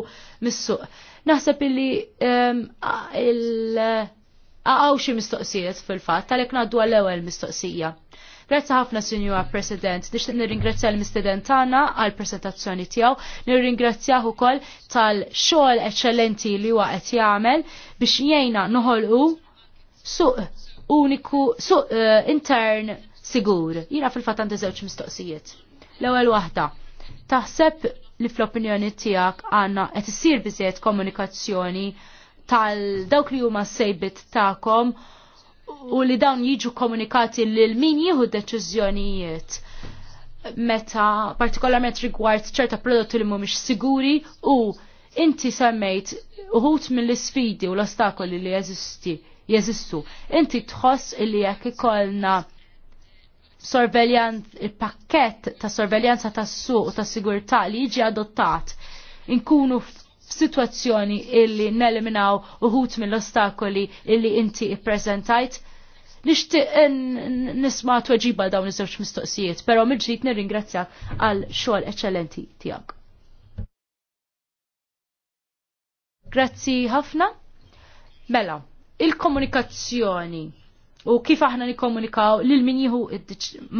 mis-suq. Naħseb illi għaw xi mistoqsijiet fil-fatt, għalhekk ngħaddu għall-ewwel mistoqsija. Grazzi ħafna, Sinjura President. Nixtieq nirringrazzja l-mistedent tagħna għall presentazzjoni tiegħu, nirringrazzjah ukoll tal-xogħol eċċellenti li huwa qed jagħmel biex jgħinna noħolqu suq uniku, suq uh, intern sigur. Jiena fil-fatt għandi żewġ mistoqsijiet. L-ewwel waħda. Taħseb li fl-opinjoni tiegħek għandna qed issir biżejjed komunikazzjoni tal dawk li huma sejbit tagħkom u li dawn jiġu komunikati lil min jieħu deċiżjonijiet meta partikolarment rigward ċerta prodotti li mhumiex siguri u inti semmejt uħut mill-isfidi u l-ostakoli li jeżisti jeżistu. Inti tħoss li jekk ikollna il-pakket ta' sorveljanza tas suq u ta' sigurtà li jiġi adottat inkunu situazzjoni illi neliminaw uħut mill-ostakoli illi inti ippreżentajt. Nixtieq eh, nisma tweġiba dawn iż-żewġ mistoqsijiet, però mill-ġdid nirringrazzjak għal xogħol eċċellenti tiegħek. Grazzi ħafna. Mela, il-komunikazzjoni u kif aħna nikkomunikaw lil min jieħu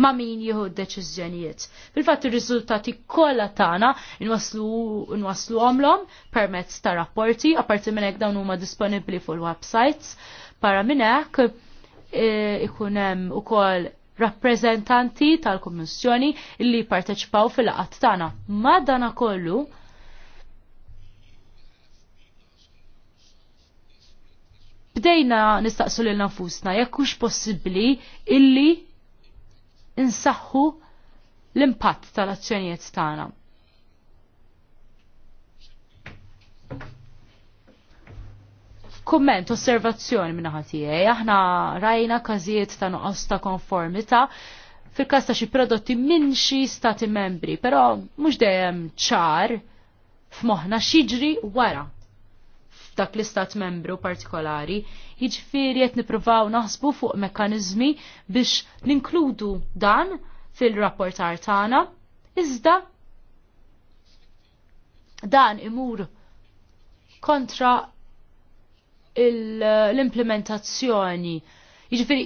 ma' min jieħu d-deċiżjonijiet. Fil-fatt ir-riżultati kollha tagħna inwaslu għomlom permezz ta' rapporti, apparti minn hekk dawn huma disponibbli fuq il-websites. Para minn hekk e, ikun hemm ukoll rappreżentanti tal-Kummissjoni li parteċipaw fil-laqat tagħna. dana kollu, bdejna nistaqsu lil nafusna jekk hux possibbli illi insaħħu l-impatt tal-azzjonijiet tagħna. Komment, osservazzjoni minna ħatijie, aħna rajna każijiet ta' nuqqas ta' konformita fil-kas ta' xi prodotti minn xi stati membri, però mhux dejjem ċar f'moħħna xiġri wara dak l-istat membru partikolari, jiġifieri qed nippruvaw naħsbu fuq mekkaniżmi biex ninkludu dan fil-rapportar tagħna, iżda dan imur kontra l-implementazzjoni. Jiġifieri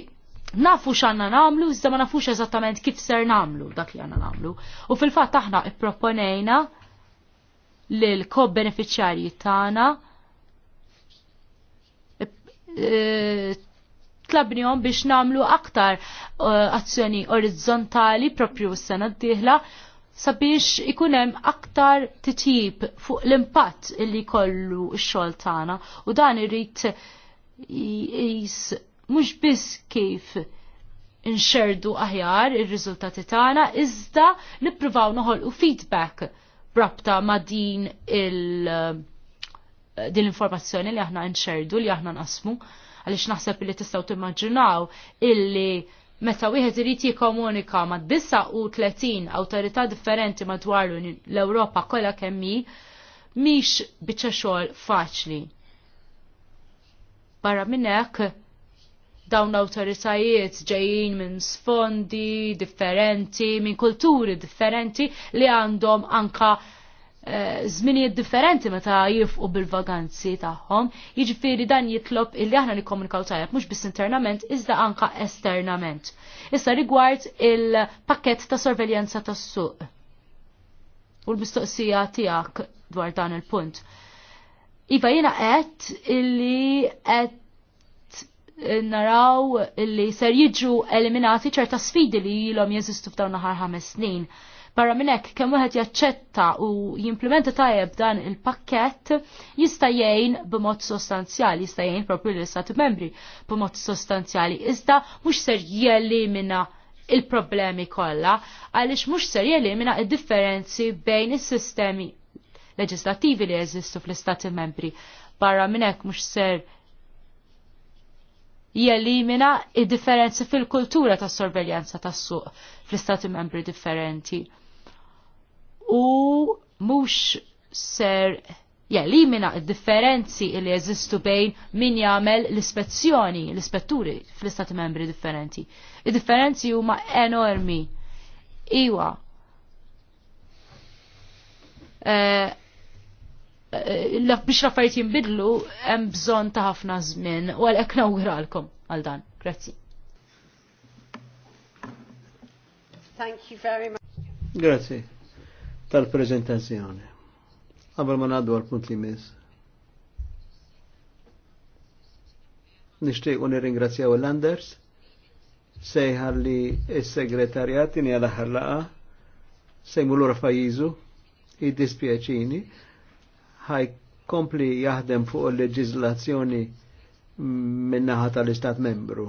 nafu x'għandna nagħmlu iżda ma nafux eżattament kif ser nagħmlu dak li għandna nagħmlu. U fil-fatt aħna ipproponejna lil kobbenefiċjarji beneficjarji tagħna tlabnihom biex namlu aktar uh, azzjoni orizzontali propju s-sena d-dieħla sabiex ikunem aktar titjib fuq l-impatt illi kollu x-xol tagħna u dan irrit jis mhux biss kif inxerdu aħjar ir-riżultati tagħna iżda nippruvaw noħolqu feedback brabta ma' din il- din l-informazzjoni li aħna nxerdu li aħna nqasmu għaliex naħseb li tistgħu timmaġinaw illi meta wieħed irid jikkomunika ma' 39 awtorità differenti madwar l-Ewropa kollha kemm hi mhix biċċa xogħol faċli. Barra minn hekk dawn l-awtoritajiet ġejjin minn sfondi differenti, minn kulturi differenti li għandhom anka Eh, żminijiet differenti meta jifqu bil-vaganzi tagħhom, jiġifieri dan jitlob illi aħna nikkomunikaw tajjeb mhux biss internament iżda anka esternament. Issa rigward il-pakkett ta' sorveljanza tas-suq. U l-mistoqsija tiegħek dwar dan il-punt. Iva jiena qed illi qed naraw li ser jiġu eliminati ċerta sfidi li ilhom jeżistu f'dawn naħar ħames snin. Barra minn hekk kemm wieħed jaċċetta u jimplementa tajjeb dan il-pakkett jista' jgħin b'mod sostanzjali, jista' jgħin propri l-Istati membri b'mod sostanzjali. Iżda mhux ser jelimina il-problemi kollha għaliex mhux ser jelimina id-differenzi bejn is-sistemi leġislattivi li jeżistu fl-Istati membri. Barra minn hekk mhux ser jelimina il differenzi fil-kultura tas sorveljanza tas suq fl-istati membri differenti u mhux ser jelimina ja, differenzi li jeżistu bejn min jagħmel l-ispezzjoni, l-ispetturi fl-istati membri differenti. Id-differenzi huma enormi. Iwa. Uh, biex l-affarijiet jinbidlu hemm bżonn ta' ħafna żmien u għalhekk nawguralkom għal dan. Grazzi. Thank you very much. Grazie tal-prezentazzjoni. Qabel ma ngħaddu għal punt li mis. Nixtieq unir nirringrazzjaw l-Anders sejħar li s-segretarjat inja l-aħħar laqa sejmu l-ura fajizu id-dispjaċini ħaj kompli jaħdem fuq il-leġizlazzjoni minnaħa tal-Istat membru.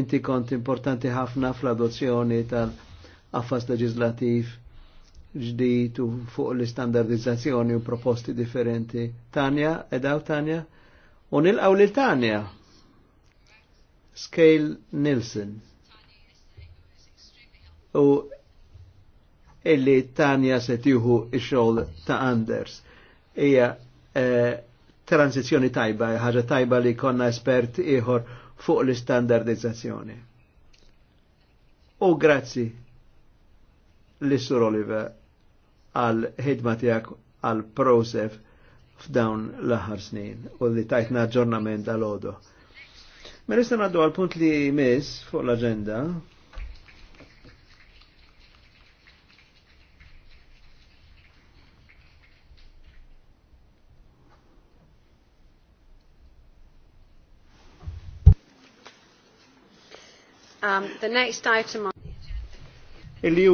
Inti kont importanti ħafna fl-adozzjoni tal-affas leġizlativ ġdijt u fuq l-istandardizzazzjoni u proposti differenti. Tanja, edaw Tanja? U nilqaw li Tanja. Scale Nilsen. U illi Tanja se tiħu xogħol ta' Anders. Ija eh, transizjoni tajba, ħaġa tajba li konna espert iħor fuq l-istandardizzazzjoni. U grazzi li sur Oliver għal ħidma tiegħek għal prosef f'dawn l-aħħar snin u li tajtna ġornament għal odo. Ma mela nista' ngħaddu għal punt li mis fuq l agenda Um, the next item on... Il-li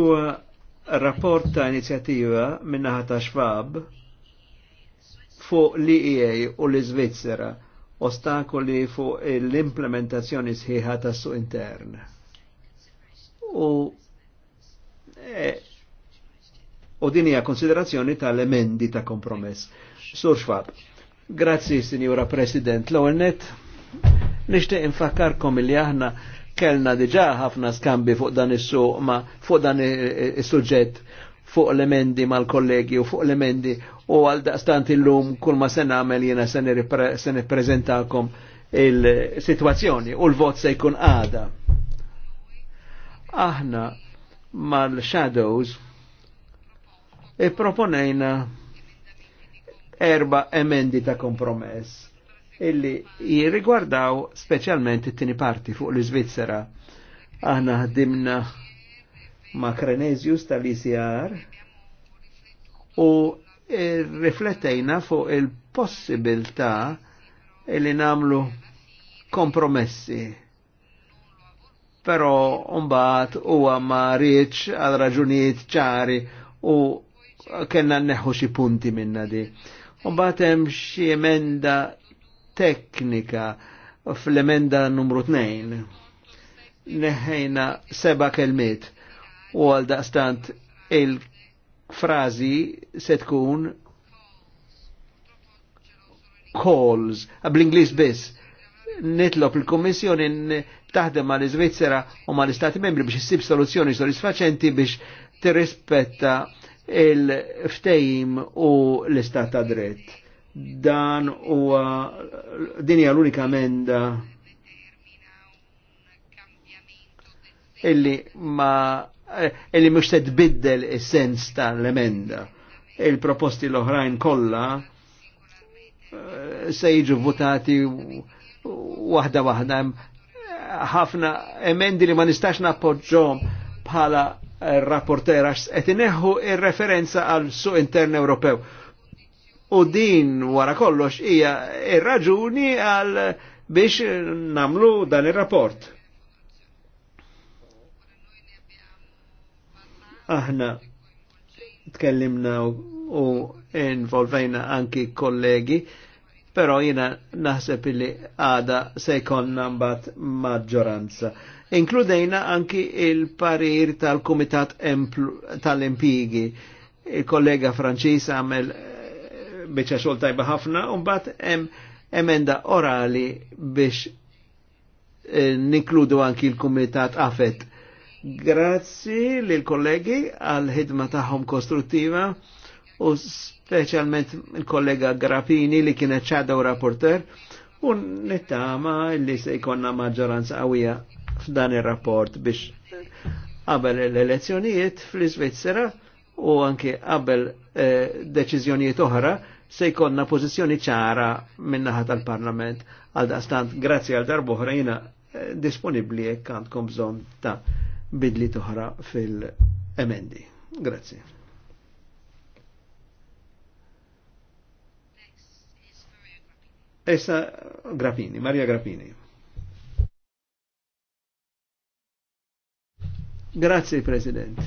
rapport ta' inizjattiva minnaħa ta' Xwab fuq l-IEA u l-Svizzera ostakoli fuq l-implementazzjoni sħiħa ta' su intern. U e, u din hija konsiderazzjoni tal-emendi ta' kompromess. Sur Schwab, grazzi Sinjura President l Lowenet, nixtieq infakkarkom li aħna kellna diġa ħafna skambi fuq dan is-suq ma fuq dan is-suġġett fuq l-emendi mal-kollegi u fuq l-emendi u għal daqstant illum kull ma se nagħmel jiena se nippreżentakom il-sitwazzjoni u l-vot se jkun għada. Aħna mal-shadows i proponejna erba emendi ta' kompromess illi jirrigwardaw specialment it-tini parti fuq l-Iżvizzera. Aħna ħdimna ma' Krenezius tal-ICR u riflettejna fuq il-possibilità illi namlu kompromessi pero umbat huwa ma rieċ għal raġunijiet ċari u kena neħu xi punti minna di. Umbat hemm xi emenda teknika fl-emenda numru 2. Neħejna seba kelmiet u għal daqstant il-frazi se tkun calls, l inglis biss. Nitlob il-Kommissjoni taħdem mal iżvizzera u mal istati membri biex issib soluzzjoni soddisfaċenti biex tirrispetta il-ftejim u l-istat ta' dritt dan u dinja l-unika menda illi ma eh, illi mux tbiddel is-sens tal-emenda. Il-proposti l-oħrajn kollha eh, se jiġu votati waħda waħda ħafna emendi li ma nistax nappoġġhom bħala eh, rapporter għax qed ineħħu ir-referenza għal suq intern Ewropew u din wara kollox hija ir-raġuni għal biex namlu dan ir-rapport. Aħna tkellimna u involvejna anki kollegi, pero jina naħseb li għada se jkun nambat maġġoranza. Inkludejna anki il-parir tal-Kumitat tal-Impigi. Il-kollega Franċis għamel biċa xol tajba ħafna, un bat em, emenda orali biex eh, ninkludu anki l-Kumitat Afet. Grazzi l-kollegi għal-ħidma tagħhom kostruttiva u specialment il-kollega Grappini li kienet ċadaw rapporter u nittama li se jkonna maġġoranza għawija f'dan ir-rapport biex qabel l-elezzjonijiet fl svizzera u anke qabel eh, deċiżjonijiet oħra se jkonna pozizjoni ċara minnaħat tal-Parlament għal daqstant grazzi għal darbohra jina eh, disponibli jekk għandkom bżonn ta' bidli toħra fil-emendi. Grazzi. Essa Grappini, Maria Grappini. Grazie President.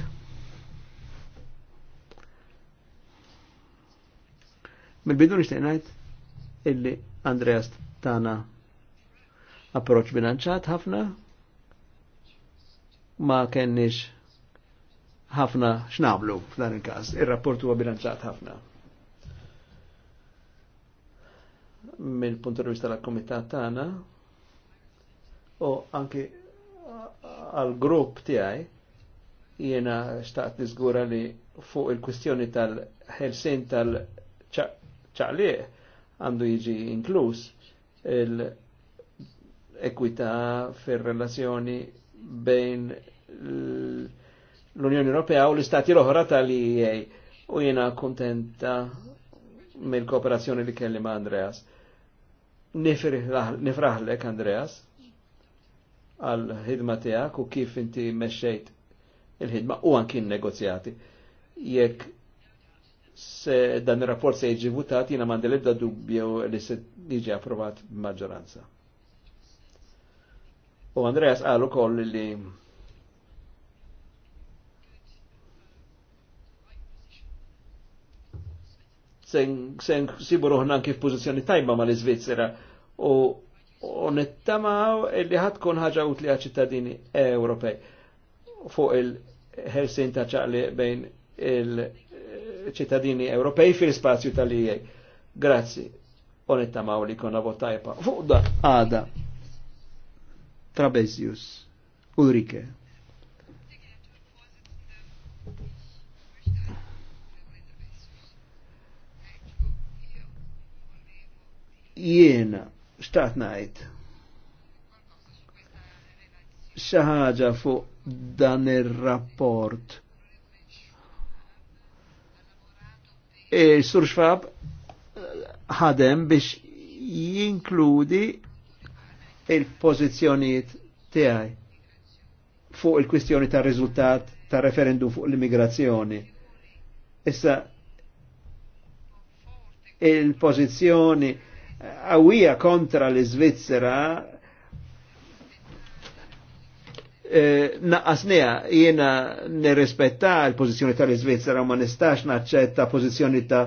Mil-bidu nishtiqnajt illi Andreas tana approċ bilanċat ħafna ma kennix ħafna xnablu f'dan il-każ. Ir-rapport huwa bilanċat ħafna. Mill-punt di vista tal-Kumitat tagħna u anki għal-grupp tiegħi jiena xtaqt niżgura li fuq il-kwistjoni tal-ħelsin tal ċaqliq għandu jiġi inkluż l ekwita fir-relazzjoni bejn l-Unjoni Ewropea u l-Istati l-oħra tal iea u jena kontenta mill-kooperazzjoni li kelli ma' Andreas. Nifraħlek, Andreas, għal-ħidma tijak u kif inti meċċejt il-ħidma u anki negozjati. Jekk se dan il-rapport se jieġi votat jina mandi l-ebda dubju li se jiġi approvat maġġoranza. U Andreas għalu koll li sen sibu ruħna kif pozizjoni tajba ma l-Svizzera u nittamaw li ħatkun ħagġa utli ċittadini Ewropej fuq il-ħelsin ta' ċaqli bejn il- ċittadini Ewropej fil-spazju tal-IE. Grazzi. Onetta mawli li konna votajpa. Fuq da. Trabezius. Ulrike. jiena xtaqt najt xaħġa fuq dan ir-rapport E, Sur Schwab ħadem biex jinkludi il-pozizjoniet tiegħi fuq il-kwistjoni ta' riżultat ta' referendum fuq l-immigrazzjoni. Issa il-pozizjoni għawija kontra l-Svizzera E, naqqasnija jiena nirrispetta l-pozizjoni tal-Iżvizzera u ma nistax naċċetta pozizjoni ta'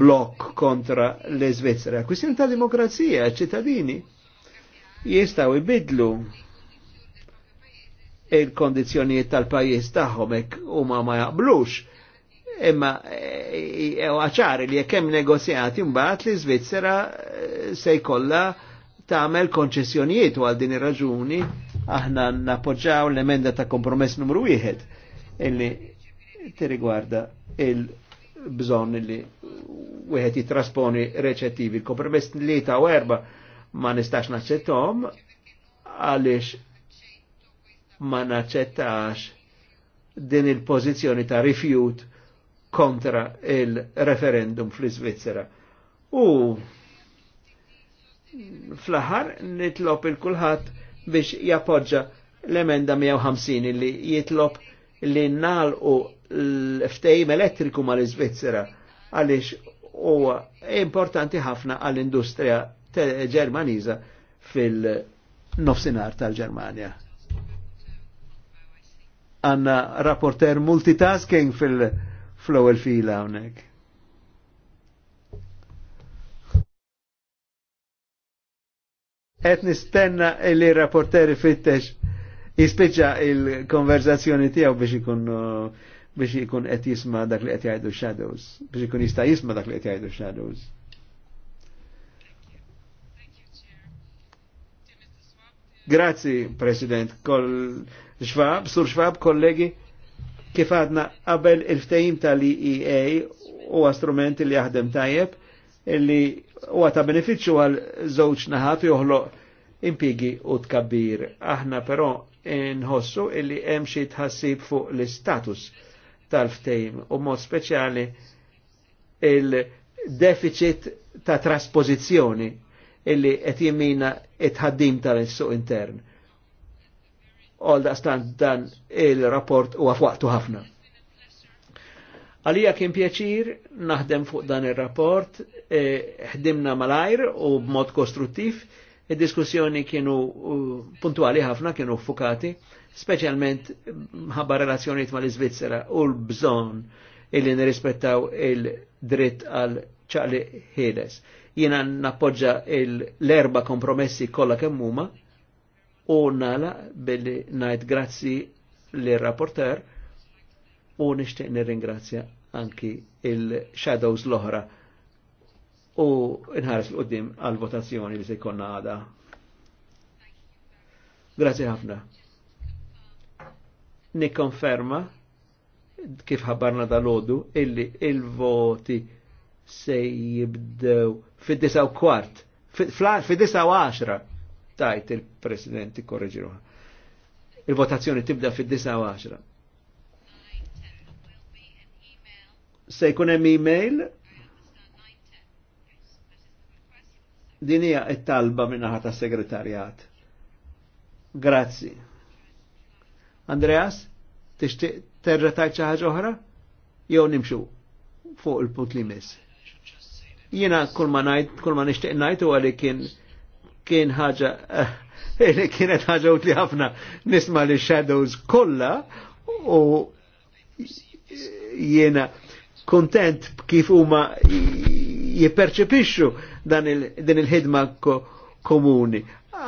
blok kontra l-Iżvizzera. Kwistjoni ta' demokrazija, ċittadini jistaw ibidlu il-kondizjonijiet tal-pajjiż tagħhom hekk huma ma jaqblux. Imma eh, eh, għaċari li jekk hemm negozjati mbagħad li Svizzera se jkollha tagħmel konċessjonijiet għal din ir-raġuni aħna napoġġaw l-emenda ta' kompromess numru wieħed illi tirigwarda il-bżon li wieħed jitrasponi reċettivi. Il-kompromess li ta' erba ma nistax naċċettom għaliex ma naċċettax din il-pożizzjoni ta' rifjut kontra il-referendum fl-Iżvizzera. U fl-aħħar nitlob il-kulħadd biex jappoġġa l-emenda 150 li jitlob li u l-ftejim elettriku mal svizzera għaliex huwa importanti ħafna għall-industrija ġermaniża fil-nofsinar tal-Ġermanja. Għanna rapporter multitasking fil-flow il-fila hawnhekk. Et nistenna li rapporteri fittex jispiċa il-konverzazzjoni tijaw biex ikun uh, biex ikun qed jisma' dak li qed jgħidu shadows, biex ikun jista' jisma' dak li qed jgħidu shadows. Grazzi, President, kol xvab, sur xvab, kollegi, kif għadna qabel il-ftejim tal-EEA u strumenti li jaħdem tajjeb, illi u għata beneficju għal żewġ naħat joħloq impigi u tkabbir. Aħna però nħossu illi hemm xi tħassib fuq l-istatus tal-ftejm u mod speċjali il-deficit ta' traspożizzjoni illi qed jimmina it-ħaddim tal-suq intern. Għolda daqstant dan il-rapport u għafwaqtu ħafna. Għalija kien pjaċir naħdem fuq dan il-rapport, e, ħdimna eh, malajr u b'mod kostruttiv, id-diskussjoni kienu puntuali ħafna, kienu fukati, specialment ħabba relazzjoniet mal iżvizzera u l-bżon illi nirrispettaw il-dritt għal ċaqli ħieles. Jina nappoġġa l-erba kompromessi kollha kemm huma u nala billi ngħid grazzi l-rapporter u nishtiq nirringrazzja anki il-shadows l-oħra u nħares l-qoddim għal-votazzjoni li se jkollna għada. Grazie ħafna. Nikkonferma kif ħabbarna dal-ħodu illi il-voti se jibdew fid-9 kwart, fid-9 għaxra, tajt il-presidenti korreġiruħa. Il-votazzjoni tibda fid-9 10. Se jkun hemm email din hija t-talba minnaħa tas segretarjat. Grazzi. Andreas, tixtieq terretajt xi ħaġa oħra? Jew nimxu fuq il-punt li miss. Jiena kull ma ngħid, kull ma nixtieq ngħid huwa li kien kien ħaġa eh, li kienet ħaġa utli ħafna nisma li shadows kollha u jiena kontent kif huma jipperċepixxu din il-ħidma komuni.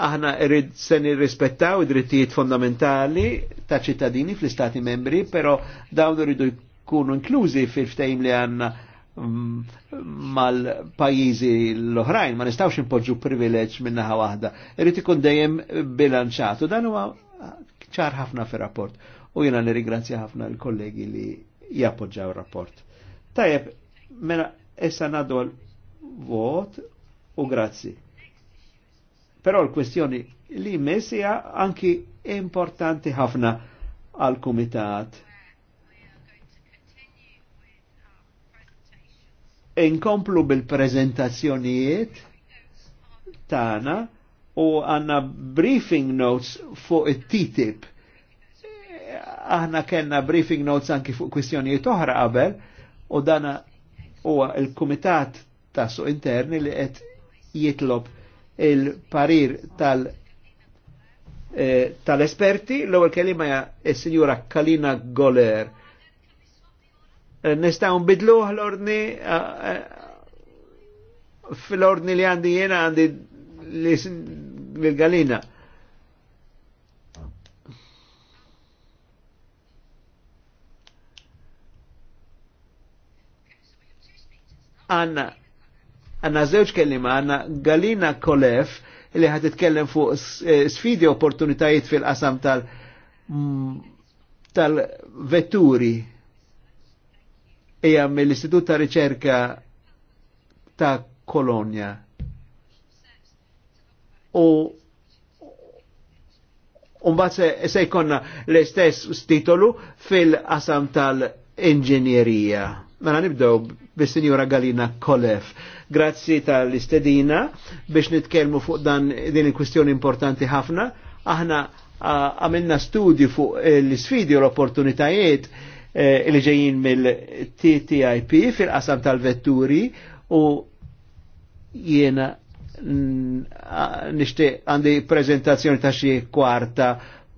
Aħna rrid se nirrispettaw id-drittijiet fondamentali ta' ċittadini fl-istati membri, però dawn irridu jkunu inklużi fil-ftejm li għanna mm, mal-pajizi l-oħrajn, ma nistawx impoġġu privileġġ naħa waħda. Irrid ikun dejjem bilanċatu. Dan huwa ċar ħafna fir-rapport. U jiena nirringrazzja ħafna l-kollegi li jappoġġaw ir-rapport. Tajjeb, mela essa nadol vot u grazzi. Però l-kwestjoni li messija anki importanti ħafna għal-Kumitat. Inkomplu bil-prezentazzjonijiet tana u għanna briefing notes fuq it-TTIP. Aħna kenna briefing notes anki fuq kwestjonijiet oħra qabel, u dana huwa il-Kumitat tasu Interni li qed jitlob il-parir tal- eh, tal-esperti, l-ewwel kelima hija s-sinjura Kalina Goler. Eh, nistgħu nbidluh l-ordni eh, fil-ordni li għandi jena għandi li galina għanna għanna zewġ kellima għanna Galina Kolef li ħat titkellem fuq eh, sfidi e opportunitajiet fil-qasam tal- mm, tal-vetturi hija mill-Istitut ta' Riċerka ta' Kolonja. U Umbat se, l-istess titolu fil-qasam tal-inġinjerija. Mela nibdew bis-Sinjura Galina Kolef. Grazzi tal-istedina biex nitkellmu fuq dan din il-kwistjoni importanti ħafna. Aħna għamilna studju fuq eh, l-sfidi u l-opportunitajiet eh, li ġejjin mill-TTIP fil-qasam tal-vetturi u jiena nishtiq għandi prezentazzjoni ta' xi kwarta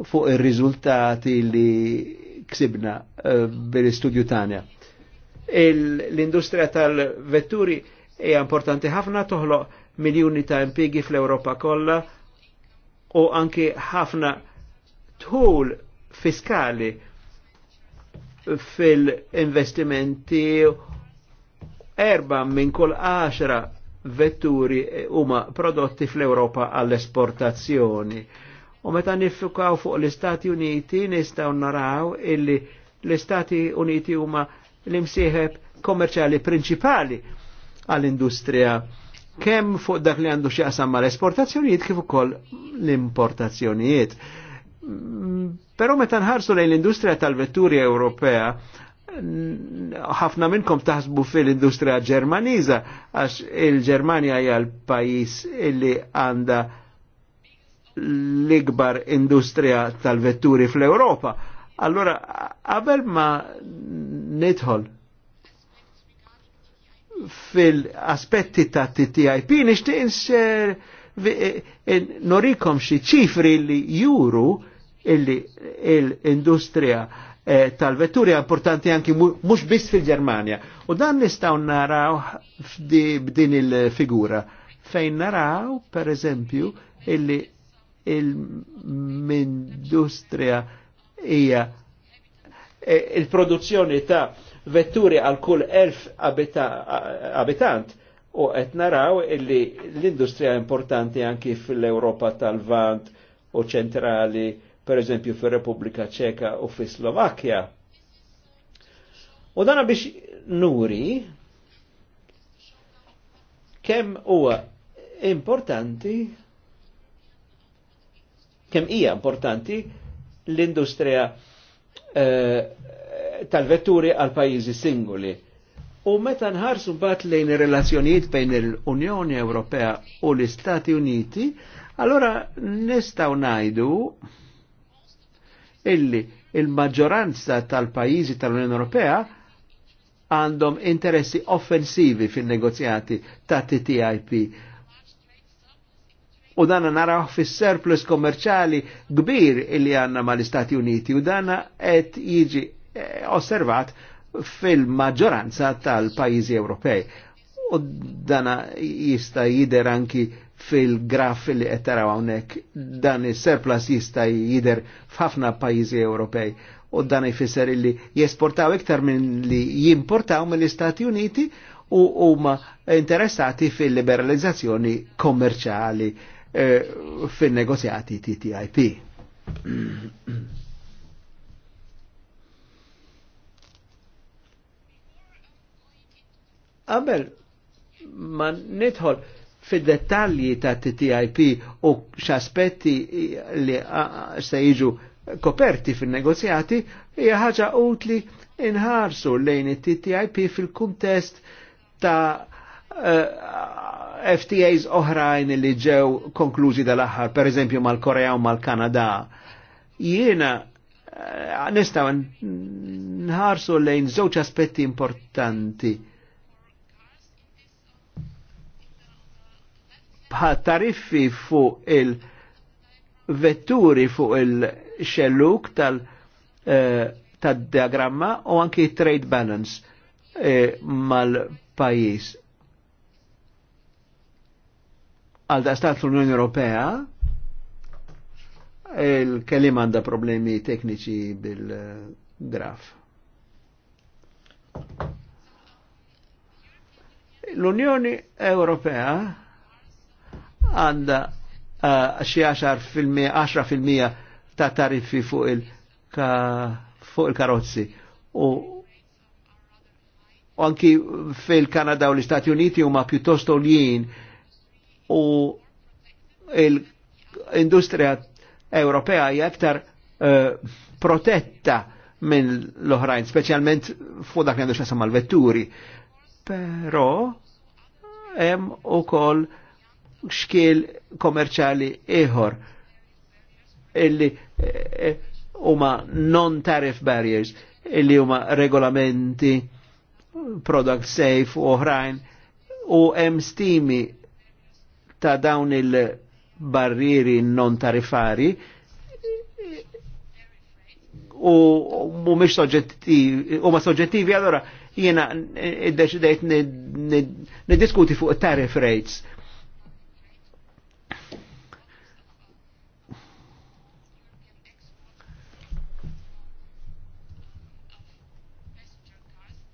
fuq ir-riżultati li ksibna eh, bil-istudju tagħna L-industrija tal-vetturi hija importanti ħafna toħloq miljuni ta' impigi fl-Europa kollha u anki ħafna tħul fiskali fil-investimenti erba minn kull għaxra vetturi huma prodotti fl-Europa għall-esportazzjoni. U meta nifukaw fuq l-Istati Uniti nistgħu naraw illi l-Istati Uniti huma l-imsieħeb komerċali prinċipali għall-industrija kemm fuq dak li għandu xieqsam mal esportazzjonijiet kif ukoll l-importazzjonijiet. Però meta nħarsu lejn l-industrija tal-vetturi Ewropea, ħafna minnkom taħsbu fil-industrija ġermaniża għax il-Ġermanja hija l-pajjiż illi għandha l-ikbar industrija tal-vetturi fl-Ewropa Allora, għabel ma nidħol fil-aspetti ta' TTIP, nishtiq inser e- e- norikom xi ċifri li juru illi l-industrija e, tal-vetturi importanti anki mhux biss fil germania U dan nistaw naraw b'din il-figura fejn naraw, per eżempju, illi il-industrija hija e, il-produzzjoni ta' vetturi għal kull elf abitant u qed naraw illi l-industrija importanti anki fil-Europa tal-Vant u ċentrali, per eżempju fil-Repubblika Ċeka u fil Slovakkja. U dana biex nuri kemm huwa importanti kemm hija importanti l-industrija eh, tal-vetturi għal pajjiżi singoli. U meta nħarsu bat lejn relazzjonijiet bejn l-Unjoni Ewropea u l-Istati Uniti, allora nistaw ngħidu illi il-maġġoranza tal-pajjiżi tal-Unjoni Ewropea għandhom interessi offensivi fin-negozjati ta' TTIP u dana naraw fis surplus kommerċali kbir illi għanna mal-Istati Uniti u dana qed jiġi eh, osservat fil-maġġoranza tal-pajjiżi Ewropej. U dana jista' jider anki fil-graf li qed taraw hawnhekk dan is-surplus jista' jider f'ħafna pajjiżi Ewropej u dan jfisser illi jesportaw iktar minn li jimportaw mill-Istati Uniti u huma interessati fil-liberalizzazzjoni kommerċali Eh, fin-negozjati TTIP. Għabel, ma nidħol fid-dettalji ta' TTIP u x'aspetti li se jiġu koperti fin-negozjati hija ħaġa utli inħarsu lejn it-TTIP fil-kuntest ta' Eh, FTAs oħrajn li ġew konklużi dal-aħħar, per eżempju mal-Korea u mal-Kanada. Jiena eh, nistaw nħarsu lejn żewġ aspetti importanti. Bħal tariffi fuq il-vetturi fuq il-xelluk tal- eh, tad-diagramma u anki trade balance eh, mal-pajis għal da stat l-Unjoni Ewropea il-kelim għanda problemi tekniċi bil-graf. L-Unjoni Ewropea għanda eh, xi 10% ta' tariffi fuq il-karozzi fuq il u anki fil-Kanada u l-Istati Uniti huma pjuttosto lijin u l-industrija Ewropea hija aktar eh, protetta minn l-oħrajn, speċjalment fuq dak li għandu xasam mal-vetturi. Però hemm ukoll xkiel kommerċali ieħor illi eh, huma non-tariff barriers illi huma regolamenti product safe u oħrajn u hemm stimi ta' dawn il-barrieri non tarifari u mux soġġettivi, u ma soġġettivi allora jiena nid-diskuti fuq tarif rates.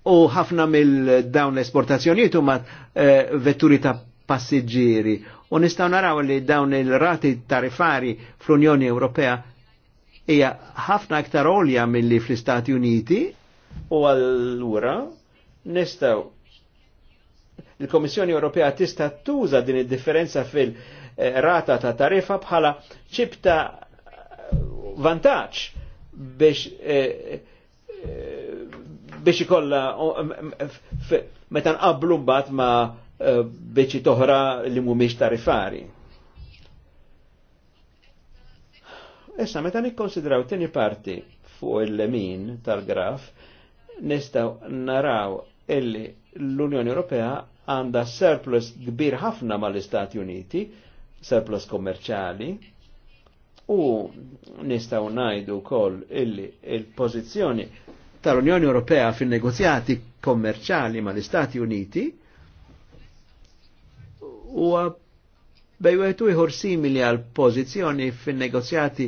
U ħafna mill-dawn l-esportazzjonijiet huma eh, vetturi ta' passiġġieri u nistaw naraw li dawn il-rati tarifari fl-Unjoni Ewropea hija ħafna aktar olja milli fl-Istati Uniti u allura nistaw il-Komissjoni Ewropea tista' tuża din id-differenza fil-rata ta' tarifa bħala ċibta vantaġġ biex eh, eh, biex ikolla eh, meta nqablu mbagħad ma' Eh, beċi toħra li mumiex tarifari. Issa, meta nikkonsidraw tini parti fuq il-lemin tal-graf, nistaw naraw illi l-Unjoni Ewropea għanda surplus kbir ħafna mal-Istati Uniti, surplus kommerċali, u nistaw najdu kol illi il-pozizjoni tal-Unjoni Ewropea fin negozjati kommerċali mal-Istati Uniti u bejwetu iħor simili għal pozizjoni fin negozjati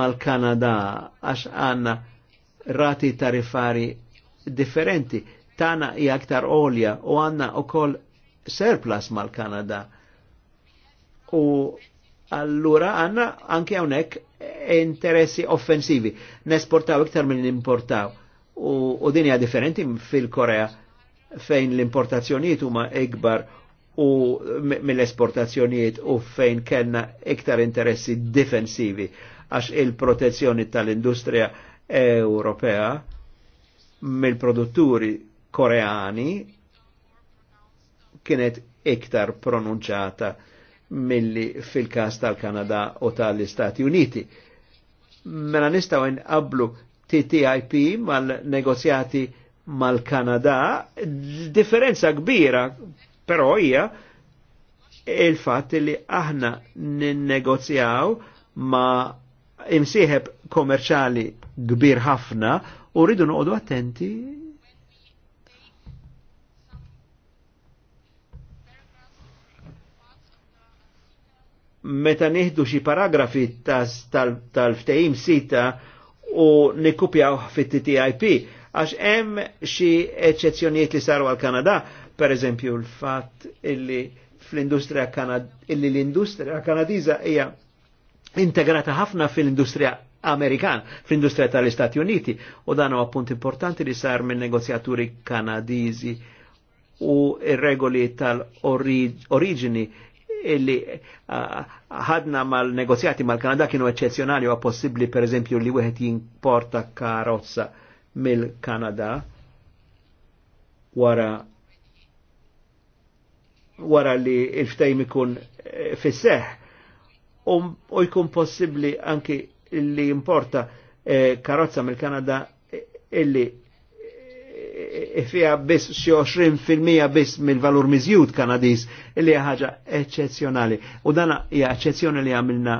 mal-Kanada għax għanna rati tarifari differenti. Tana i aktar olja u għanna u kol surplus mal-Kanada. U allura għanna anke hawnhekk interessi offensivi. Nesportaw iktar minn importaw. U, u dinja differenti fil-Korea fejn l-importazzjonijiet huma ikbar u mill-esportazzjonijiet u fejn kellna iktar interessi difensivi għax il-protezzjoni tal-industrija Ewropea mill-produtturi koreani kienet iktar pronunċata milli fil-kas tal-Kanada u tal-Istati Uniti. Mela nistaw nqablu TTIP mal-negozjati mal-Kanada, differenza kbira Però hija il-fatt li aħna ninnegozjaw ma' imsieħeb kommerċali kbir ħafna u rridu noqogħdu attenti meta nieħdu xi paragrafi tal-ftehim sita u nikkupjaw fit-TTIP għax hemm xi eċċezzjonijiet li saru għal Kanada Per eżempju, l-fat illi fl industria illi l industria kanadiza hija integrata ħafna fil industria Amerikan, fl industria tal-Istati Uniti, u dan huwa punt importanti li sar minn negozjaturi kanadizi u ir-regoli tal-oriġini illi ħadna mal-negozjati mal-Kanada kienu eccezjonali u possibli per eżempju li wieħed jimporta karozza mill-Kanada wara wara li il-ftejm ikun eh, fisseħ um, u jkun possibli anki li importa eh, karozza mill-Kanada eh, illi fija biss xi 20% biss mill-valur miżjud Kanadiż illi hija ħaġa eċċezzjonali. U dan hija eċċezzjoni li għamilna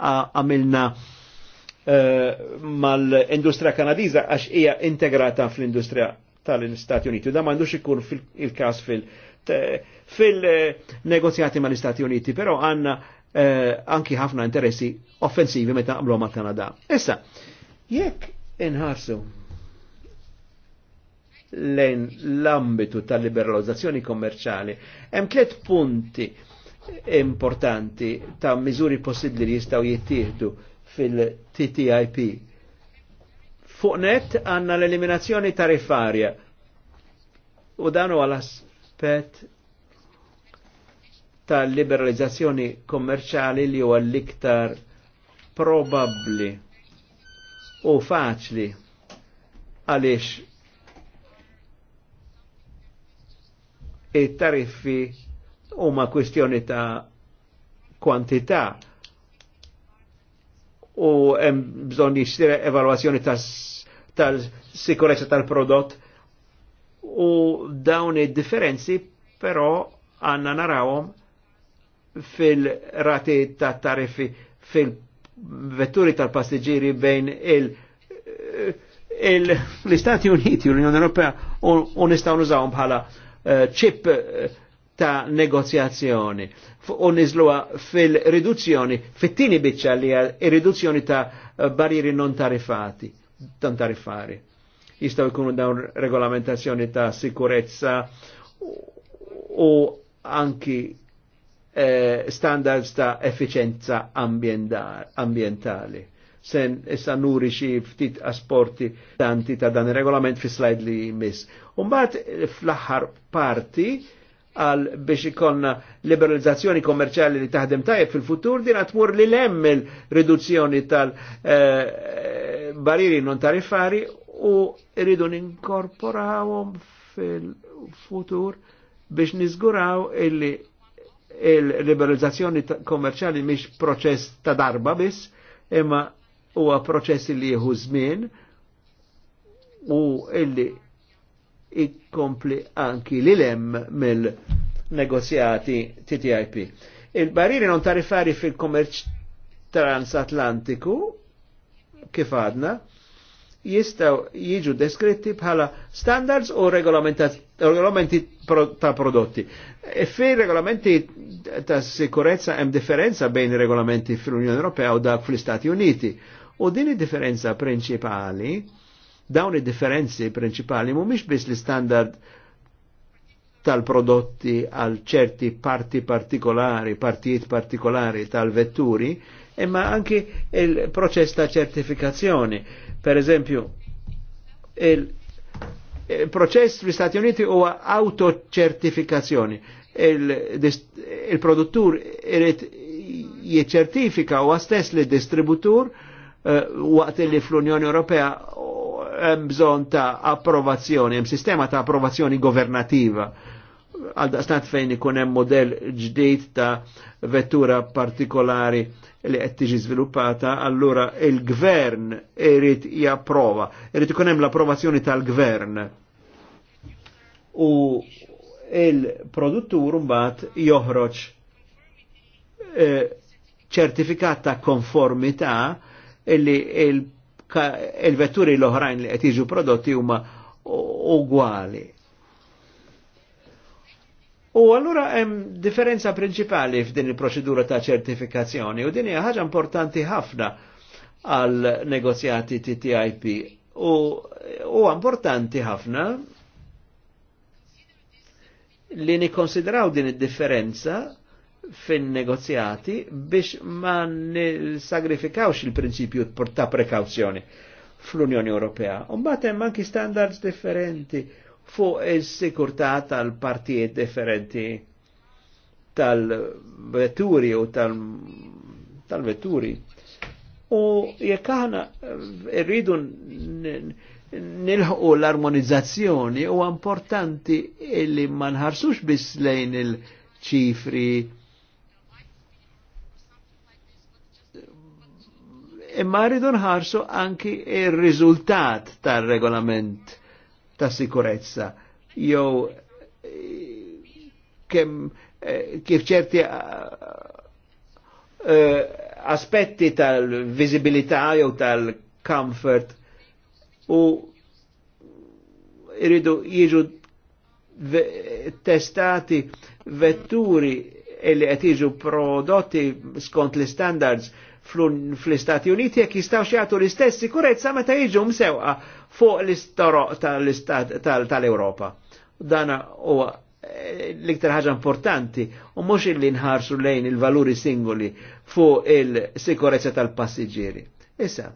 għamilna mal-industrija kanadiza għax hija integrata fl-industrija tal-Istati Uniti. dan m'għandux ikun fil-każ fil-, Eh, fil-negozjati mal istati Uniti, però għanna eh, anki ħafna interessi offensivi meta qablu ma' Kanada. Issa, jekk inħarsu lejn l-ambitu tal-liberalizzazzjoni kommerċali, hemm tliet punti importanti ta' miżuri possibbli li jistgħu jittieħdu fil-TTIP. Fuq net għanna l-eliminazzjoni tariffarja u dan u l l-aspett tal-liberalizzazzjoni kommerċali li huwa l-iktar probabbli u faċli għaliex it-tariffi huma kwistjoni ta' kwantità u hemm bżonn jixtieq evalwazzjoni tas tal-sikurezza tal-prodott u dawn id-differenzi però għanna narawom fil-rati ta' tariffi fil-vetturi tal-passiġiri bejn il- l-Istati Uniti u l-Unjoni Ewropea u nistgħu nużawhom bħala ċip eh, eh, ta' negozjazzjoni u nizluwa fil-riduzzjoni, fit-tini bicċa li riduzzjoni ta' barrieri non tarifati, non tarifari jistaw ikunu dawn regolamentazzjoni ta' sikurezza u anki eh, standards ta' efficienza ambientali. Sen issa nuri xie ftit asporti tanti ta' dan regolament fi slide li jmiss. Umbat fl axar parti għal biex ikonna liberalizzazzjoni kommerċali li taħdem tajjeb fil-futur din għatmur li lemm il-riduzzjoni tal eh, barriri non tarifari u rridu ninkorporawhom fil-futur biex nizguraw illi il-liberalizzazzjoni kommerċali mhix proċess ta' darba biss, imma huwa proċess li jieħu żmien u illi ikkompli anki li lem mill-negozjati TTIP. Il-barriri non tarifari fil-kommerċ transatlantiku kif għadna, jistaw jiġu deskritti bħala standards u regolamenti ta' prodotti. E fi regolamenti ta' sikurezza hemm differenza bejn i regolamenti fl-Unjoni Ewropea u dak fl-Istati Uniti. U din id-differenza prinċipali, dawn id-differenzi prinċipali mhumiex biss li standard tal-prodotti għal ċerti parti partikolari, partijiet partikolari tal-vetturi, imma anki il-proċess ta' ċertifikazzjoni Per eżempju, il-proċess fl istati Uniti huwa autoċertifikazzjoni. Il-produttur irid jiċċertifika huwa stess li distributur eh, waqt li fl-Unjoni Ewropea hemm bżonn ta' approvazzjoni, hemm sistema ta' approvazzjoni governativa għal daqstant fejn ikun hemm modell ġdid ta' vettura partikolari li qed tiġi sviluppata, allura il-gvern irid japprova, irid ikun hemm l-approvazzjoni tal-gvern. U il-produttur mbagħad joħroġ eh, ċertifikat ta' konformità illi il-vetturi l-oħrajn li qed jiġu prodotti huma ugwali U allura hemm differenza principali f'din il-proċedura ta' ċertifikazzjoni u din hija ħaġa importanti ħafna għal negozjati TTIP u huwa importanti ħafna li nikkonsidraw din id-differenza fin-negozjati biex ma nisagrifikawx il-prinċipju ta' prekawzjoni fl-Unjoni Ewropea. Umbat hemm anki standards differenti fuq is-sikurtà tal-partijiet differenti tal-vetturi u tal-vetturi. U jekk aħna eh, rridu nilħu l-armonizzazzjoni u importanti illi ma nħarsux biss lejn il-ċifri imma rridu nħarsu anki il-riżultat tal-regolament ta' sikurezza. Jew eh, kem eh, kif ċerti eh, aspetti tal visibilità jew tal-comfort u iridu jiġu testati vetturi li qed jiġu prodotti skont l-standards fl-Istati Uniti jekk jistgħu jagħtu l-istess sikurezza meta jiġu msewqa fuq l-istoroq tal-Europa. Dana u eh, l-iktar ħaġa importanti u mhux illi nħarsu lejn il-valuri singoli fuq il-sikurezza tal-passiġġieri. Issa,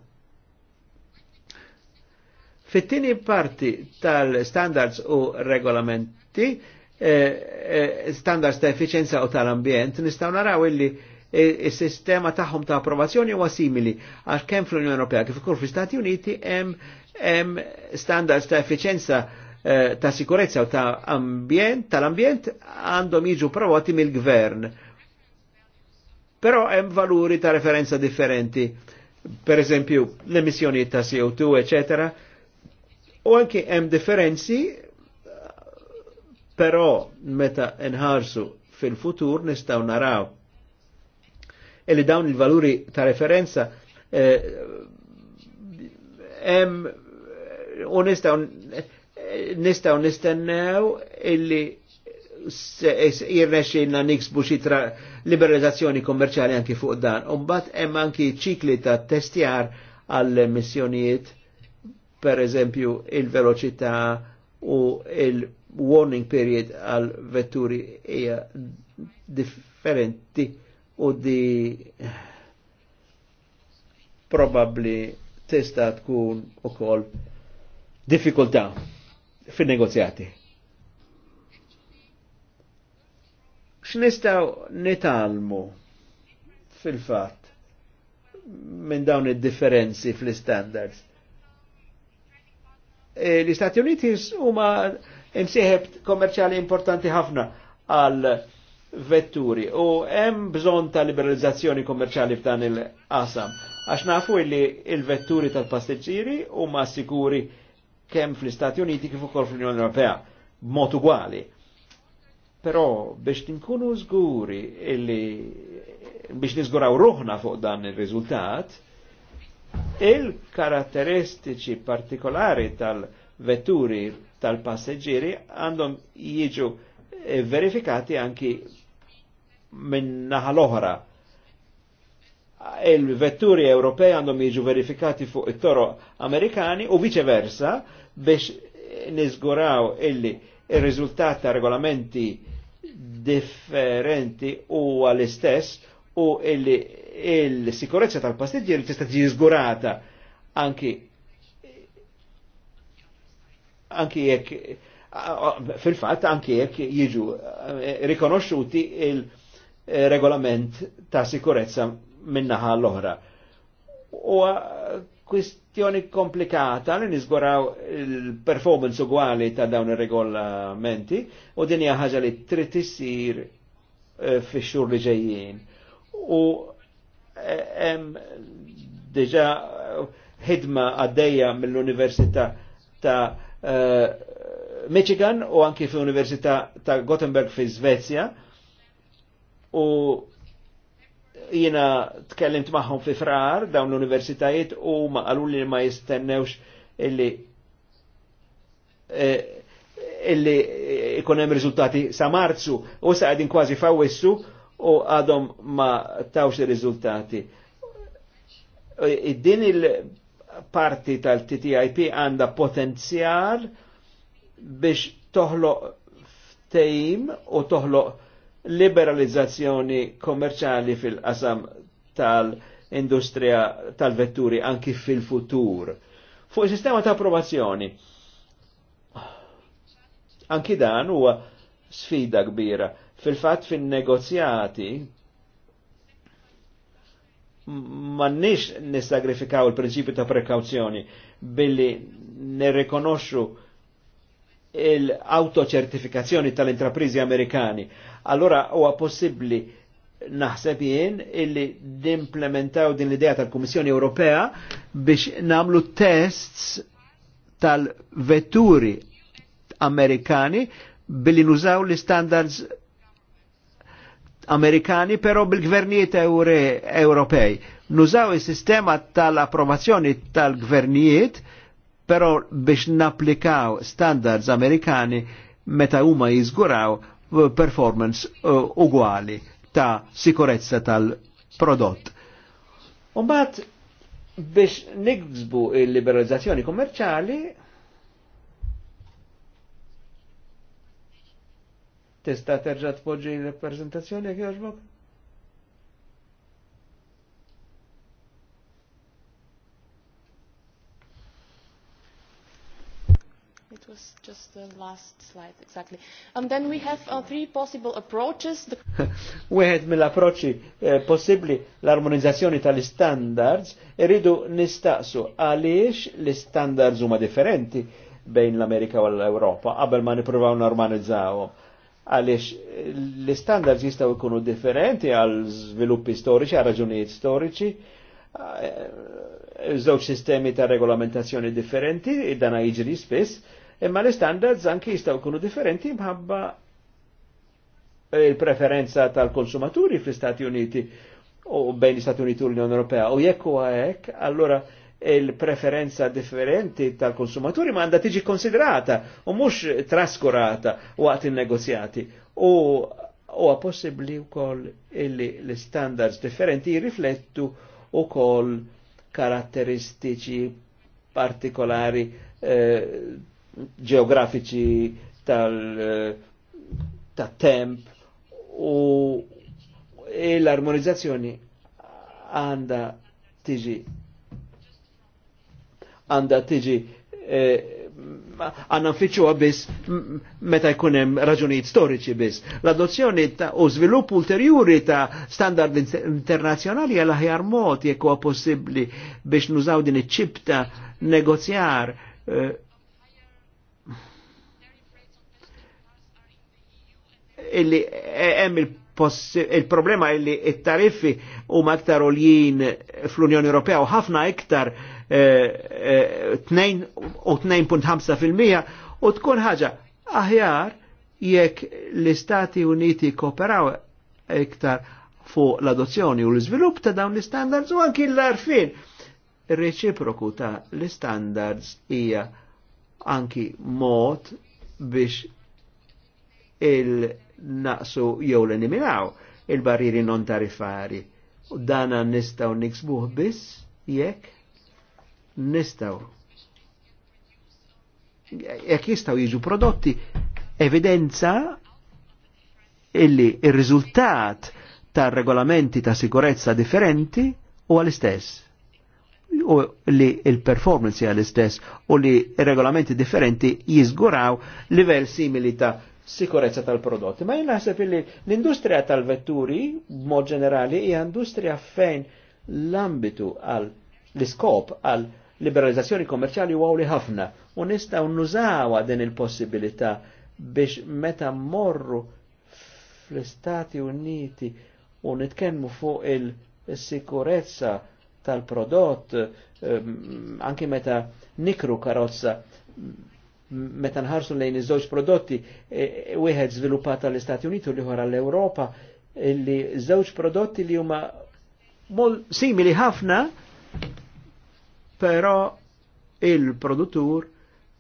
fit-tieni parti tal-standards u regolamenti, eh, eh, standards ta' efficienza u tal-ambjent, nistgħu naraw illi il-sistema tagħhom ta' approvazzjoni u simili għax kemm fl-Unjoni Ewropea kif ukoll fl-Istati Uniti hemm hemm standards ta' efficienza eh, ta' sikurezza u ta' ambjent, tal-ambjent għandhom jiġu provati mill-gvern. Però hemm valuri ta' referenza differenti, per eżempju l emissjoni ta' CO2, eccetera, U anki hemm differenzi, però meta nħarsu fil-futur nistgħu naraw e li dawn il-valuri ta' referenza eh, hemm eh, u nistaw nistaw nistennew illi jirnexxinna niksbu xi liberalizzazzjoni kommerċali anki fuq dan. Umbat hemm anki ċikli ta' testjar għall missjonijiet per eżempju il-veloċità u il-warning period għal vetturi hija differenti u di probabli tista tkun ukoll diffikultà fin-negozjati. X'nistgħu nitalmu fil-fatt minn dawn id-differenzi fl-standards? E, L-Istati Uniti huma imsieħeb kommerċjali importanti ħafna għal vetturi u hemm bżonn ta' liberalizzazzjoni kommerċjali f'dan il-qasam għax nafu li il-vetturi tal-passiġġieri huma sikuri kemm fl-Istati Uniti kif ukoll fl-Unjoni Ewropea b'mod ugwali. Però biex tinkunu żguri illi biex niżguraw ruħna fuq dan ir-riżultat, il-karatteristiċi partikolari tal-vetturi tal-passeġġieri għandhom jiġu eh, verifikati anki minn naħa l-oħra il-vetturi Ewropej għandhom jiġu verifikati fuq it-toro Amerikani u viċeversa biex nizguraw illi il-riżultat ta' regolamenti differenti u għal-istess u illi il-sikurezza tal-passiġġieri tista' tiġi żgurata anki anki jekk fil-fatt anki jekk jiġu rikonoxxuti il-regolament ta' sikurezza minnaħa l-oħra. U kwistjoni komplikata li nizguraw il-performance ugwali ta' dawn il regolamenti u din hija ħaġa li trid issir eh, fix-xhur li ġejjin. U eh, hemm diġà eh, ħidma għaddejja mill-Università ta' Michigan u anki fl-Università ta' Gothenburg fi Svezja u Jina tkellimt maħħom fi frar dawn l-universitajiet u ma li ma jistennewx illi eh, illi ikonem riżultati sa marzu u sa għadin kważi fawissu u għadhom ma tawx riżultati. Din il-parti tal-TTIP għanda potenzjal biex toħloq tejm u toħloq liberalizzazzjoni kommerċali fil-qasam tal-industrija tal-vetturi anki fil-futur. Fuq il-sistema ta' approvazzjoni, anki dan huwa sfida kbira. Fil-fat fin-negozjati mannix nisagrifikaw il-prinċipju ta' prekawzjoni billi nirrikonoxxu l-autoċertifikazzjoni tal-intraprizi Amerikani. Allora huwa possibbli naħseb jien illi dimplementaw din l-idea tal-Kummissjoni Ewropea biex namlu tests tal-vetturi Amerikani billi nużaw l-standards Amerikani però bil-gvernijiet Ewropej. Nużaw il-sistema tal-approvazzjoni tal-gvernijiet pero biex naplikaw standards Amerikani meta huma jizguraw eh, performance eh, uguali ta' sikurezza tal-prodott. Umbat biex nigzbu il-liberalizzazzjoni kommerċali Testa terġa' tpoġġi il-reprezentazzjoni jekk jogħġbok? was just the last slide, exactly. And then we have uh, three possible approaches. Wieħed mill-approċċi eh, possibbli l-armonizzazzjoni tal-standards irridu nistaqsu għaliex l-standards huma differenti bejn l-Amerika u l-Ewropa qabel ma nippruvaw normalizzawhom għaliex l-standards jistgħu jkunu differenti għal sviluppi storiċi, għal raġunijiet storiċi, eh, eh, żewġ sistemi ta' regolamentazzjoni differenti, id-dana iġri spess, Imma l-standards anki jistaw kunu differenti mħabba il-preferenza tal-konsumaturi fl-Stati Uniti u bejn l-Stati Uniti u l-Unjoni Ewropea. U jekk huwa hekk, allora il-preferenza differenti tal-konsumaturi ma għandha tiġi konsiderata u mhux traskurata waqt il-negozjati. U huwa possibbli wkoll illi l-standards differenti jirriflettu wkoll karatteristiċi partikolari eh, ġeografiċi tal-temp u e l-armonizzazzjoni għanda tiġi għanda tiġi e, għanna nfittxuha għabis meta jkunem raġunijiet storiċi bis. L-adozzjoni u żvilupp ulterjuri ta' standard internazjonali għal ħjar mod jekk huwa possibbli biex nużaw din iċ-ċibta negozjar eh, illi hemm il-problema il illi it-tariffi huma aktar oljin fl-Unjoni Ewropea u ħafna iktar 2.5% eh, eh, u tkun ħaġa aħjar jekk l-Istati Uniti kooperaw iktar fuq l-adozzjoni u l-iżvilupp ta' dawn l-standards u anki l-arfin. Reċiproku ta' l-standards hija anki mod biex il- naqsu jew l-eliminaw il-barriri non tarifari. U dana nistaw niksbuh bis, jekk nistaw jekk jistaw jiġu prodotti evidenza illi il-riżultat ta' regolamenti ta' sikurezza differenti u għal-istess u li il-performance għal-istess u li il regolamenti differenti jizguraw livell simili ta' sikurezza tal-prodotti. Ma jien naħseb li l-industrija tal-vetturi, mod ġenerali, hija industrija fejn l-ambitu għal l-iskop għal liberalizzazzjoni kommerċjali u għawli ħafna u nistgħu nużawa din il-possibilità biex meta morru fl-Istati Uniti u nitkellmu fuq il-sikurezza tal-prodott ehm, anki meta nikru karozza meta nħarsu lejn iż-żewġ prodotti, e, e, wieħed żviluppat tal-Istati Uniti u l-ieħor għall-Ewropa, li żewġ prodotti li huma mol simili ħafna, però il-produttur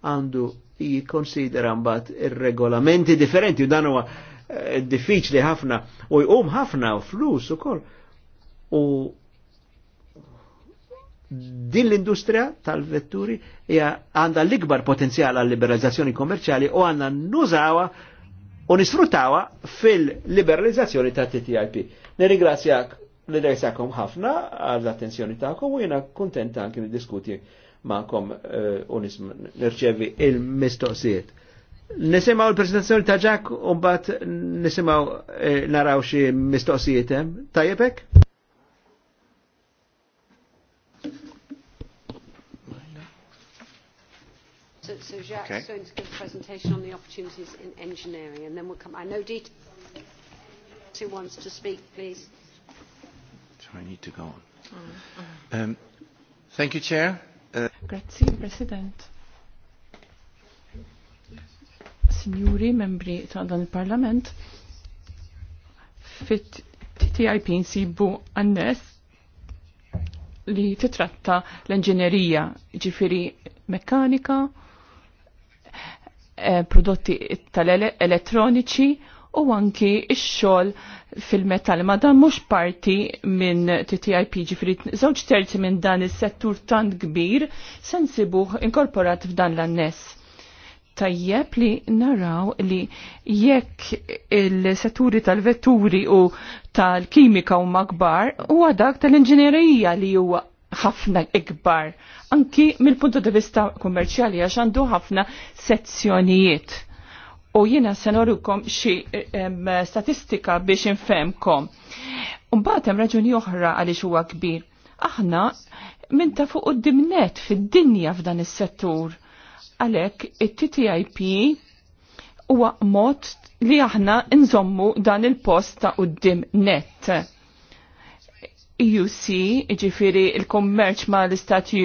għandu jikonsidera mbagħad ir-regolamenti differenti u dan huwa eh, diffiċli ħafna u jqum ħafna flus ukoll. U din l-industrija tal-vetturi hija għandha l-ikbar potenzjal għal liberalizzazzjoni kommerċjali u għandna nużawa u nisfruttawa fil-liberalizzazzjoni ta' TTIP. Nirringrazzjak nirringrazzjakom ħafna għal l-attenzjoni tagħkom u jiena kuntent anki niddiskuti ma'kom eh, u nirċevi il-mistoqsijiet. Nisimaw il preżentazzjoni ta' Jack u mbagħad nisimgħu eh, naraw xi mistoqsijiet hemm. Tajjebek? So, so Jacques okay. is going to give a presentation on the opportunities in engineering, and then we'll come. I know Dieter who wants to speak, please. So I need to go on. Mm. Um, thank you, Chair. Uh, Grazie, President. Signori, membri ta' dan il-Parlament, fit TTIP nsibu għannes li titratta l-enġinerija, ġifiri mekkanika, Eh, prodotti tal-elettroniċi u anki ix-xogħol fil-metall ma dan mhux parti minn TTIP ġifieri żewġ terzi minn dan is-settur tant kbir se nsibuh inkorporat f'dan l-annes tajjeb li naraw li jekk il-setturi tal-vetturi u tal-kimika u magbar u għadak tal-inġinerija li huwa ħafna ikbar, anki mill-puntu di vista kummerċjali għax għandu ħafna sezzjonijiet. U jiena se norukom xi statistika biex infemkom. Mbagħad hemm raġuni oħra għaliex huwa kbir. Aħna minn ta' fuq id-dimnet fid-dinja f'dan is-settur. Għalhekk it-TTIP huwa mod li aħna nżommu dan il-post ta' qudiem net EUC, ġifiri il-kommerċ ma l-Istati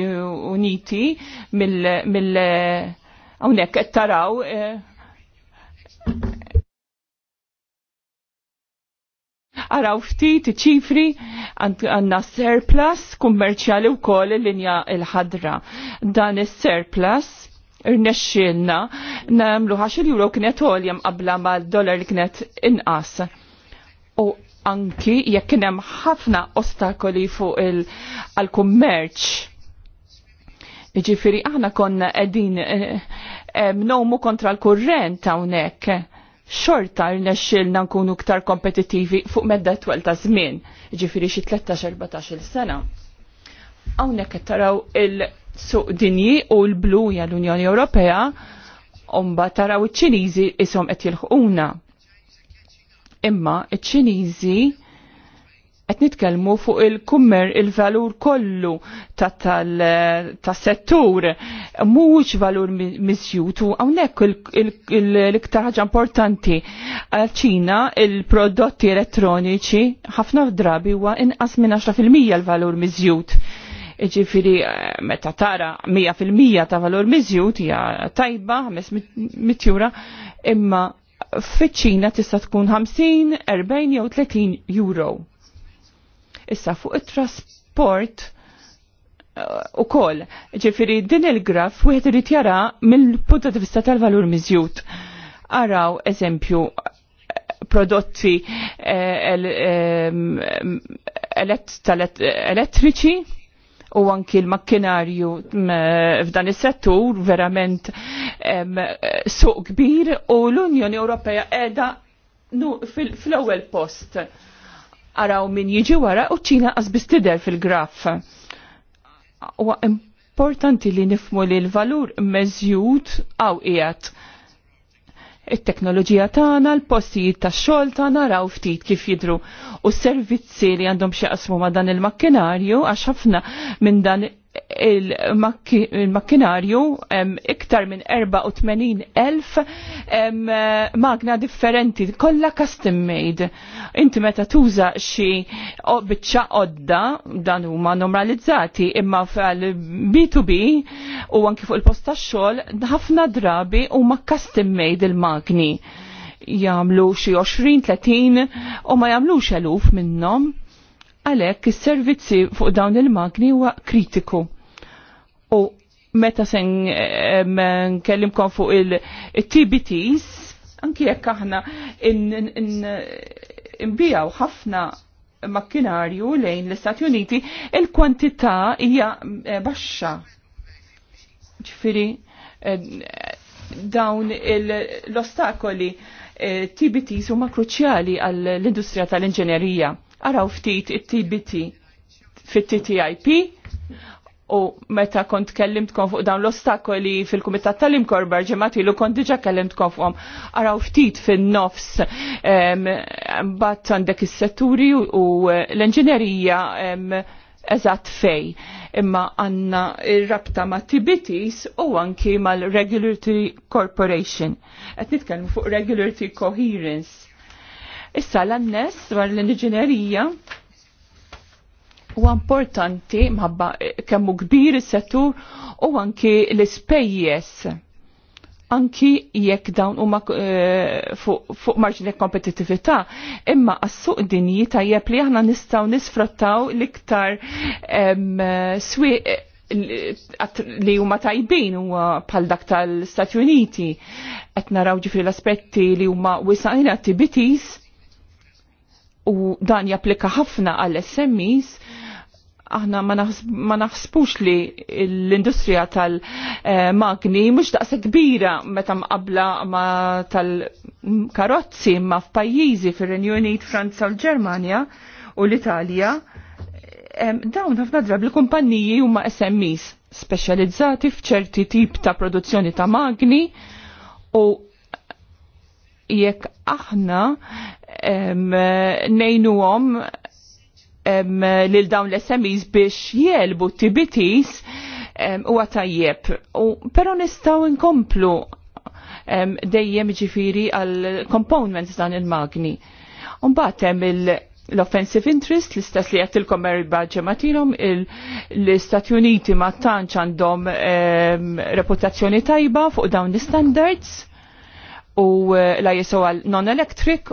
Uniti, mill- għonek taraw għaraw eh, ftit ċifri għanna surplus kummerċjali u koll linja il-ħadra. Dan is-surplus r-nexxilna, namlu ħax il-euro kienet għoljem qabla ma l-dollar li kienet inqas. U anki jekk kien hemm ħafna ostakoli fuq il-kummerċ. Jiġifieri aħna konna edin eh, eh, nomu kontra l-kurrent hawnhekk. Xorta rnexxilna nkunu ktar kompetittivi fuq medda twel ta' żmien, jiġifieri xi 13-14 sena. Hawnhekk qed taraw il-suq dinji u l-bluja l-Unjoni Ewropea, umba taraw iċ-Ċiniżi ishom qed jilħquna imma iċ-Ċiniżi qed nitkellmu fuq il-kummer il-valur kollu tas-settur mhuwiex valur miżjut u hawnhekk l-iktar ħaġa importanti għal ċina il-prodotti elettroniċi ħafna drabi huwa inqas minn 10% l-valur miżjut. Ġifiri, eh, meta tara 100% ta' valur miżjut hija tajba, 500 jura, imma fiċ-Ċina tista' tkun 50, 40 jew 30 euro. Issa fuq it-trasport u uh, kol, ġifiri din il-graf u jħed irrit jara mill-punta di vista tal-valur mizjut. Araw, eżempju, eh, prodotti eh, eh, elettriċi, u anki l-makkinarju f'dan is-settur verament suq kbir u l-Unjoni Ewropea qiegħda fl-ewwel post. Araw min jiġi wara u ċina qas tidher fil-graf. Huwa importanti li nifmu li l-valur meżjud għaw qiegħed it-teknoloġija tagħna, l-postijiet tax-xogħol tagħna raw ftit kif jidru u s-servizzi li għandhom xi qasmu ma' dan il-makkinarju għax ħafna minn dan il-makkinarju iktar minn 84,000 magna differenti, kollha custom made. Inti meta tuża xi biċċa odda, dan huma normalizzati imma fil-B2B u anki fuq il posta xol, xogħol ħafna drabi huma custom made il-magni jagħmlu xi 20-30 u ma jagħmlux eluf minnhom Għalhekk is-servizzi fuq dawn il-magni huwa kritiku. U meta se nkellimkom fuq il-TBTs, anki jekk aħna nbijaw ħafna makkinarju lejn l-Istati Uniti, il-kwantità hija eh, baxxa. Ġifieri eh, dawn l-ostakoli eh, TBTs huma kruċjali għall-industrija tal-inġenerija. Araw ftit it-TBT fit-TTIP u meta kont kellimtkom fuq dawn l-ostakoli fil-Kumitat tal-Imkor barġemat ilu kont diġa kellimtkom fuqhom araw ftit fin-nofs mbagħad għandek is-setturi u l-inġinerija eżatt fej imma għanna il-rabta ma' tibitis u anki mal-Regulatory Corporation. Qed nitkellmu fuq Regulatory Coherence Issa l-annes dwar l-inġinerija huwa importanti mħabba eh, kemmu kbir is-settur u anki l-ispejjeż anki jekk dawn huma eh, fuq marġin marġini kompetittività, imma għas-suq dinji tajjeb li aħna nistgħu nisfruttaw l-iktar swieq eh, li huma tajbin huwa bħal dak tal-Stati Uniti. Qed naraw ġifri l-aspetti li huma wisajna attivities u dan japplika ħafna għall smis aħna ma naħsbux li l-industrija tal-magni mhux daqsa kbira meta mqabla ma tal-karozzi ma f'pajjiżi fir-Renju Unit, Franza u l-Ġermanja u l-Italja dawn ħafna drab l-kumpanniji huma SMEs speċjalizzati f'ċerti tip ta' produzzjoni ta' magni u jekk aħna nejnu għom lil dawn l-SMEs biex jelbu tibitis u għatajjeb. Pero nistaw inkomplu dejjem ġifiri għal components dan il-magni. Unbat hemm l-offensive interest, l-istess li għattilkom erba ġematilom, l-Istati Uniti ma tantx għandhom reputazzjoni tajba fuq dawn l-standards u eh, l-ISO għal non-electric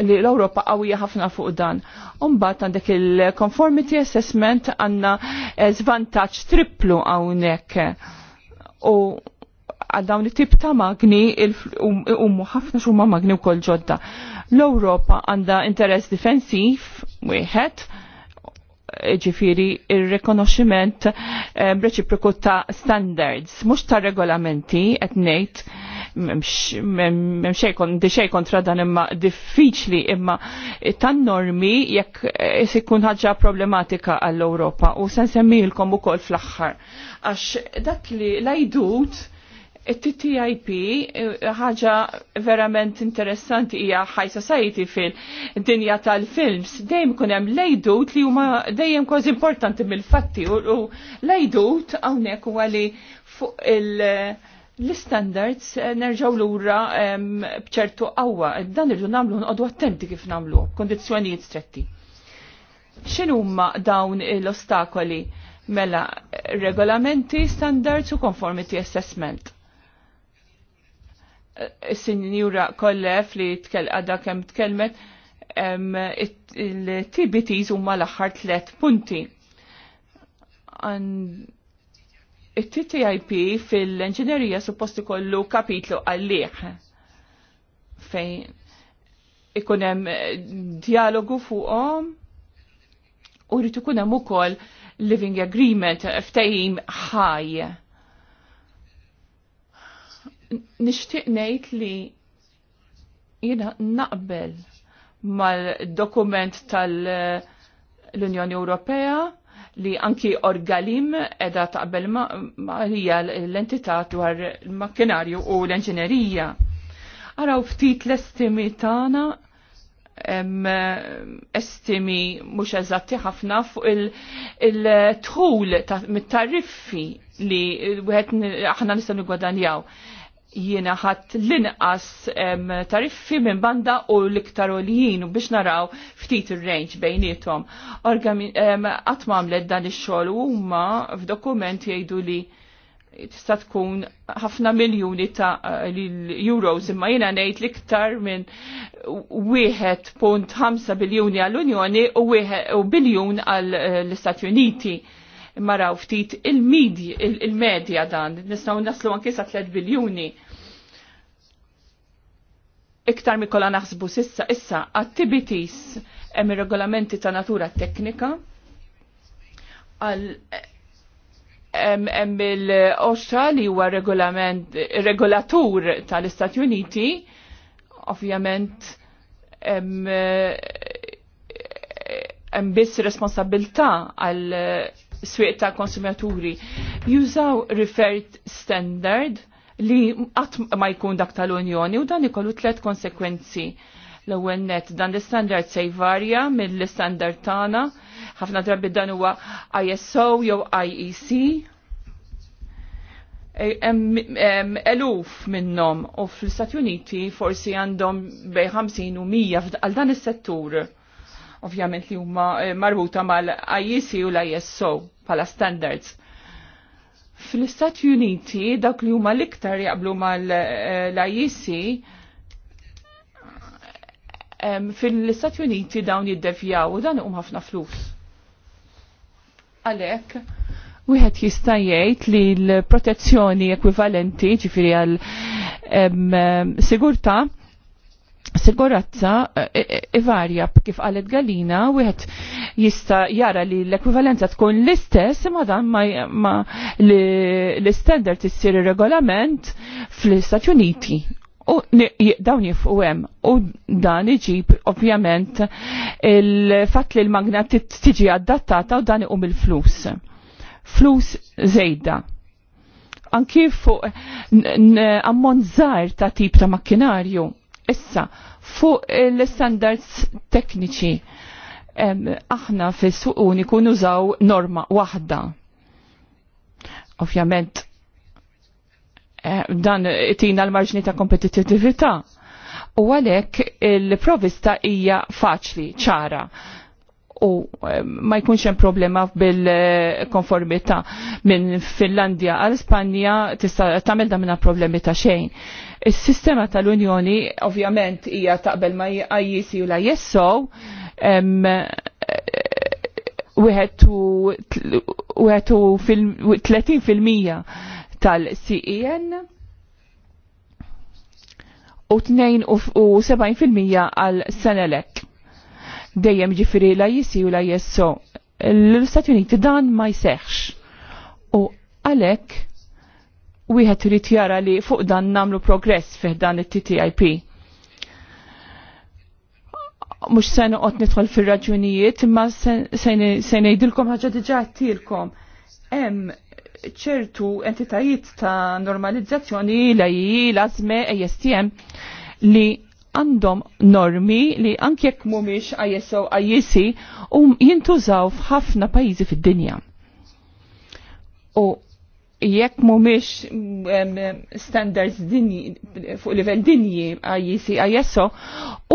li l-Europa qawwija ħafna fuq dan. Umbat għandek il-conformity assessment għanna eh, zvantaċ triplu għawnek. U għal dawn it-tip ta' magni ummu ħafna xumma magni wkoll ġodda. L-Europa għandha interess difensiv wieħed ġifiri il-rekonoximent eh, reċiproku ta' standards, mux ta' regolamenti, etnejt, ngħid memxej xej kontra dan imma diffiċli imma tan normi jekk eh, sikkun ħaġa problematika għall-Ewropa u sen semmilkom ukoll fl-aħħar. Għax dak li lajdut it-TTIP eh, ħaġa verament interessanti hija ħaj society fil-dinja tal-films. Dejjem kun hemm lejdut li huma dejjem kważi importanti mill-fatti u lejdut hawnhekk huwa li fuq il- l-standards eh, nerġaw lura bċertu qawwa, dan irdu nagħmlu għadu attenti kif nagħmlu, kondizzjonijiet stretti. X'inhuma dawn l-ostakoli mela regolamenti, standards u conformity assessment. Eh, Signora kollef li għada kemm tkellmet, il-TBTs huma l-aħħar tliet punti it-TTIP fil-enġinerija suppost ikollu kapitlu għallieħ fejn ikunem eh, dialogu fuqom u ikun hemm ukoll living agreement ftehim ħaj. Nixtieq ngħid li jiena naqbel mal-dokument tal-Unjoni eh, Ewropea li anki orgalim edha taqbel ma hija l-entità dwar il-makkinarju u l enġenerija Araw ftit l-estimi tagħna estimi mhux eżatti ħafna fuq il-tħul mit-tariffi li wieħed aħna nistgħu nigwadanjaw jiena ħadd l-inqas tariffi minn banda u l-iktar olijin u biex naraw ftit ir-range bejnietom. Qatt għamlet dan ix-xogħol huma f'dokument jgħidu li tista' tkun ħafna miljuni ta' euros imma jiena ngħid l-iktar minn 1.5 biljuni għall-Unjoni u biljun għall-Istati Uniti imma raw ftit il-medja dan, nistaw naslu għan sa 3 biljuni. Iktar kolla naħsbu sissa, issa, activities hemm regolamenti ta' natura teknika, għal hemm il australi li huwa regolatur tal-Istati Uniti, ovvjament hemm biss responsabilità għal s-sweq ta' konsumaturi jużaw referred standard li qatt ma jkun dak tal-Unjoni u dan ikollu tliet konsekwenzi. L-ewwel net dan l-istandard se jvarja mill-istandard tagħna, ħafna drabi dan huwa ISO jew IEC. E, eluf minnhom u fl-Istati Uniti forsi għandhom bej 50 u 100 għal dan is-settur ovvjament li huma eh, marbuta mal-IEC u l-ISO pala standards. Fl-Istati Uniti dak li huma l-iktar jaqblu mal-IEC eh, fil-Istati Uniti dawn jiddevjaw u dan huma ħafna flus. Għalhekk, wieħed jista' jgħid li l-protezzjoni ekwivalenti ġifieri għal sigurtà Sigurazza eh, eh, eh, varja kif qalet Galina wieħed jista jara li l-ekwivalenza tkun l-istess ma dan ma l-standard issir regolament fl-Istati Uniti. U dawn jifqu hemm u dan iġib ovvjament il fat li l magnat tiġi adattata u dan iqum il-flus. Flus żejda. Anki fuq ammont żgħar ta' tip ta' makkinarju Issa, fuq l-standards tekniċi, aħna fi suq uniku nużaw norma waħda. Ovvjament, eh, dan itina l-marġni ta' kompetitivita. U għalek il-provista hija faċli, ċara u eh, ma jkunx hemm problema bil-konformità minn Finlandja għal Spanja tista' tagħmel da minna problemi ta' xejn. Is-sistema tal-Unjoni ovvjament hija taqbel ma IEC u la jessow eh, wieħed u mija tal-CEN u 72% e għal Senelek dejjem ġifiri la jisi u la jesso. L-Stati Uniti dan ma jseħx. U għalek, wieħed irid jara li fuq dan namlu progress fih dan it-TTIP. Mux se noqgħod nidħol fir-raġunijiet, imma se ngħidilkom ħaġa diġà għattilkom. Hemm ċertu entitajiet ta' normalizzazzjoni la jilazme ASTM e li għandhom normi li anke jekk mhumiex ISO IEC u um jintużaw f'ħafna pajjiżi fid-dinja. U jekk mhumiex standards dinji fuq livell dinji IEC ISO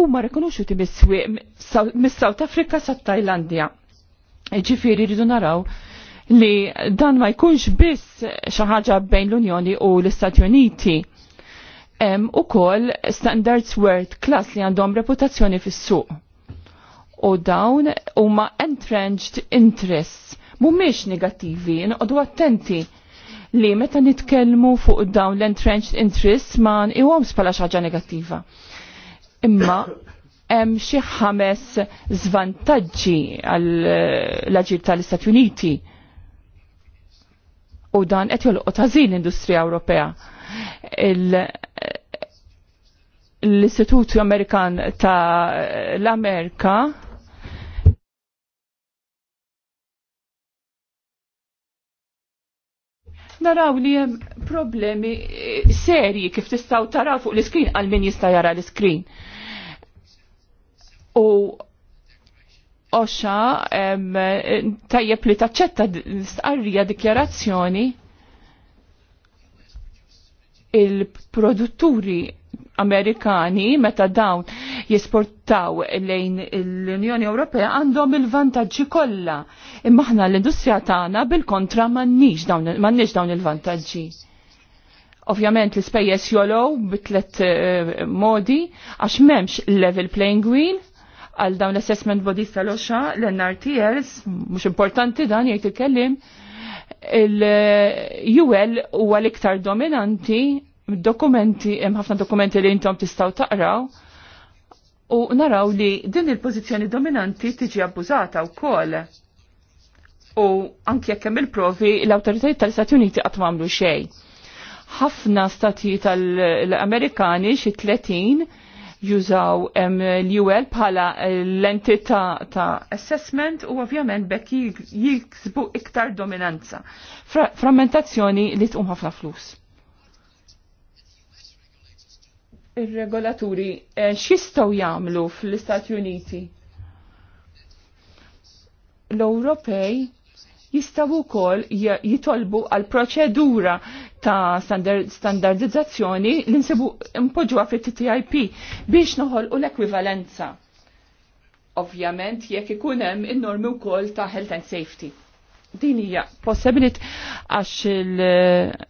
huma rikonoxxuti mis-swieq mis-South Afrika sa Tajlandja. Ġifieri rridu naraw li dan ma jkunx biss xi ħaġa bejn l-Unjoni u l-Istati Uniti hemm ukoll standards world class li għandhom reputazzjoni fis-suq. U dawn huma entrenched interests mhumiex negattivi, inqogħdu attenti li meta nitkellmu fuq dawn l-entrenched interests ma nqihomx bħala xi ħaġa negattiva. Imma hemm xi ħames żvantaġġi għall-aġir tal-Istati Uniti u dan qed jolqot għażin l-industrija Ewropea l-Istituzju Amerikan ta' l-Amerika naraw li hemm problemi eh, serji kif tistgħu taraw fuq l-iskrin għal min jista' jara l-iskrin. U oxa tajjeb li taċċetta stqarrija dikjarazzjoni il-produtturi Amerikani meta dawn jesportaw lejn l-Unjoni Ewropea għandhom il-vantaġġi kollha. Imma aħna l-industrija tagħna bil-kontra m'għandniex dawn m'għandniex dawn il-vantaġġi. Ovvjament l-ispejjeż jolow bitlet eh, modi għax m'hemmx level playing wheel għal dawn l-assessment bodies tal-oxa l-NRTLs, mhux importanti dan jgħid ikellim, il-UL huwa l-iktar dominanti dokumenti, hemm ħafna dokumenti li intom tistaw taqraw, u naraw li din il-pozizjoni dominanti tiġi abbużata u kol. U anki jekk hemm il-provi, l-awtoritajiet tal-Stati Uniti qatt m'għamlu xejn. Ħafna stati tal-Amerikani xi 30 jużaw l-UL bħala l-entità ta' assessment u ovvjament bekk jiksbu iktar dominanza. frammentazzjoni li tqum ħafna flus. ir-regolaturi eh, x'jistgħu jagħmlu fl-Istati Uniti? L-Ewropej jistgħu wkoll jitolbu għal proċedura ta' standardizzazzjoni li nsibu impoġġuha fit-TTIP biex noħolqu l-ekwivalenza. Ovvjament jekk ikun hemm in-normi wkoll ta' health and safety. Din hija possibilit għax il-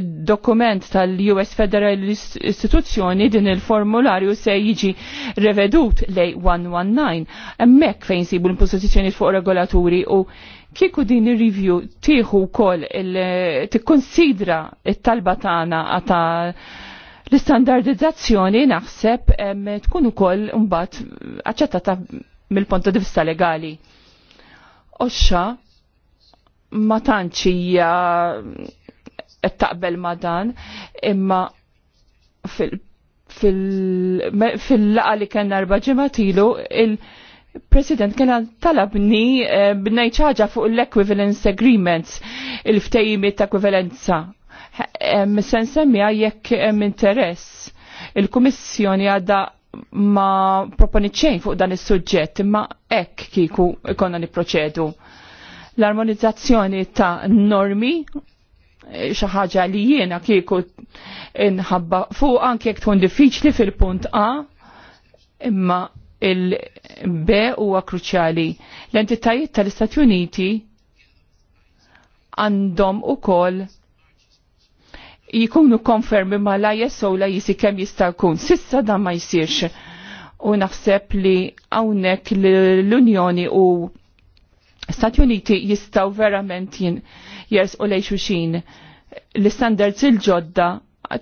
dokument tal-US Federal Istituzzjoni din il-formularju se jiġi revedut lej 119 emmek fejn sibu l impostazzjoni fuq regolaturi u kieku din ir-review tieħu wkoll tikkonsidra il talba tagħna ta' l-istandardizzazzjoni naħseb tkun ukoll mbagħad aċċettata mill-punt di vista legali. Oxxa ma tantx hija taqbel ma' dan, imma fil-laqa li kena arba ġematilu il-President kena talabni eh, b'najt fuq l-Equivalence Agreements, il-ftejimiet ta' ekwivalenza. Sen semmija jekk hemm interess. Il-Kummissjoni għadha ma proponi ċejn fuq dan is-suġġett, imma hekk kieku ikonna niproċedu. L-armonizzazzjoni ta' normi xaħġa ħaġa li jiena kieku inħabba fuq anke jekk tkun diffiċli fil-punt A imma il-B huwa kruċjali. L-entitajiet tal-Istati Uniti għandhom ukoll jikunu konfermi ma la jessu la jisi kem jistakun. Sissa da ma jisirx. U naħseb li għawnek l-Unjoni u Stati Uniti jistaw verament jien jers u lejxu xin. L-standards il-ġodda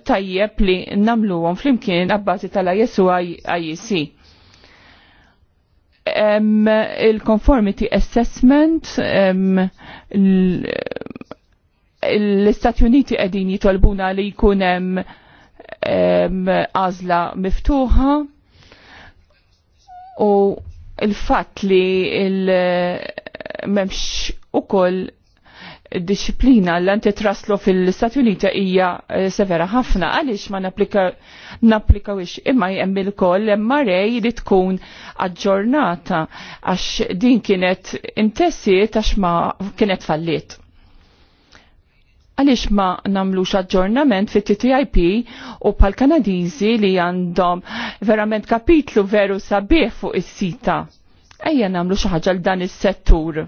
tajjeb li namluwom flimkien għabbażi tal-ISU IEC. Il-conformity assessment l-Istati Uniti qegħdin jitolbuna li jkun hemm għażla miftuħa u il-fatt li il memx ukoll disciplina l anti traslo fil-Stati Uniti hija eh, severa ħafna għaliex ma wix imma hemm il-koll rej li tkun aġġornata għax din kienet intessiet għax ma kienet falliet. Għaliex ma namlux aġġornament fit ttip u pal kanadiżi li għandhom verament kapitlu veru sabiħ fuq is-sita. Ejja namlu xi ħaġa l dan is-settur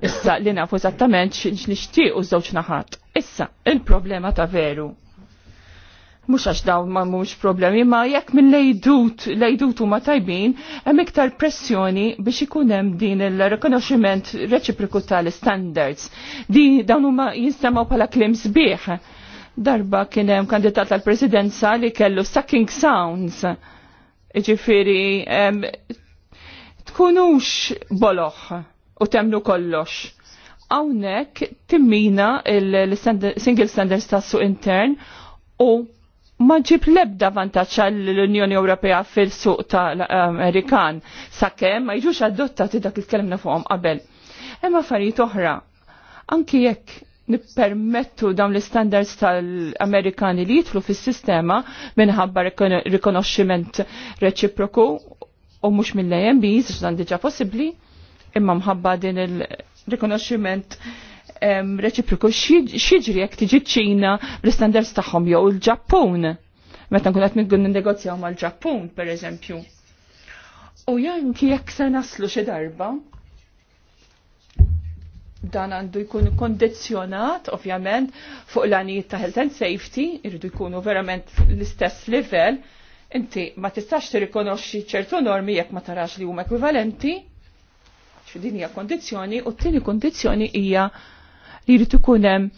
Issa li nafu eżattament x'nixtiequ żewġ naħat. Issa, il-problema ta' veru. Mhux għax dawn ma mhux problemi, ma jekk minn lejdut, lejdut huma tajbin, hemm iktar pressjoni biex ikun hemm din il-rikonoxximent reċipriku tal-standards. Di dawn huma jinstemaw bħala klim sbieħ. Darba kien hemm kandidat tal-presidenza li kellu sucking sounds. Ġifieri tkunux boloħ u temlu kollox. Hawnhekk timmina il-single standards tas-suq intern u ma ġib lebda vantaċ l-Unjoni Ewropea fil-suq ta' Amerikan sakemm ma jġux adottati dak li tkellimna fuqom qabel. Hemm affarijiet oħra. Anki jekk nippermettu dawn l-standards tal-Amerikani li jitlu fis-sistema minħabba rikonoxximent reċiproku u mhux mill-AMBs x'dan diġà possibbli, imma mħabba din il-rikonoxximent reċipriku xieġri jek tiġi ċina l-standards tagħhom jew il-Ġappun. Meta nkun qed minkun negozjaw mal-Ġappun, pereżempju. U janki jekk se naslu xi darba, dan għandu jkun kondizjonat, ovvjament, fuq l-għanijiet ta' health and safety, irridu jkunu verament l-istess level, inti ma tistax tirrikonoxxi ċertu normi jekk ma tarax li huma ekwivalenti, din hija kondizzjoni u t-tieni kondizzjoni hija li jrid ikun hemm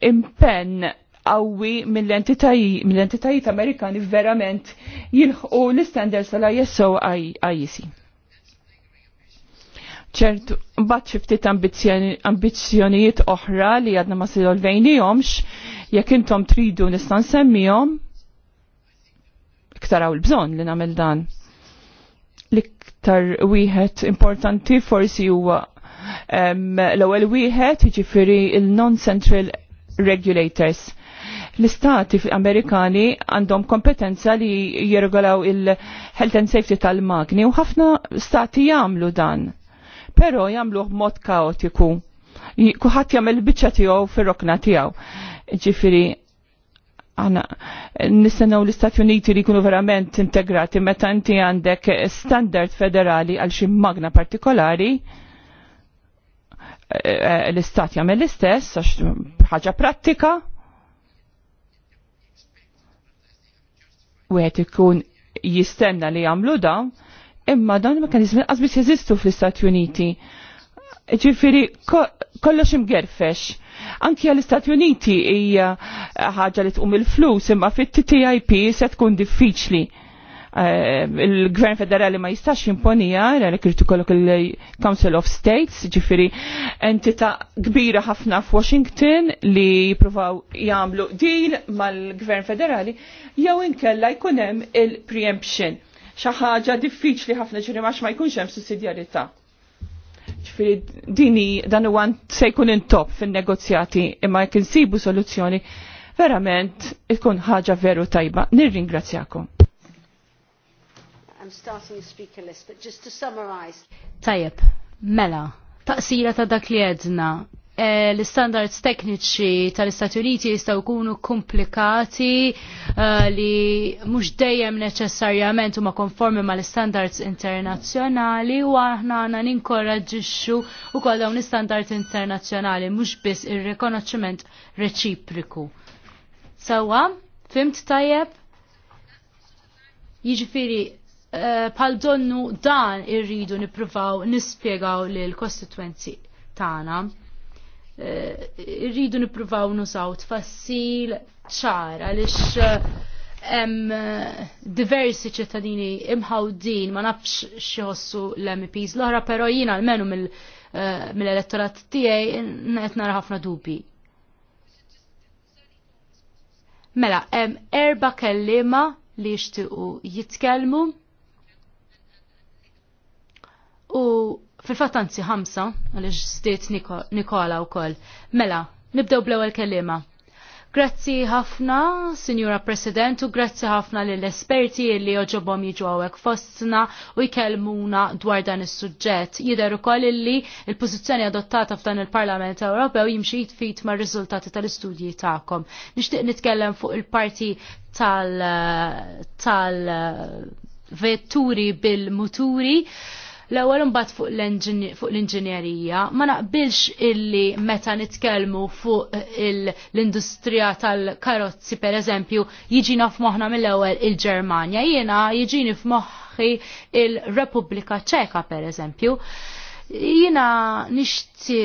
impenn qawwi mill-entitajiet Amerikani verament jilħqu l-istandards tal-ISO IEC. ċert, mbagħad ftit ambizzjonijiet oħra li għadna ma silolvejnihomx, jekk intom tridu nista' nsemmihom, iktaraw l-bżonn li nagħmel dan. Lik aktar wieħed importanti forsi huwa l-ewwel wieħed jiġifieri il-non-central regulators. L-istati Amerikani għandhom kompetenza li jirregolaw il-health and safety tal-magni u ħafna stati jagħmlu dan. Però jamlu b'mod kaotiku. Kuħat jagħmel biċċa tiegħu fil rokna tiegħu. Ġifiri, għana nistennaw l-Istati Uniti li jkunu verament integrati meta inti għandek standard federali għal xi magna partikolari eh, eh, l-istat jagħmel l-istess għax ħaġa prattika wieħed ikun jistenna li jagħmlu dawn imma dawn il-mekanizmi qasbis jeżistu fl-Istati Uniti ġifiri kollox imgerfex. Anki għall-Istati Uniti hija ħaġa li tqum il-flus imma fit-TTIP se tkun diffiċli. Eh, Il-Gvern Federali ma jistax jimponija, għalhekk irtu kollok il-Council of States, ġifiri entita kbira ħafna f'Washington li jippruvaw jagħmlu deal mal-Gvern Federali jew inkella jkun hemm il-preemption. Xi ħaġa diffiċli ħafna maċ ma jkunx hemm sussidjarità ġifiri dini dan u se jkun intop fin-negozjati imma jkun sibu soluzzjoni verament ikun ħaġa veru tajba. Nirringrazzjakom. I'm starting a speaker list, but just to summarize. Tajjeb, mela, taqsira ta' dak li għedna Eh, l-standards tekniċi tal-Istati Uniti jistaw kunu komplikati eh, li mhux dejjem neċessarjament huma konformi mal standards internazzjonali u aħna għandna u wkoll dawn l-standards internazzjonali mhux biss ir rekonoċiment reċipriku. Sawa, fimt tajjeb? Jiġifieri eh, pal donnu dan irridu nippruvaw nispjegaw lill kostitwenzi tagħna irridu nippruvaw nużaw tfassil ċar għaliex eh, hemm eh, diversi ċittadini imħawdin ma nafx xieħossu l-MPs l-oħra, però jiena almenu eh, mill-elettorat tiegħi qed nara ħafna dubi. Mela, hemm erba kellima li jixtiequ jitkellmu u fil-fatt anzi ħamsa għaliex stiet Nikola wkoll. Mela, nibdew blew ewwel kelliema. Grazzi ħafna, Signora President, u grazzi ħafna lill-esperti li oġobom jiġu għawek fostna u jkellmuna dwar dan is-suġġett. Jidher ukoll li l-pożizzjoni adottata f'dan il-Parlament Ewropew jimxi jitfit mar-riżultati tal-istudji tagħkom. Nixtieq nitkellem fuq il-parti tal-vetturi tal, tal vetturi bil muturi L-ewwel imbagħad fuq l-inġinjerija ma naqbilx illi meta nitkellmu fuq l-industrija tal-karozzi pereżempju jiġina f'moħħna mill-ewwel il-Ġermanja. Jiena jiġini f'moħħi il-Repubblika Ċeka pereżempju. Jiena nixtieq Ti,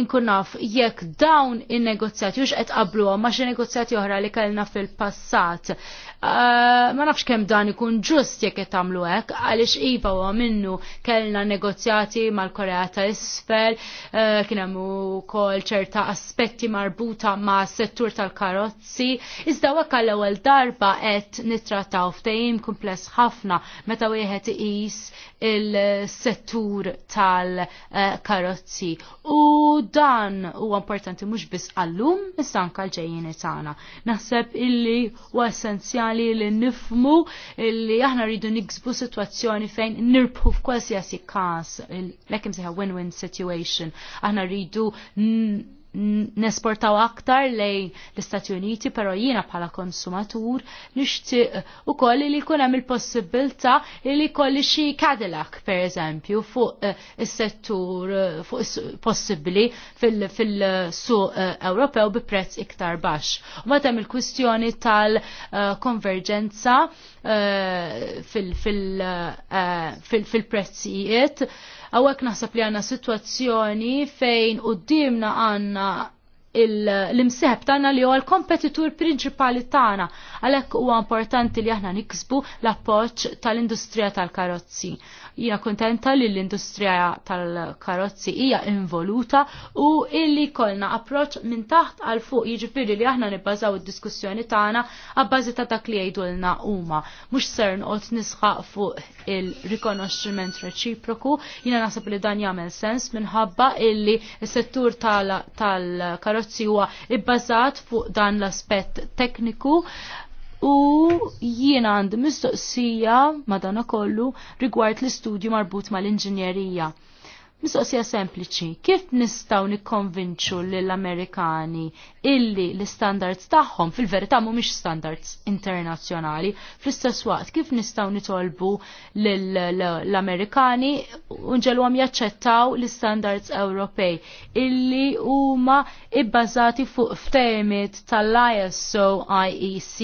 inkun eh, naf jekk dawn in-negozjati hux qed qablu ma' xi negozjati oħra li kellna fil-passat. Eh, ma nafx kemm dan ikun ġust jekk qed tagħmlu hekk għaliex iva huwa minnu kellna negozjati mal-Korea ta' isfel, eh, kien hemm ukoll ċerta aspetti marbuta ma' settur tal-karozzi, iżda hekk għall-ewwel darba qed nittrattaw ftehim kumpless ħafna meta wieħed iqis il-settur tal-karozzi u dan huwa importanti mhux biss għallum issa anke l tagħna. Naħseb illi huwa essenzjali li nifmu illi aħna rridu niksbu sitwazzjoni fejn nirbħu f'kwasjasi każ l-ekim win-win situation. Aħna rridu nesportaw aktar lej l-Istati Uniti, pero jiena bħala konsumatur nixtieq ukoll li jkun hemm il-possibilità li jkolli xi Cadillac pereżempju fuq eh, is-settur eh, fuq possibbli fil-suq eh, Ewropew bi prezz iktar baxx. U meta hemm il-kwistjoni tal-konverġenza fil-prezzijiet Għawek naħseb li għanna situazzjoni fejn u dimna għanna l imseħb tagħna li huwa l-kompetitur prinċipali tagħna għalhekk huwa importanti li aħna niksbu l-appoġġ tal-industrija tal-karozzi. Jina kontenta li l-industrija tal-karozzi hija involuta u illi kolna approċ minn taħt għal fuq jiġifieri li aħna nibbażaw id-diskussjoni tagħna għabbażi ta' dak li jgħidulna huma. Mhux ser nqgħod nisħaq fuq il-rikonoxximent reċiproku, jina naħseb li dan jagħmel sens minħabba illi s-settur tal-karozzi huwa ibbażat fuq dan l-aspett tekniku. Uh, U jiena għandi mistoqsija madana kollu rigward l-istudju marbut mal-inġinjerija. Mistoqsija sempliċi, kif nistaw nikkonvinċu l-Amerikani illi l-standards tagħhom fil-verità mhumiex standards internazzjonali, fl-istess waqt kif nistaw nitolbu l-Amerikani unġelhom jaċċettaw l-standards Ewropej illi huma ibbażati fuq ftehimiet tal-ISO IEC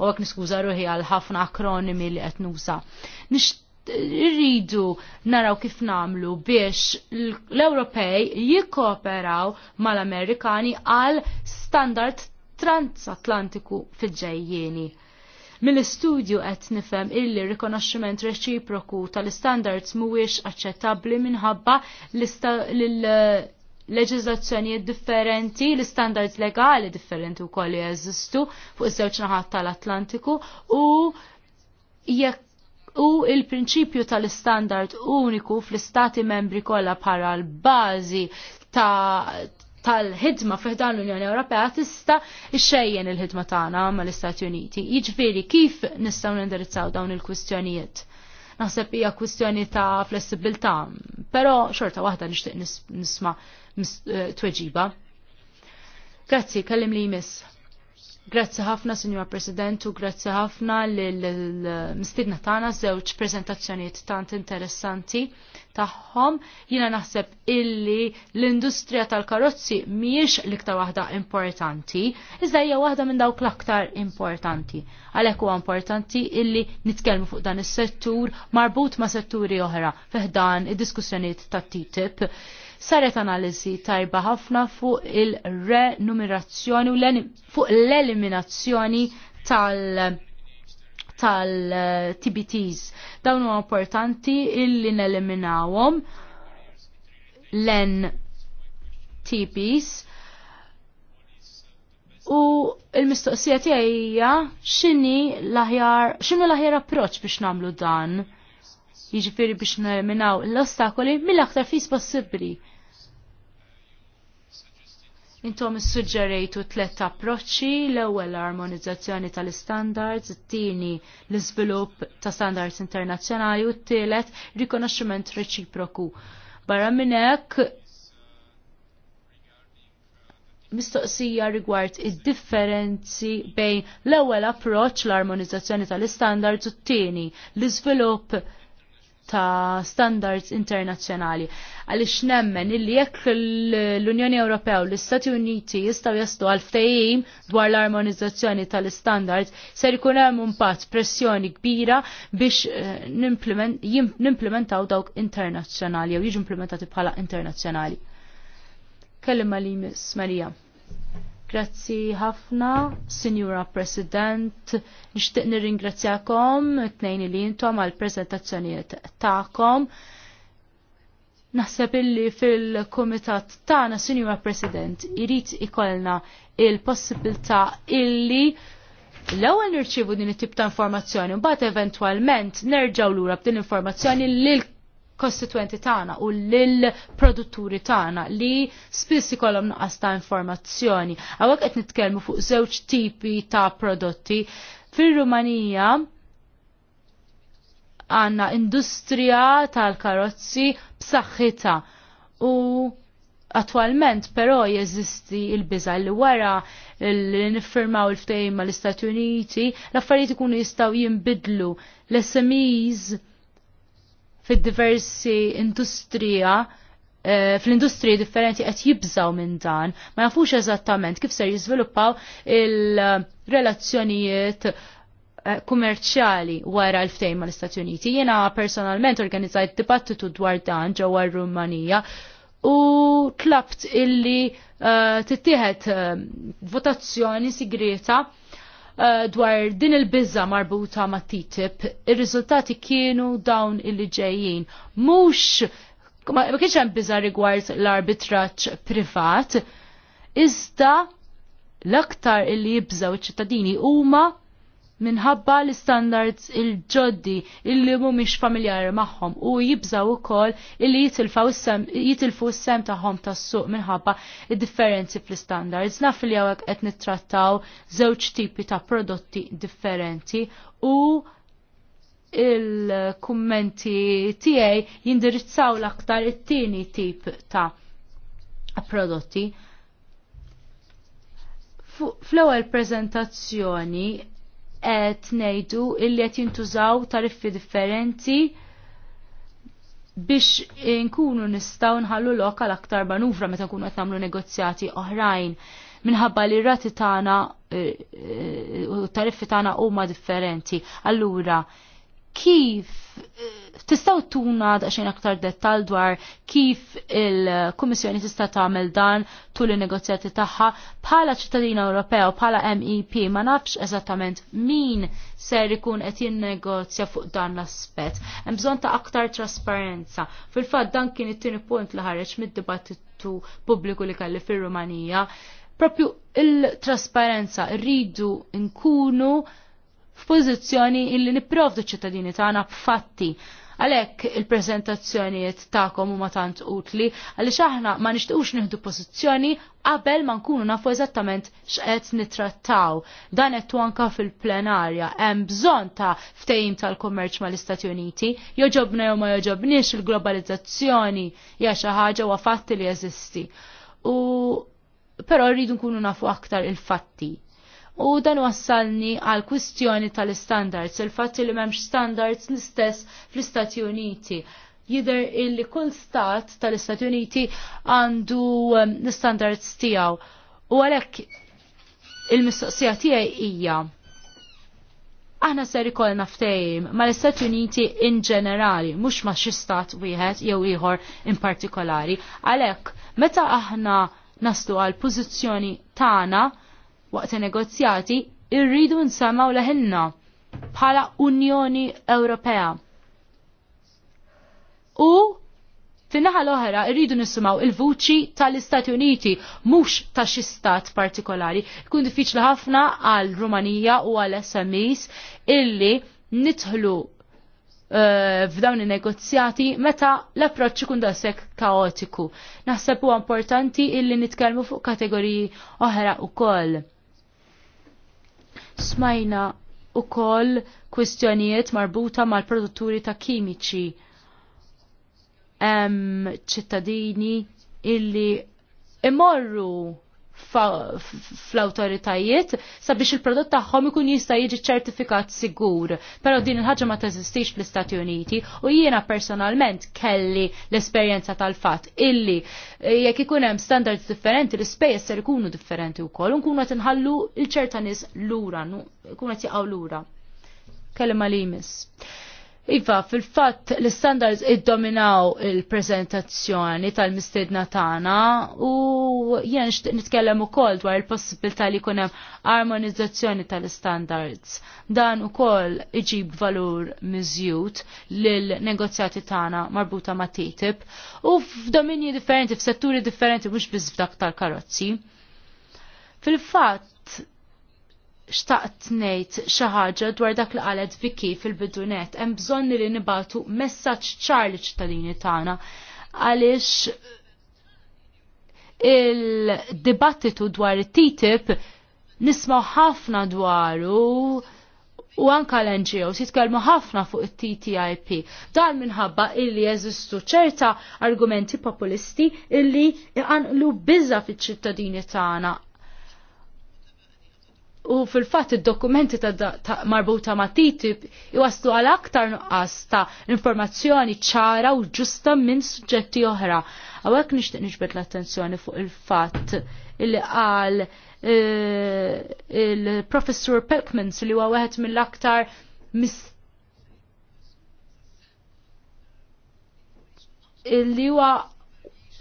u hekk niskuża ruħi għal ħafna akronimi li qed nuża irridu naraw kif namlu biex l-Ewropej jikkooperaw mal-Amerikani għal standard transatlantiku fil ġejjeni Mill-istudju qed nifhem illi rikonoxximent reċiproku tal-standards mhuwiex aċċettabbli minħabba leġizlazzjonijiet differenti, l-standards legali differenti u koll jeżistu fuq iż-żewġ naħat tal-Atlantiku u jekk u il-prinċipju tal-standard uniku fl-istati membri kollha bħala l-bażi ta' tal-ħidma fiħdan l-Unjoni Ewropea tista' xejjen il-ħidma tagħna mal-Istati Uniti. Jiġifieri kif nistgħu nindirizzaw dawn il-kwistjonijiet? Naħseb hija kwistjoni ta' flessibilità, però xorta waħda nixtieq nisma' tweġiba. Grazzi, kellim li jmiss. Grazzi ħafna, Sinjor President, u grazzi ħafna l-mistidna tagħna żewġ prezentazzjonijiet tant interessanti tagħhom. Jiena naħseb illi l-industrija tal-karozzi mhijiex l-iktar waħda importanti, iżda hija waħda minn dawk l-aktar importanti. Għalhekk huwa importanti illi nitkellmu fuq dan is-settur marbut ma' setturi oħra dan id-diskussjonijiet tat-TTIP saret analisi tajba ħafna fuq il-renumerazzjoni u fuq l-eliminazzjoni tal- tal-TBTs. Dawn huwa importanti illi neliminawhom l-NTBs u il-mistoqsija tiegħi hija x'inhi l-aħjar x'inhu l-aħjar approċċ biex nagħmlu dan jiġifieri biex neliminaw l-ostakoli mill-aktar fis possibbli Intom suġġerejtu tlet approċċi, l-ewwel armonizzazzjoni tal-standards, it-tieni l-iżvilupp ta' standards internazzjonali u t-tielet rikonoxximent reċiproku. Barra minn hekk mistoqsija rigward id-differenzi bejn l-ewwel approċċ l-armonizzazzjoni tal-standards u t-tieni l-iżvilupp ta' standards internazzjonali. Għalix nemmen illi jekk l-Unjoni Ewropew l-Istati Uniti jistaw jastu għal ftehim dwar l-armonizzazzjoni tal-standards ser ikun hemm impatt pressjoni kbira biex eh, nimplementaw dawk internazzjonali jew jiġu implementati bħala internazzjonali. Kellim li Miss Marija. Grazzi ħafna, Signora President, nixtieq nirringrazzjakom tnejn li intom għal prezentazzjonijiet tagħkom. Naħseb illi fil-Kumitat tagħna, Signora President, irid ikollna il-possibilità illi l-ewwel nirċievu din it-tip ta' informazzjoni, mbagħad eventwalment nerġgħu lura b'din informazzjoni lil kostituenti tagħna u lill-produtturi tagħna li spiss ikollhom nuqqas ta' informazzjoni. Hawnhekk qed nitkellmu fuq żewġ tipi ta' prodotti. Fir-Rumanija għandna industrija tal-karozzi b'saħħitha u attualment però jeżisti il-biża li wara li niffirmaw il-ftehim mal-Istati Uniti l-affarijiet ikunu jistgħu jinbidlu l-SMEs fid-diversi industrija eh, fl-industriji differenti qed jibżaw minn dan, ma jafux eżattament kif ser jiżviluppaw il-relazzjonijiet eh, kummerċjali wara l-ftejn mal istati Uniti. Jiena personalment organizzajt dibattitu dwar dan ġewwa r-Rumanija u tlabt illi eh, tittieħed votazzjoni sigreta Eh, dwar din il-bizza marbuta ma' TTIP, ir-riżultati kienu dawn illi ġejjin. Mhux ma kienx hemm biża rigward l-arbitraġġ privat, iżda l-aktar il-li jibżaw iċ-ċittadini huma minħabba l-standards il-ġoddi illi mhumiex familjari magħhom u jibżaw ukoll illi jitilfu s-sem tagħhom tas-suq minħabba id-differenzi fl-standards. Naf li hawnhekk qed nittrattaw żewġ tipi ta' prodotti differenti u il-kummenti tiegħi jindirizzaw l-aktar it-tieni tip ta' prodotti. Fl-ewwel prezentazzjoni qed ngħidu illi qed jintużaw tariffi differenti biex inkunu nistgħu nħallu lokal aktar manuvra meta nkunu qed nagħmlu negozjati oħrajn minħabba li r-rati tagħna eh, eh, u t tariffi tagħna huma differenti. Allura, kif tistaw tuna daqxin aktar dettal dwar kif il-Kummissjoni tista' tagħmel dan tul in-negozjati tagħha bħala ċittadina Ewropea u bħala MEP ma nafx eżattament min ser ikun qed jinnegozja fuq dan l-aspett. Hemm bżonn ta' aktar trasparenza. Fil-fatt dan kien it-tieni punt li ħareġ mid-dibattitu pubbliku li kelli fir-Rumanija. Propju il-trasparenza rridu nkunu f'pożizzjoni illi nipprovdu ċittadini tagħna b'fatti għalek il-prezentazzjonijiet ta'kom u tant utli, għalli xaħna ma nishtuqx nihdu pozizjoni qabel ma nkunu nafu eżattament xqed nitrattaw. Dan qed anka fil-plenarja, hemm bżonn ta' ftehim tal-kummerċ mal-Istati Uniti, joġobna jew ma joġobniex il-globalizzazzjoni hija xi ħaġa wa' fatti li jeżisti. U però rridu nkunu nafu aktar il-fatti u dan wassalni għal kwistjoni tal-standards, il fatti li memx standards l-istess fl-Istati Uniti. Jider illi kull stat tal-Istati Uniti għandu um, l-standards tijaw. U għalek il-mistoqsija tijaj ija. Aħna ser ikollna ftehim ma l-Istati Uniti in ġenerali, mhux ma xi stat wieħed jew ieħor in partikolari. Għalhekk meta aħna naslu għal pożizzjoni tagħna waqt negozjati irridu nsamaw leħinna bħala Unjoni Ewropea. U Fin-naħa l-oħra irridu nisimaw il-vuċi tal-Istati Uniti, mhux ta' xi stat partikolari. Kun diffiċli ħafna għal Rumanija u għal SMEs illi nidħlu uh, f'dawn in-negozjati meta l-approċċ ikun daqshekk kaotiku. Naħseb huwa importanti illi nitkellmu fuq kategoriji oħra wkoll Smajna koll kwistjonijiet marbuta mal-produtturi ta' kimiċi. ċittadini illi imorru fl-awtoritajiet sabiex il-prodott tagħhom ikun jista' jiġi ċertifikat sigur. Però din il-ħaġa ma teżistix fl-Istati Uniti u jiena personalment kelli l-esperjenza tal-fatt illi eh, jekk ikun hemm standards differenti l-ispejjeż ser ikunu differenti wkoll u nkunu qed inħallu l ċerta nies lura, nkunu qed jaqgħu lura. Kellem li jmiss. Iva, fil-fatt l-standards id-dominaw il-prezentazzjoni tal-mistedna tagħna u jien nitkellem ukoll dwar il-possibilità li jkun hemm armonizzazzjoni tal-standards. Dan ukoll iġib valur miżjud lil negozjati tagħna marbuta ma' TTIP u f'dominji differenti, f'setturi differenti mhux biss f'dak tal-karozzi. Fil-fatt xtaqt ngħid xi ħaġa dwar dak li qalet Viki fil-bidunet hemm bżonn li nibatu messaġġ ċar li ċittadini tagħna għaliex il-dibattitu dwar it-TTIP nismaw ħafna dwaru u anka l-NGOs jitkellmu ħafna fuq it-TTIP. Dan minħabba illi jeżistu ċerta argumenti populisti illi iqanqlu biża fiċ-ċittadini tagħna U fil-fatt id-dokumenti ta' marbuta ma' TTIP iwaslu għal aktar nuqqas ta' informazzjoni ċara u ġusta minn suġġetti oħra. Għawek nixtieq nixbet l-attenzjoni fuq il-fatt illi qal eh, il-Professor Pelkmans li huwa wieħed mill-aktar illi huwa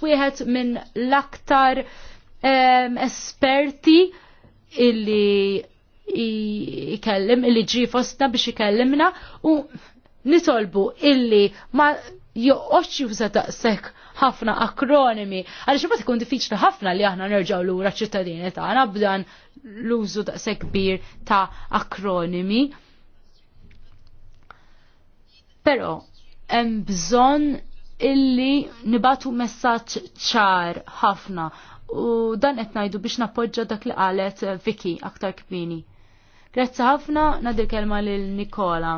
wieħed minn l-aktar eh, esperti illi ikellem, illi ġi fosta biex ikellimna u nitolbu illi ma joqqoċ juża taqsek ħafna akronimi, għaliex ma ikun diffiċli ħafna li aħna nerġgħu lura ċittadini tagħna b'dan l-użu taqsek kbir ta' akronimi. Però hemm bżonn illi nibatu messaġġ ċar ħafna u dan qed ngħidu biex nappoġġa dak li qalet eh, Vicky aktar kbini. Grazzi ħafna nadir kelma lil Nikola.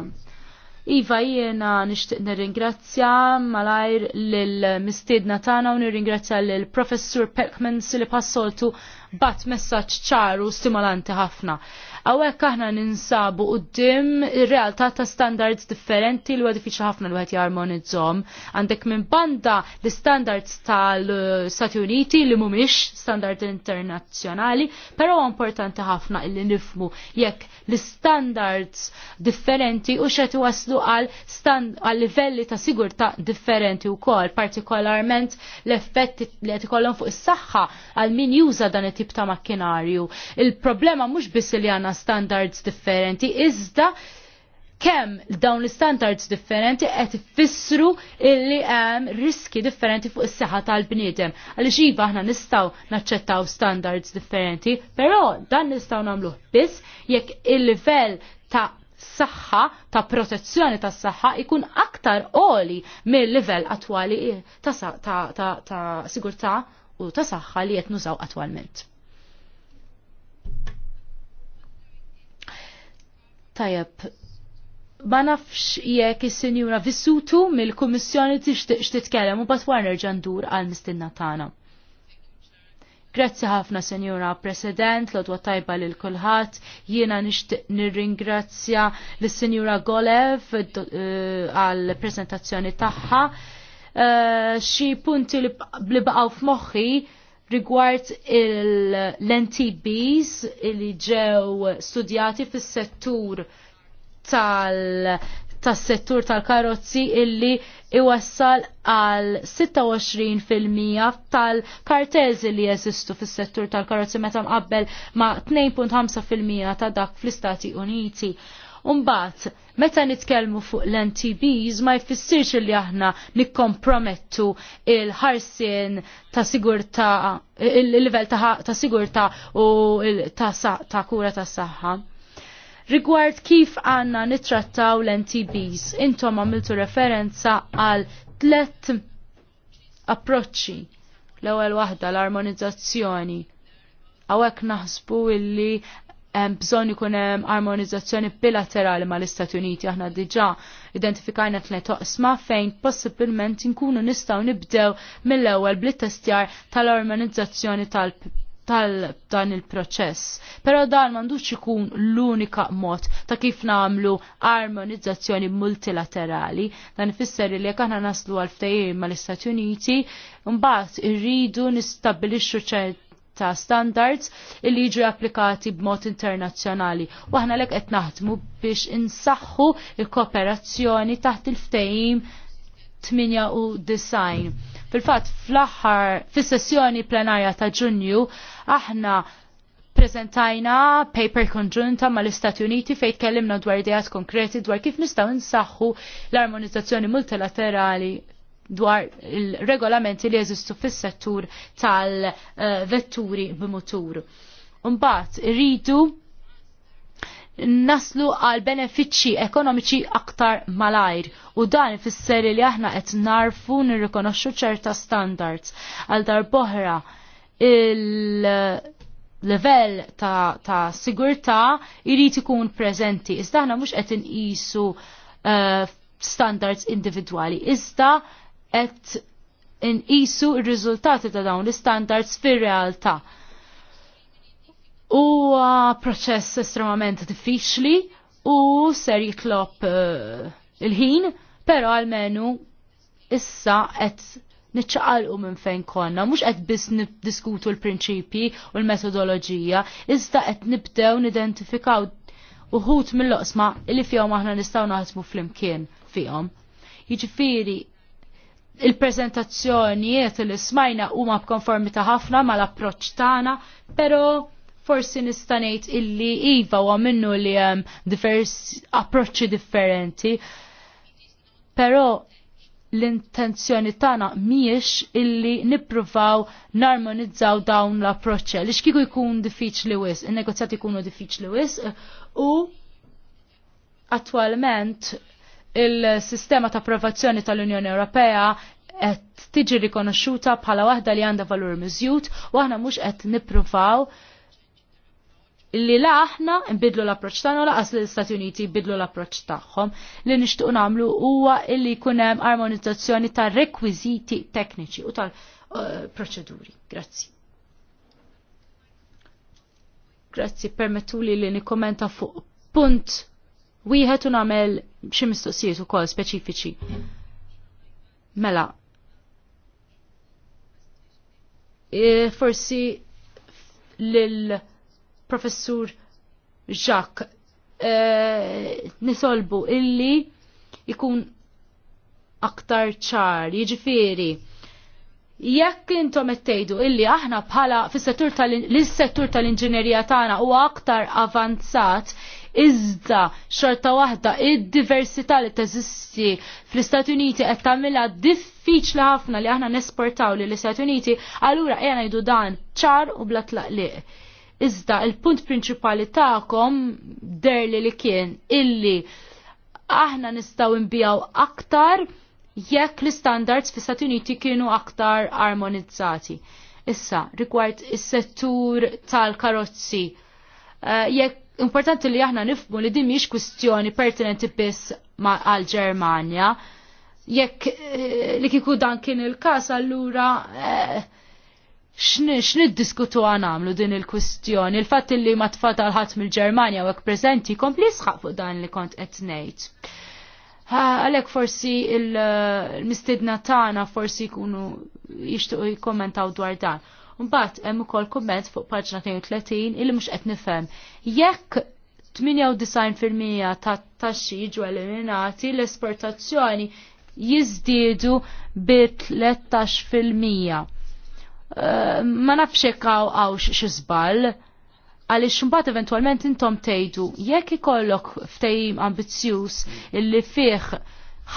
Iva jiena nixtieq nirringrazzja malajr lil mistiedna tagħna u nirringrazzja lil Professur Peckman li passoltu bat messaġġ ċaru stimolanti ħafna. Għawek aħna ninsabu qoddim ir-realtà ta' standards differenti li huwa ħafna l għet jarmonizzom. Għandek minn banda l-standards tal-Stati Uniti li mhumiex standard internazzjonali, però importanti ħafna illi nifmu jekk l-standards differenti u xed waslu għal għal livelli ta' sigurtà differenti wkoll, partikolarment l-effetti li qed ikollhom fuq is-saħħa għal min juża dan it-tip ta' makkinarju. Il-problema mhux biss li għandna standards differenti, iżda kemm dawn l-standards differenti qed ifissru illi hemm riski differenti fuq is-saħħa tal-bniedem. Għaliex iva aħna nistgħu naċċettaw standards differenti, però dan nistgħu nagħmluh biss jekk il-livell ta' saħħa ta' protezzjoni ta' saħħa ikun aktar għoli mill-livell attwali ta', ta, ta, ta sigurtà u ta' saħħa li qed nużaw attwalment. Tajab, ma nafx jekk is-sinjura vissutu mill-Kummissjoni tixtieq titkellem u batwar nerġa' ndur għal mistinna tagħna. Grazzi ħafna Senjura President, l-odwa tajba lil kulħadd, jiena nixtieq nirringrazzja lis sinjura Golev eh, għal prezentazzjoni tagħha. Eh, xi punti li baqgħu f'moħħi rigward l-NTBs li ġew studjati fis-settur tal tas-settur tal-karozzi illi iwassal għal 26% tal-kartels li jeżistu fis-settur tal-karozzi meta mqabbel ma' 2.5% ta' dak fl-Istati Uniti. Umbat, meta nitkellmu fuq l-NTBs ma jfissirx li aħna nikkompromettu il-ħarsin ta' sigurta, il-level ta', sigurta u ta', kura ta' saħħa. Rigward kif għanna nitrattaw l-NTBs, intom għamiltu referenza għal tlet approċċi. L-ewwel waħda l-armonizzazzjoni. Għawek naħsbu illi bżon ikun hemm armonizzazzjoni bilaterali mal-Istati Uniti aħna diġà identifikajna tliet toqsma fejn possibilment inkunu nistgħu nibdew mill-ewwel blit-testjar tal-armonizzazzjoni tal tal dan il-proċess. Pero dan mandux ikun l-unika mod ta' kif namlu armonizzazzjoni multilaterali. Dan ifisser li jekk aħna naslu għal ftajim mal-Istati Uniti, mbagħad irridu nistabilixxu ċert ta' standards illi jiġu applikati b'mod internazzjonali. U aħna lek qed naħdmu biex insaħħu il-kooperazzjoni taħt il-ftehim 98. Fil-fatt fl-aħħar fis-sessjoni plenarja ta' Ġunju aħna prezentajna paper konġunta ma l-Istati Uniti fej tkellimna dwar idejat konkreti dwar kif nistgħu nsaħħu l-armonizzazzjoni multilaterali dwar il-regolamenti li jeżistu fis-settur tal-vetturi b'mutur. Mbagħad irridu naslu għal benefiċċji ekonomiċi aktar malajr u dan ifisser li aħna qed narfu nirrikonoxxu ċerta standards għal darboħra il level ta', ta sigurtà jrid ikun preżenti. Iżda aħna mhux qed inqisu uh, standards individwali. Iżda qed inqisu r-riżultati ta' dawn l-standards fir-realtà. Huwa proċess estremament diffiċli u ser jitlop uh, eh, il-ħin, pero għalmenu issa qed niċċaqalqu minn fejn konna, mhux qed biss niddiskutu l-prinċipji u l-metodoloġija, iżda qed nibdew nidentifikaw uħut mill-loqsma li fihom aħna nistgħu naħdmu flimkien fihom. Jiġifieri il-prezentazzjonijiet li smajna huma ta' ħafna mal-approċċ tagħna, però forsi nista' ngħid illi iva huwa minnu li hemm diversi approċċi differenti. Però l-intenzjoni tagħna mhijiex illi nippruvaw narmonizzaw dawn l-approċċi. Li xkieku jkun diffiċli wis, in-negozjati jkunu diffiċli wis u attwalment il-sistema ta' approvazzjoni tal-Unjoni Ewropea qed tiġi rikonoxxuta bħala waħda li għandha valur miżjud u aħna mhux qed nippruvaw li la aħna nbidlu l approċċ tagħna laqas li l-Istati Uniti jbidlu l approċċ tagħhom li nixtuq nagħmlu huwa li jkun hemm armonizzazzjoni ta' rekwiżiti tekniċi u tal-proċeduri. Uh, Grazzi. Grazzi permettuli li nikkommenta fuq punt wieħed u nagħmel xi mistoqsijiet ukoll speċifiċi. Mela. E, forsi lil professur Jacques e, nisolbu illi ikun aktar ċar, jiġifieri jekk intom ettejdu illi aħna bħala fis-settur tal-inġinerija tagħna huwa aktar avanzat, iżda xorta waħda id-diversità li teżisti fl-Istati Uniti qed tagħmilha diffiċli ħafna li aħna nesportaw li l-Istati Uniti, allura qiegħ ngħidu dan ċar u bla tlaqliq. Iżda il-punt prinċipali tagħkom derli li kien illi aħna nistgħu nbijaw aktar jekk l-standards fl-Istati Uniti kienu aktar armonizzati. Issa, rigward is-settur tal-karozzi, uh, jekk importanti li aħna nifmu li din mhix kwistjoni pertinenti biss għal Ġermanja. Jekk eh, li kiku dan kien il-każ allura eh, x'nid diskutu għan għamlu din il-kwistjoni. Il-fatt li ma tfadal ħadd mill-Ġermanja u hekk preżenti kompli sħaq fuq dan li kont qed ngħid. Għalek forsi eh, il-mistidna tagħna forsi jkunu jixtiequ jikkommentaw dwar dan. Mbagħad hemm ukoll komment fuq paġna 32 illi mhux qed nifhem. Jekk 98% ta' taxxi jiġu eliminati l-esportazzjoni jiżdiedu bi 13%. Ehm, ma nafx hekk għawx xi żball għalix mbagħad eventwalment intom tgħidu jekk ikollok ftehim ambizzjuż illi fih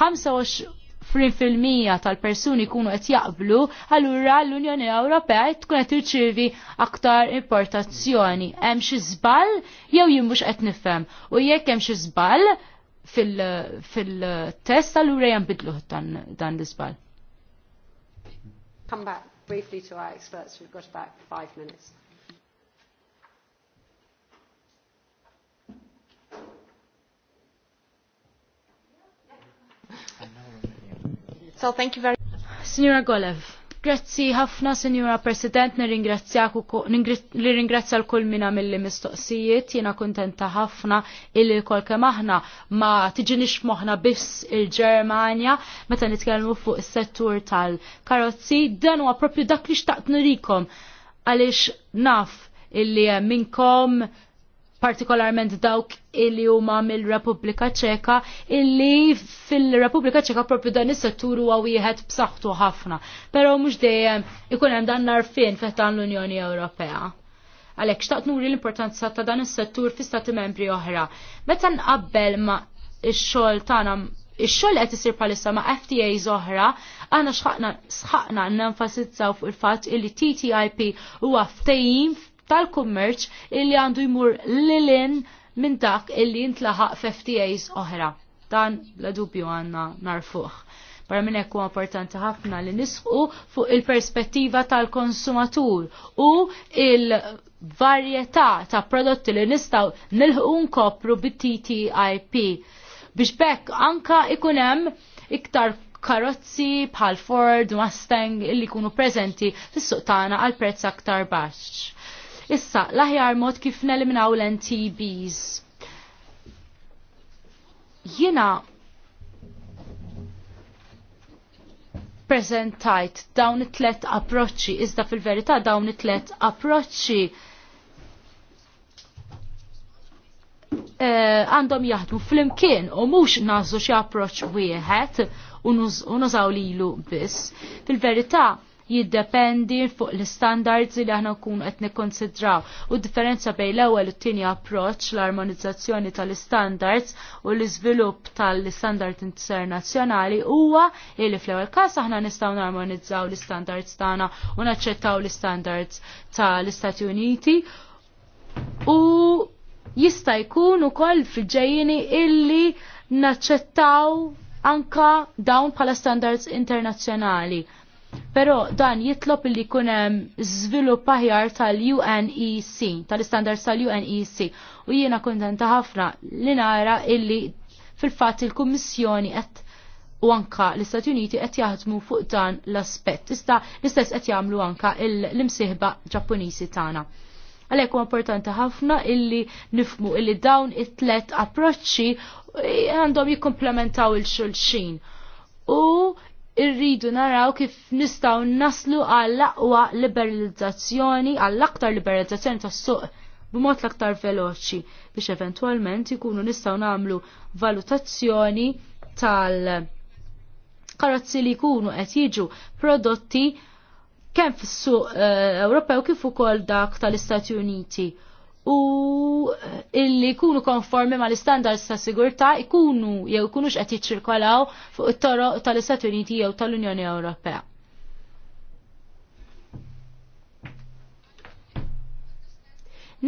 25 fil-mija tal-persuni kunu qed jaqblu, allura l-Unjoni Ewropea tkun qed tirċievi aktar importazzjoni. Hemm xi żball jew jien mhux qed nifhem. U jekk hemm xi żball fil-test fil allura jambidluh dan, dan l-iżball. Come back briefly to our experts. We've got about five minutes. So thank you very much. Signora Golev, grazzi ħafna Signora President, nirringrazzja l-kull minna mill-li mistoqsijiet, jena kontenta ħafna illi kol kem aħna ma tiġinix moħna biss il-Germania, meta nitkellmu fuq is-settur tal-karozzi, dan huwa propju dak li xtaqt nirikom għalix naf illi minkom partikolarment dawk illi huma mill-Repubblika Ċeka illi fil-Repubblika Ċeka propju dan is-settur huwa wieħed b'saħħtu ħafna. Però mhux dejjem ikun hemm dan narfien fih l-Unjoni Ewropea. Għalhekk xtaqt nuri l-importanza ta' dan is-settur fi stati membri oħra. Meta nqabbel ma' ix-xogħol tagħna ix-xogħol qed isir bħalissa ma' FTA oħra, aħna sħaqna sħaqna nenfasizzaw fuq il-fatt illi TTIP huwa ftehim tal-kummerċ illi għandu jmur lilin minn dak illi jintlaħaq FTAs oħra. Dan la dubju għanna narfuħ. Barra minn ekku importanti ħafna li nisqu fuq il-perspettiva tal-konsumatur u il-varjetà ta' prodotti li nistaw nilħu nkopru bit-TTIP. Biex bekk anka ikunem iktar karozzi bħal Ford, Mustang illi kunu prezenti fis-suqtana għal prezz aktar baxx. Issa, l-aħjar mod kif neliminaw l-NTBs. Jina prezentajt dawn it-tlet approċċi, iżda fil-verità dawn it-tlet approċċi eh, għandhom uh, jaħdmu fl-imkien u mhux nażu xi approċċ wieħed u nużaw lilu biss. Fil-verità jiddependi fuq l-standards li aħna kun qed nikkonsidraw. U differenza bejn l-ewwel u t-tieni approċċ l-armonizzazzjoni tal-standards u l-iżvilupp tal-standard internazzjonali huwa li fl-ewwel każ aħna nistgħu narmonizzaw l-standards tagħna u naċċettaw l-standards tal-Istati Uniti u jista' jkun ukoll fil-ġejjini illi naċċettaw anka dawn pala standards internazzjonali. Pero dan jitlob li kunem zvilupp aħjar tal-UNEC, tal-standards tal-UNEC. U jiena kontenta ħafna li nara illi fil-fat il-Kummissjoni qed u anka l-Istati Uniti qed jaħdmu fuq dan l-aspett. Ista l-istess qed jagħmlu anka l-imsieħba Ġappuniżi tagħna. Għalhekk huwa importanti ħafna illi nifmu illi dawn it-tlet approċċi għandhom jikkomplementaw il-xulxin. U irridu naraw kif nistaw naslu għall-aqwa liberalizzazzjoni, għall-aktar liberalizzazzjoni tas-suq b'mod l-aktar veloċi biex eventualment ikunu nistaw namlu valutazzjoni tal- karozzi li jkunu qed jiġu prodotti kemm fis-suq eh, Ewropew kif ukoll dak tal-Istati Uniti u illi jkunu konformi ma l-standards ta' sigurtà jkunu jew jkunux qed jiċċirkolaw fuq it-toroq tal-Istati Uniti jew tal-Unjoni Ewropea.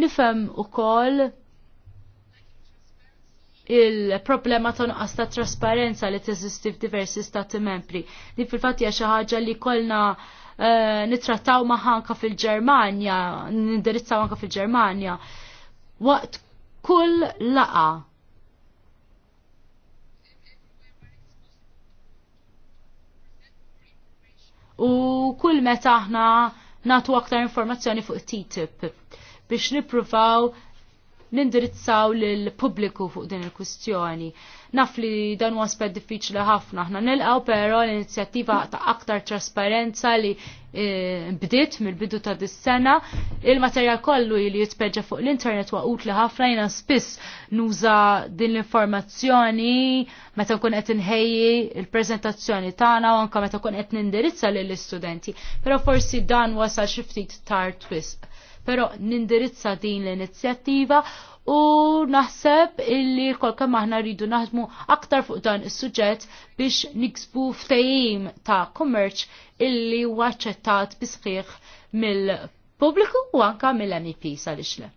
Nifhem ukoll il-problema ta' nuqqas ta' trasparenza li teżisti f'diversi stati membri. Din fil-fatt hija xi ħaġa li kollna Eh, nitrattaw maħanka fil-Ġermanja, nindirizzaw anka fil-Ġermanja. Waqt kull laqa u kull meta aħna natu aktar informazzjoni fuq TTIP biex nipruvaw nindirizzaw lil pubbliku fuq din il-kwistjoni. Naf li dan huwa aspett diffiċli ħafna aħna nilqgħu però l-inizjattiva ta' aktar trasparenza li e, bdiet mill-bidu ta' dis-sena. Il-materjal kollu li jitpeġġa fuq l-internet huwa utli ħafna jina spiss nuża din l-informazzjoni meta nkun qed inħejji il-preżentazzjoni tagħna u anke meta nkun qed nindirizza lill-istudenti. Però forsi dan wasal xi ftit tard wisq pero nindirizza din l-inizjattiva u naħseb illi kolka maħna rridu naħdmu aktar fuq dan is-suġġett biex niksbu ftehim ta' kummerċ illi waċċettat bisħiħ mill-pubbliku u anka mill-MEP sal-ixle.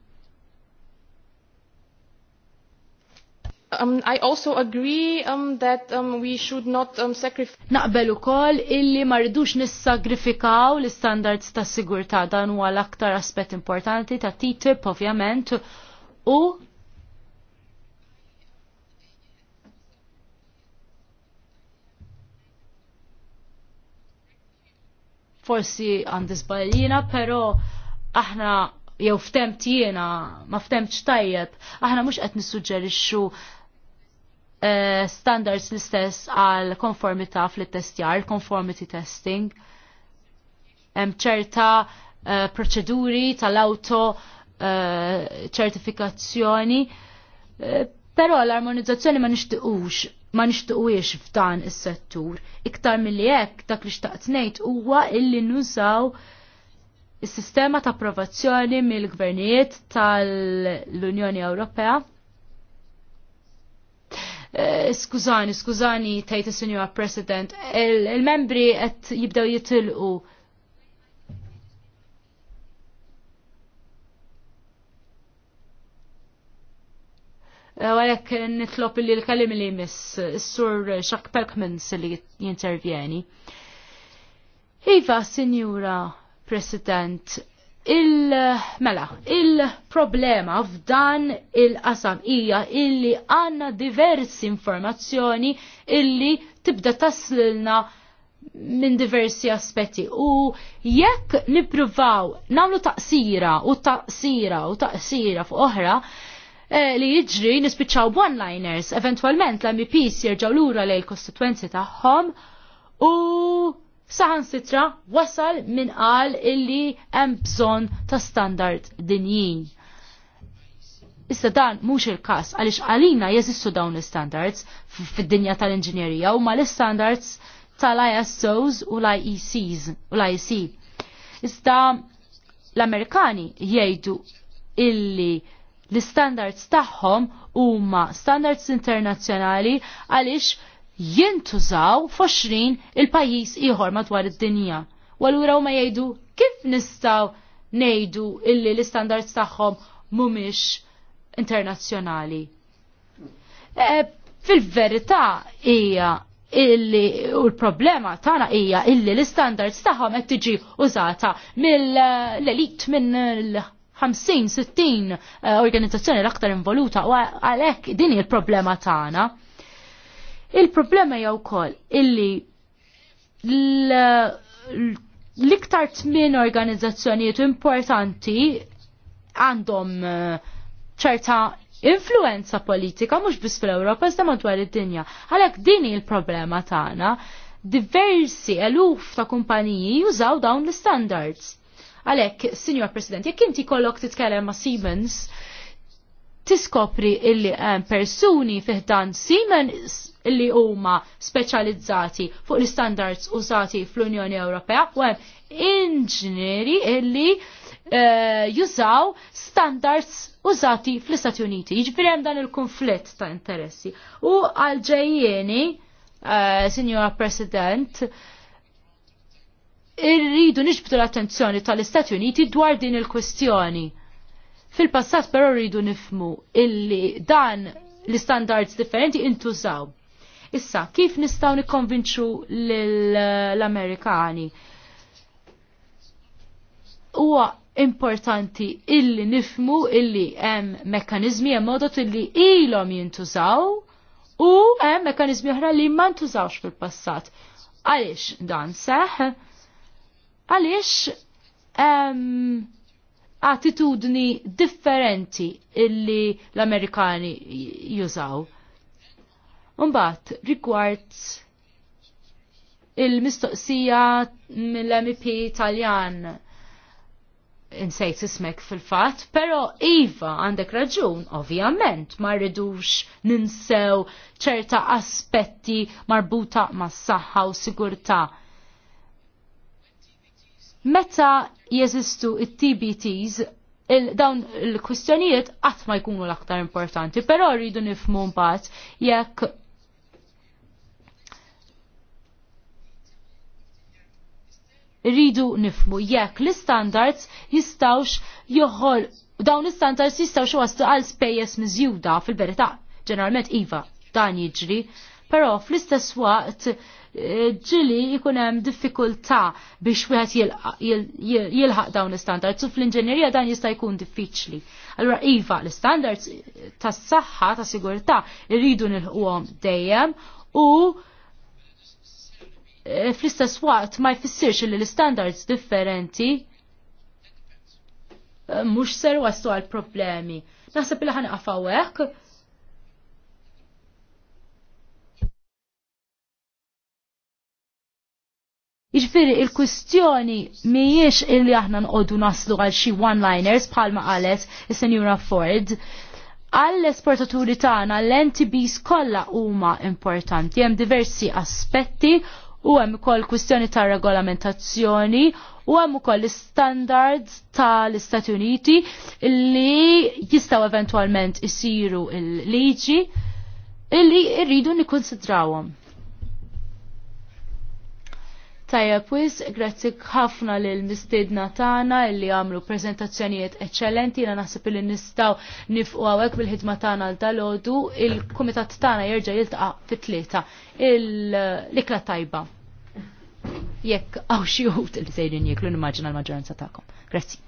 Um, I also agree um, that um, we should not um, sacrifice. Naqbel ukoll illi ma rridux nissagrifikaw l-standards ta' sigurtà dan huwa l-aktar aspett importanti ta' TTIP ovvjament u forsi għandis bajlina, pero aħna jew ftemt jiena, ma ftemtx tajjeb, aħna mhux qed nissuġġerixxu Eh, standards l-istess għal konformità fl-testjar, conformity testing, hemm ċerta uh, proċeduri tal-auto eh, ċertifikazzjoni, uh, però l-armonizzazzjoni ma nixtiqux ma nixtiqwiex f'dan is-settur. Iktar milli hekk dak li xtaqt ngħid huwa illi nużaw is-sistema ta' approvazzjoni mill-gvernijiet tal-Unjoni Ewropea Eh, skużani, skużani, tajta senjora President, il-membri qed jibdew jitilqu. Eh, Għalek nitlop li l-kalim li mis s-sur Jacques Pelkmans li jintervjeni. Iva, senjora President, il-mela, il-problema f'dan il-qasam hija illi għanna diversi informazzjoni illi tibda taslilna minn diversi aspetti u jekk nippruvaw namlu taqsira u taqsira u taqsira fuq oħra eh, li jiġri nispiċċaw one-liners, eventualment l-MPs jirġaw lura lejl kostitwenzi kostituenzi tagħhom u saħan sitra wasal min qal illi hemm bżonn ta' standard dinjin. Issa dan mhux il-każ għaliex għalina jeżistu dawn l-standards fid-dinja tal-inġinjerija u l-standards tal-ISOs u l-IECs u l-IEC. Iżda l-Amerikani jgħidu illi l-standards tagħhom huma standards internazzjonali għaliex jintużaw f'oxrin il-pajjiż ieħor madwar id-dinja. U allura huma jgħidu kif nistgħu ngħidu illi l-istandards tagħhom mhumiex internazzjonali. E, Fil-verità hija illi u l-problema tana hija illi l-standards tagħhom qed tiġi użata mill-elit minn l-50-60 eh, organizzazzjoni l-aktar involuta u għalhekk din hi l-problema tagħna. Il-problema jew ukoll illi l-iktar tmien organizzazzjonijiet importanti għandhom eh, ċerta influenza politika mhux biss fl-Ewropa iżda madwar id-dinja. Għalhekk din hi l-problema tagħna diversi eluf ta' kumpaniji jużaw dawn l-standards. Għalek, Signor President, jekk inti kollok titkellem ma' Siemens, tiskopri illi hemm persuni fiħdan Siemens illi huma speċjalizzati fuq l-standards użati fl-Unjoni Ewropea u hemm inġinieri illi eh, jużaw standards użati fl-Istati Uniti. Jiġifieri hemm dan il-konflitt ta' interessi. U għal ġejjieni, eh, sinjora President, irridu niġbdu l-attenzjoni tal-Istati Uniti dwar din il-kwestjoni. Fil-passat però rridu nifmu illi dan l-standards differenti intużaw. Issa, kif nistaw nikkonvinċu l-Amerikani? Huwa importanti illi nifmu illi hemm mekkanizmi hemm modot illi ilhom jintużaw u hemm mekkanizmi oħra li ma ntużawx fil-passat. Għaliex dan seħ? Għaliex attitudni differenti illi l-Amerikani jużaw. Umbat, rigward il-mistoqsija mill-MP Taljan insejt ismek fil-fat, pero Iva għandek raġun, ovvjament, ma rridux ninsew ċerta aspetti marbuta ma' s-saħħa u sigurta. Meta jeżistu it-TBTs, il dawn il-kwistjonijiet qatt ma jkunu l-aktar importanti, però rridu nifmu mbagħad jekk Rridu nifmu jekk l-standards jistawx joħol dawn l-standards jistawx waslu għal spejjeż miżjuda fil-verità. Ġeneralment iva dan jiġri, però fl-istess waqt eh, ġili jkun hemm diffikultà biex wieħed jilħaq dawn l-standards u fl-inġenjerija dan jista' jkun diffiċli. Allura iva l-standards tas-saħħa, tas-sigurtà rridu nilħuhom dejjem u Eh, fl-istess waqt ma jfissirx li l-standards differenti eh, mhux ser waslu għal problemi. Naħseb li ħan hekk. Iġfiri, il-kustjoni miex illi aħna nqoddu naslu għal xi one-liners bħalma qalet is-Senjura Ford. Għall-esportaturi tagħna l-NTBs kollha huma importanti, hemm diversi aspetti u hemm ukoll kwistjoni ta' regolamentazzjoni u hemm ukoll standards tal-Istati Uniti li jistgħu eventwalment isiru l liġi illi rridu nikkonsidrawhom. Tajja wis, grazzi ħafna lil mistidna tagħna illi għamlu prezentazzjonijiet eċċellenti jiena naħseb li nistgħu nifqu hawnhekk bil-ħidma tagħna l dalodu il-kumitat tagħna jerġa' jiltaqa' fit-tlieta l ikla tajba jekk għaw xi wħud li sejrin jekk l-immaġina l-maġġoranza tagħkom. Grazzi.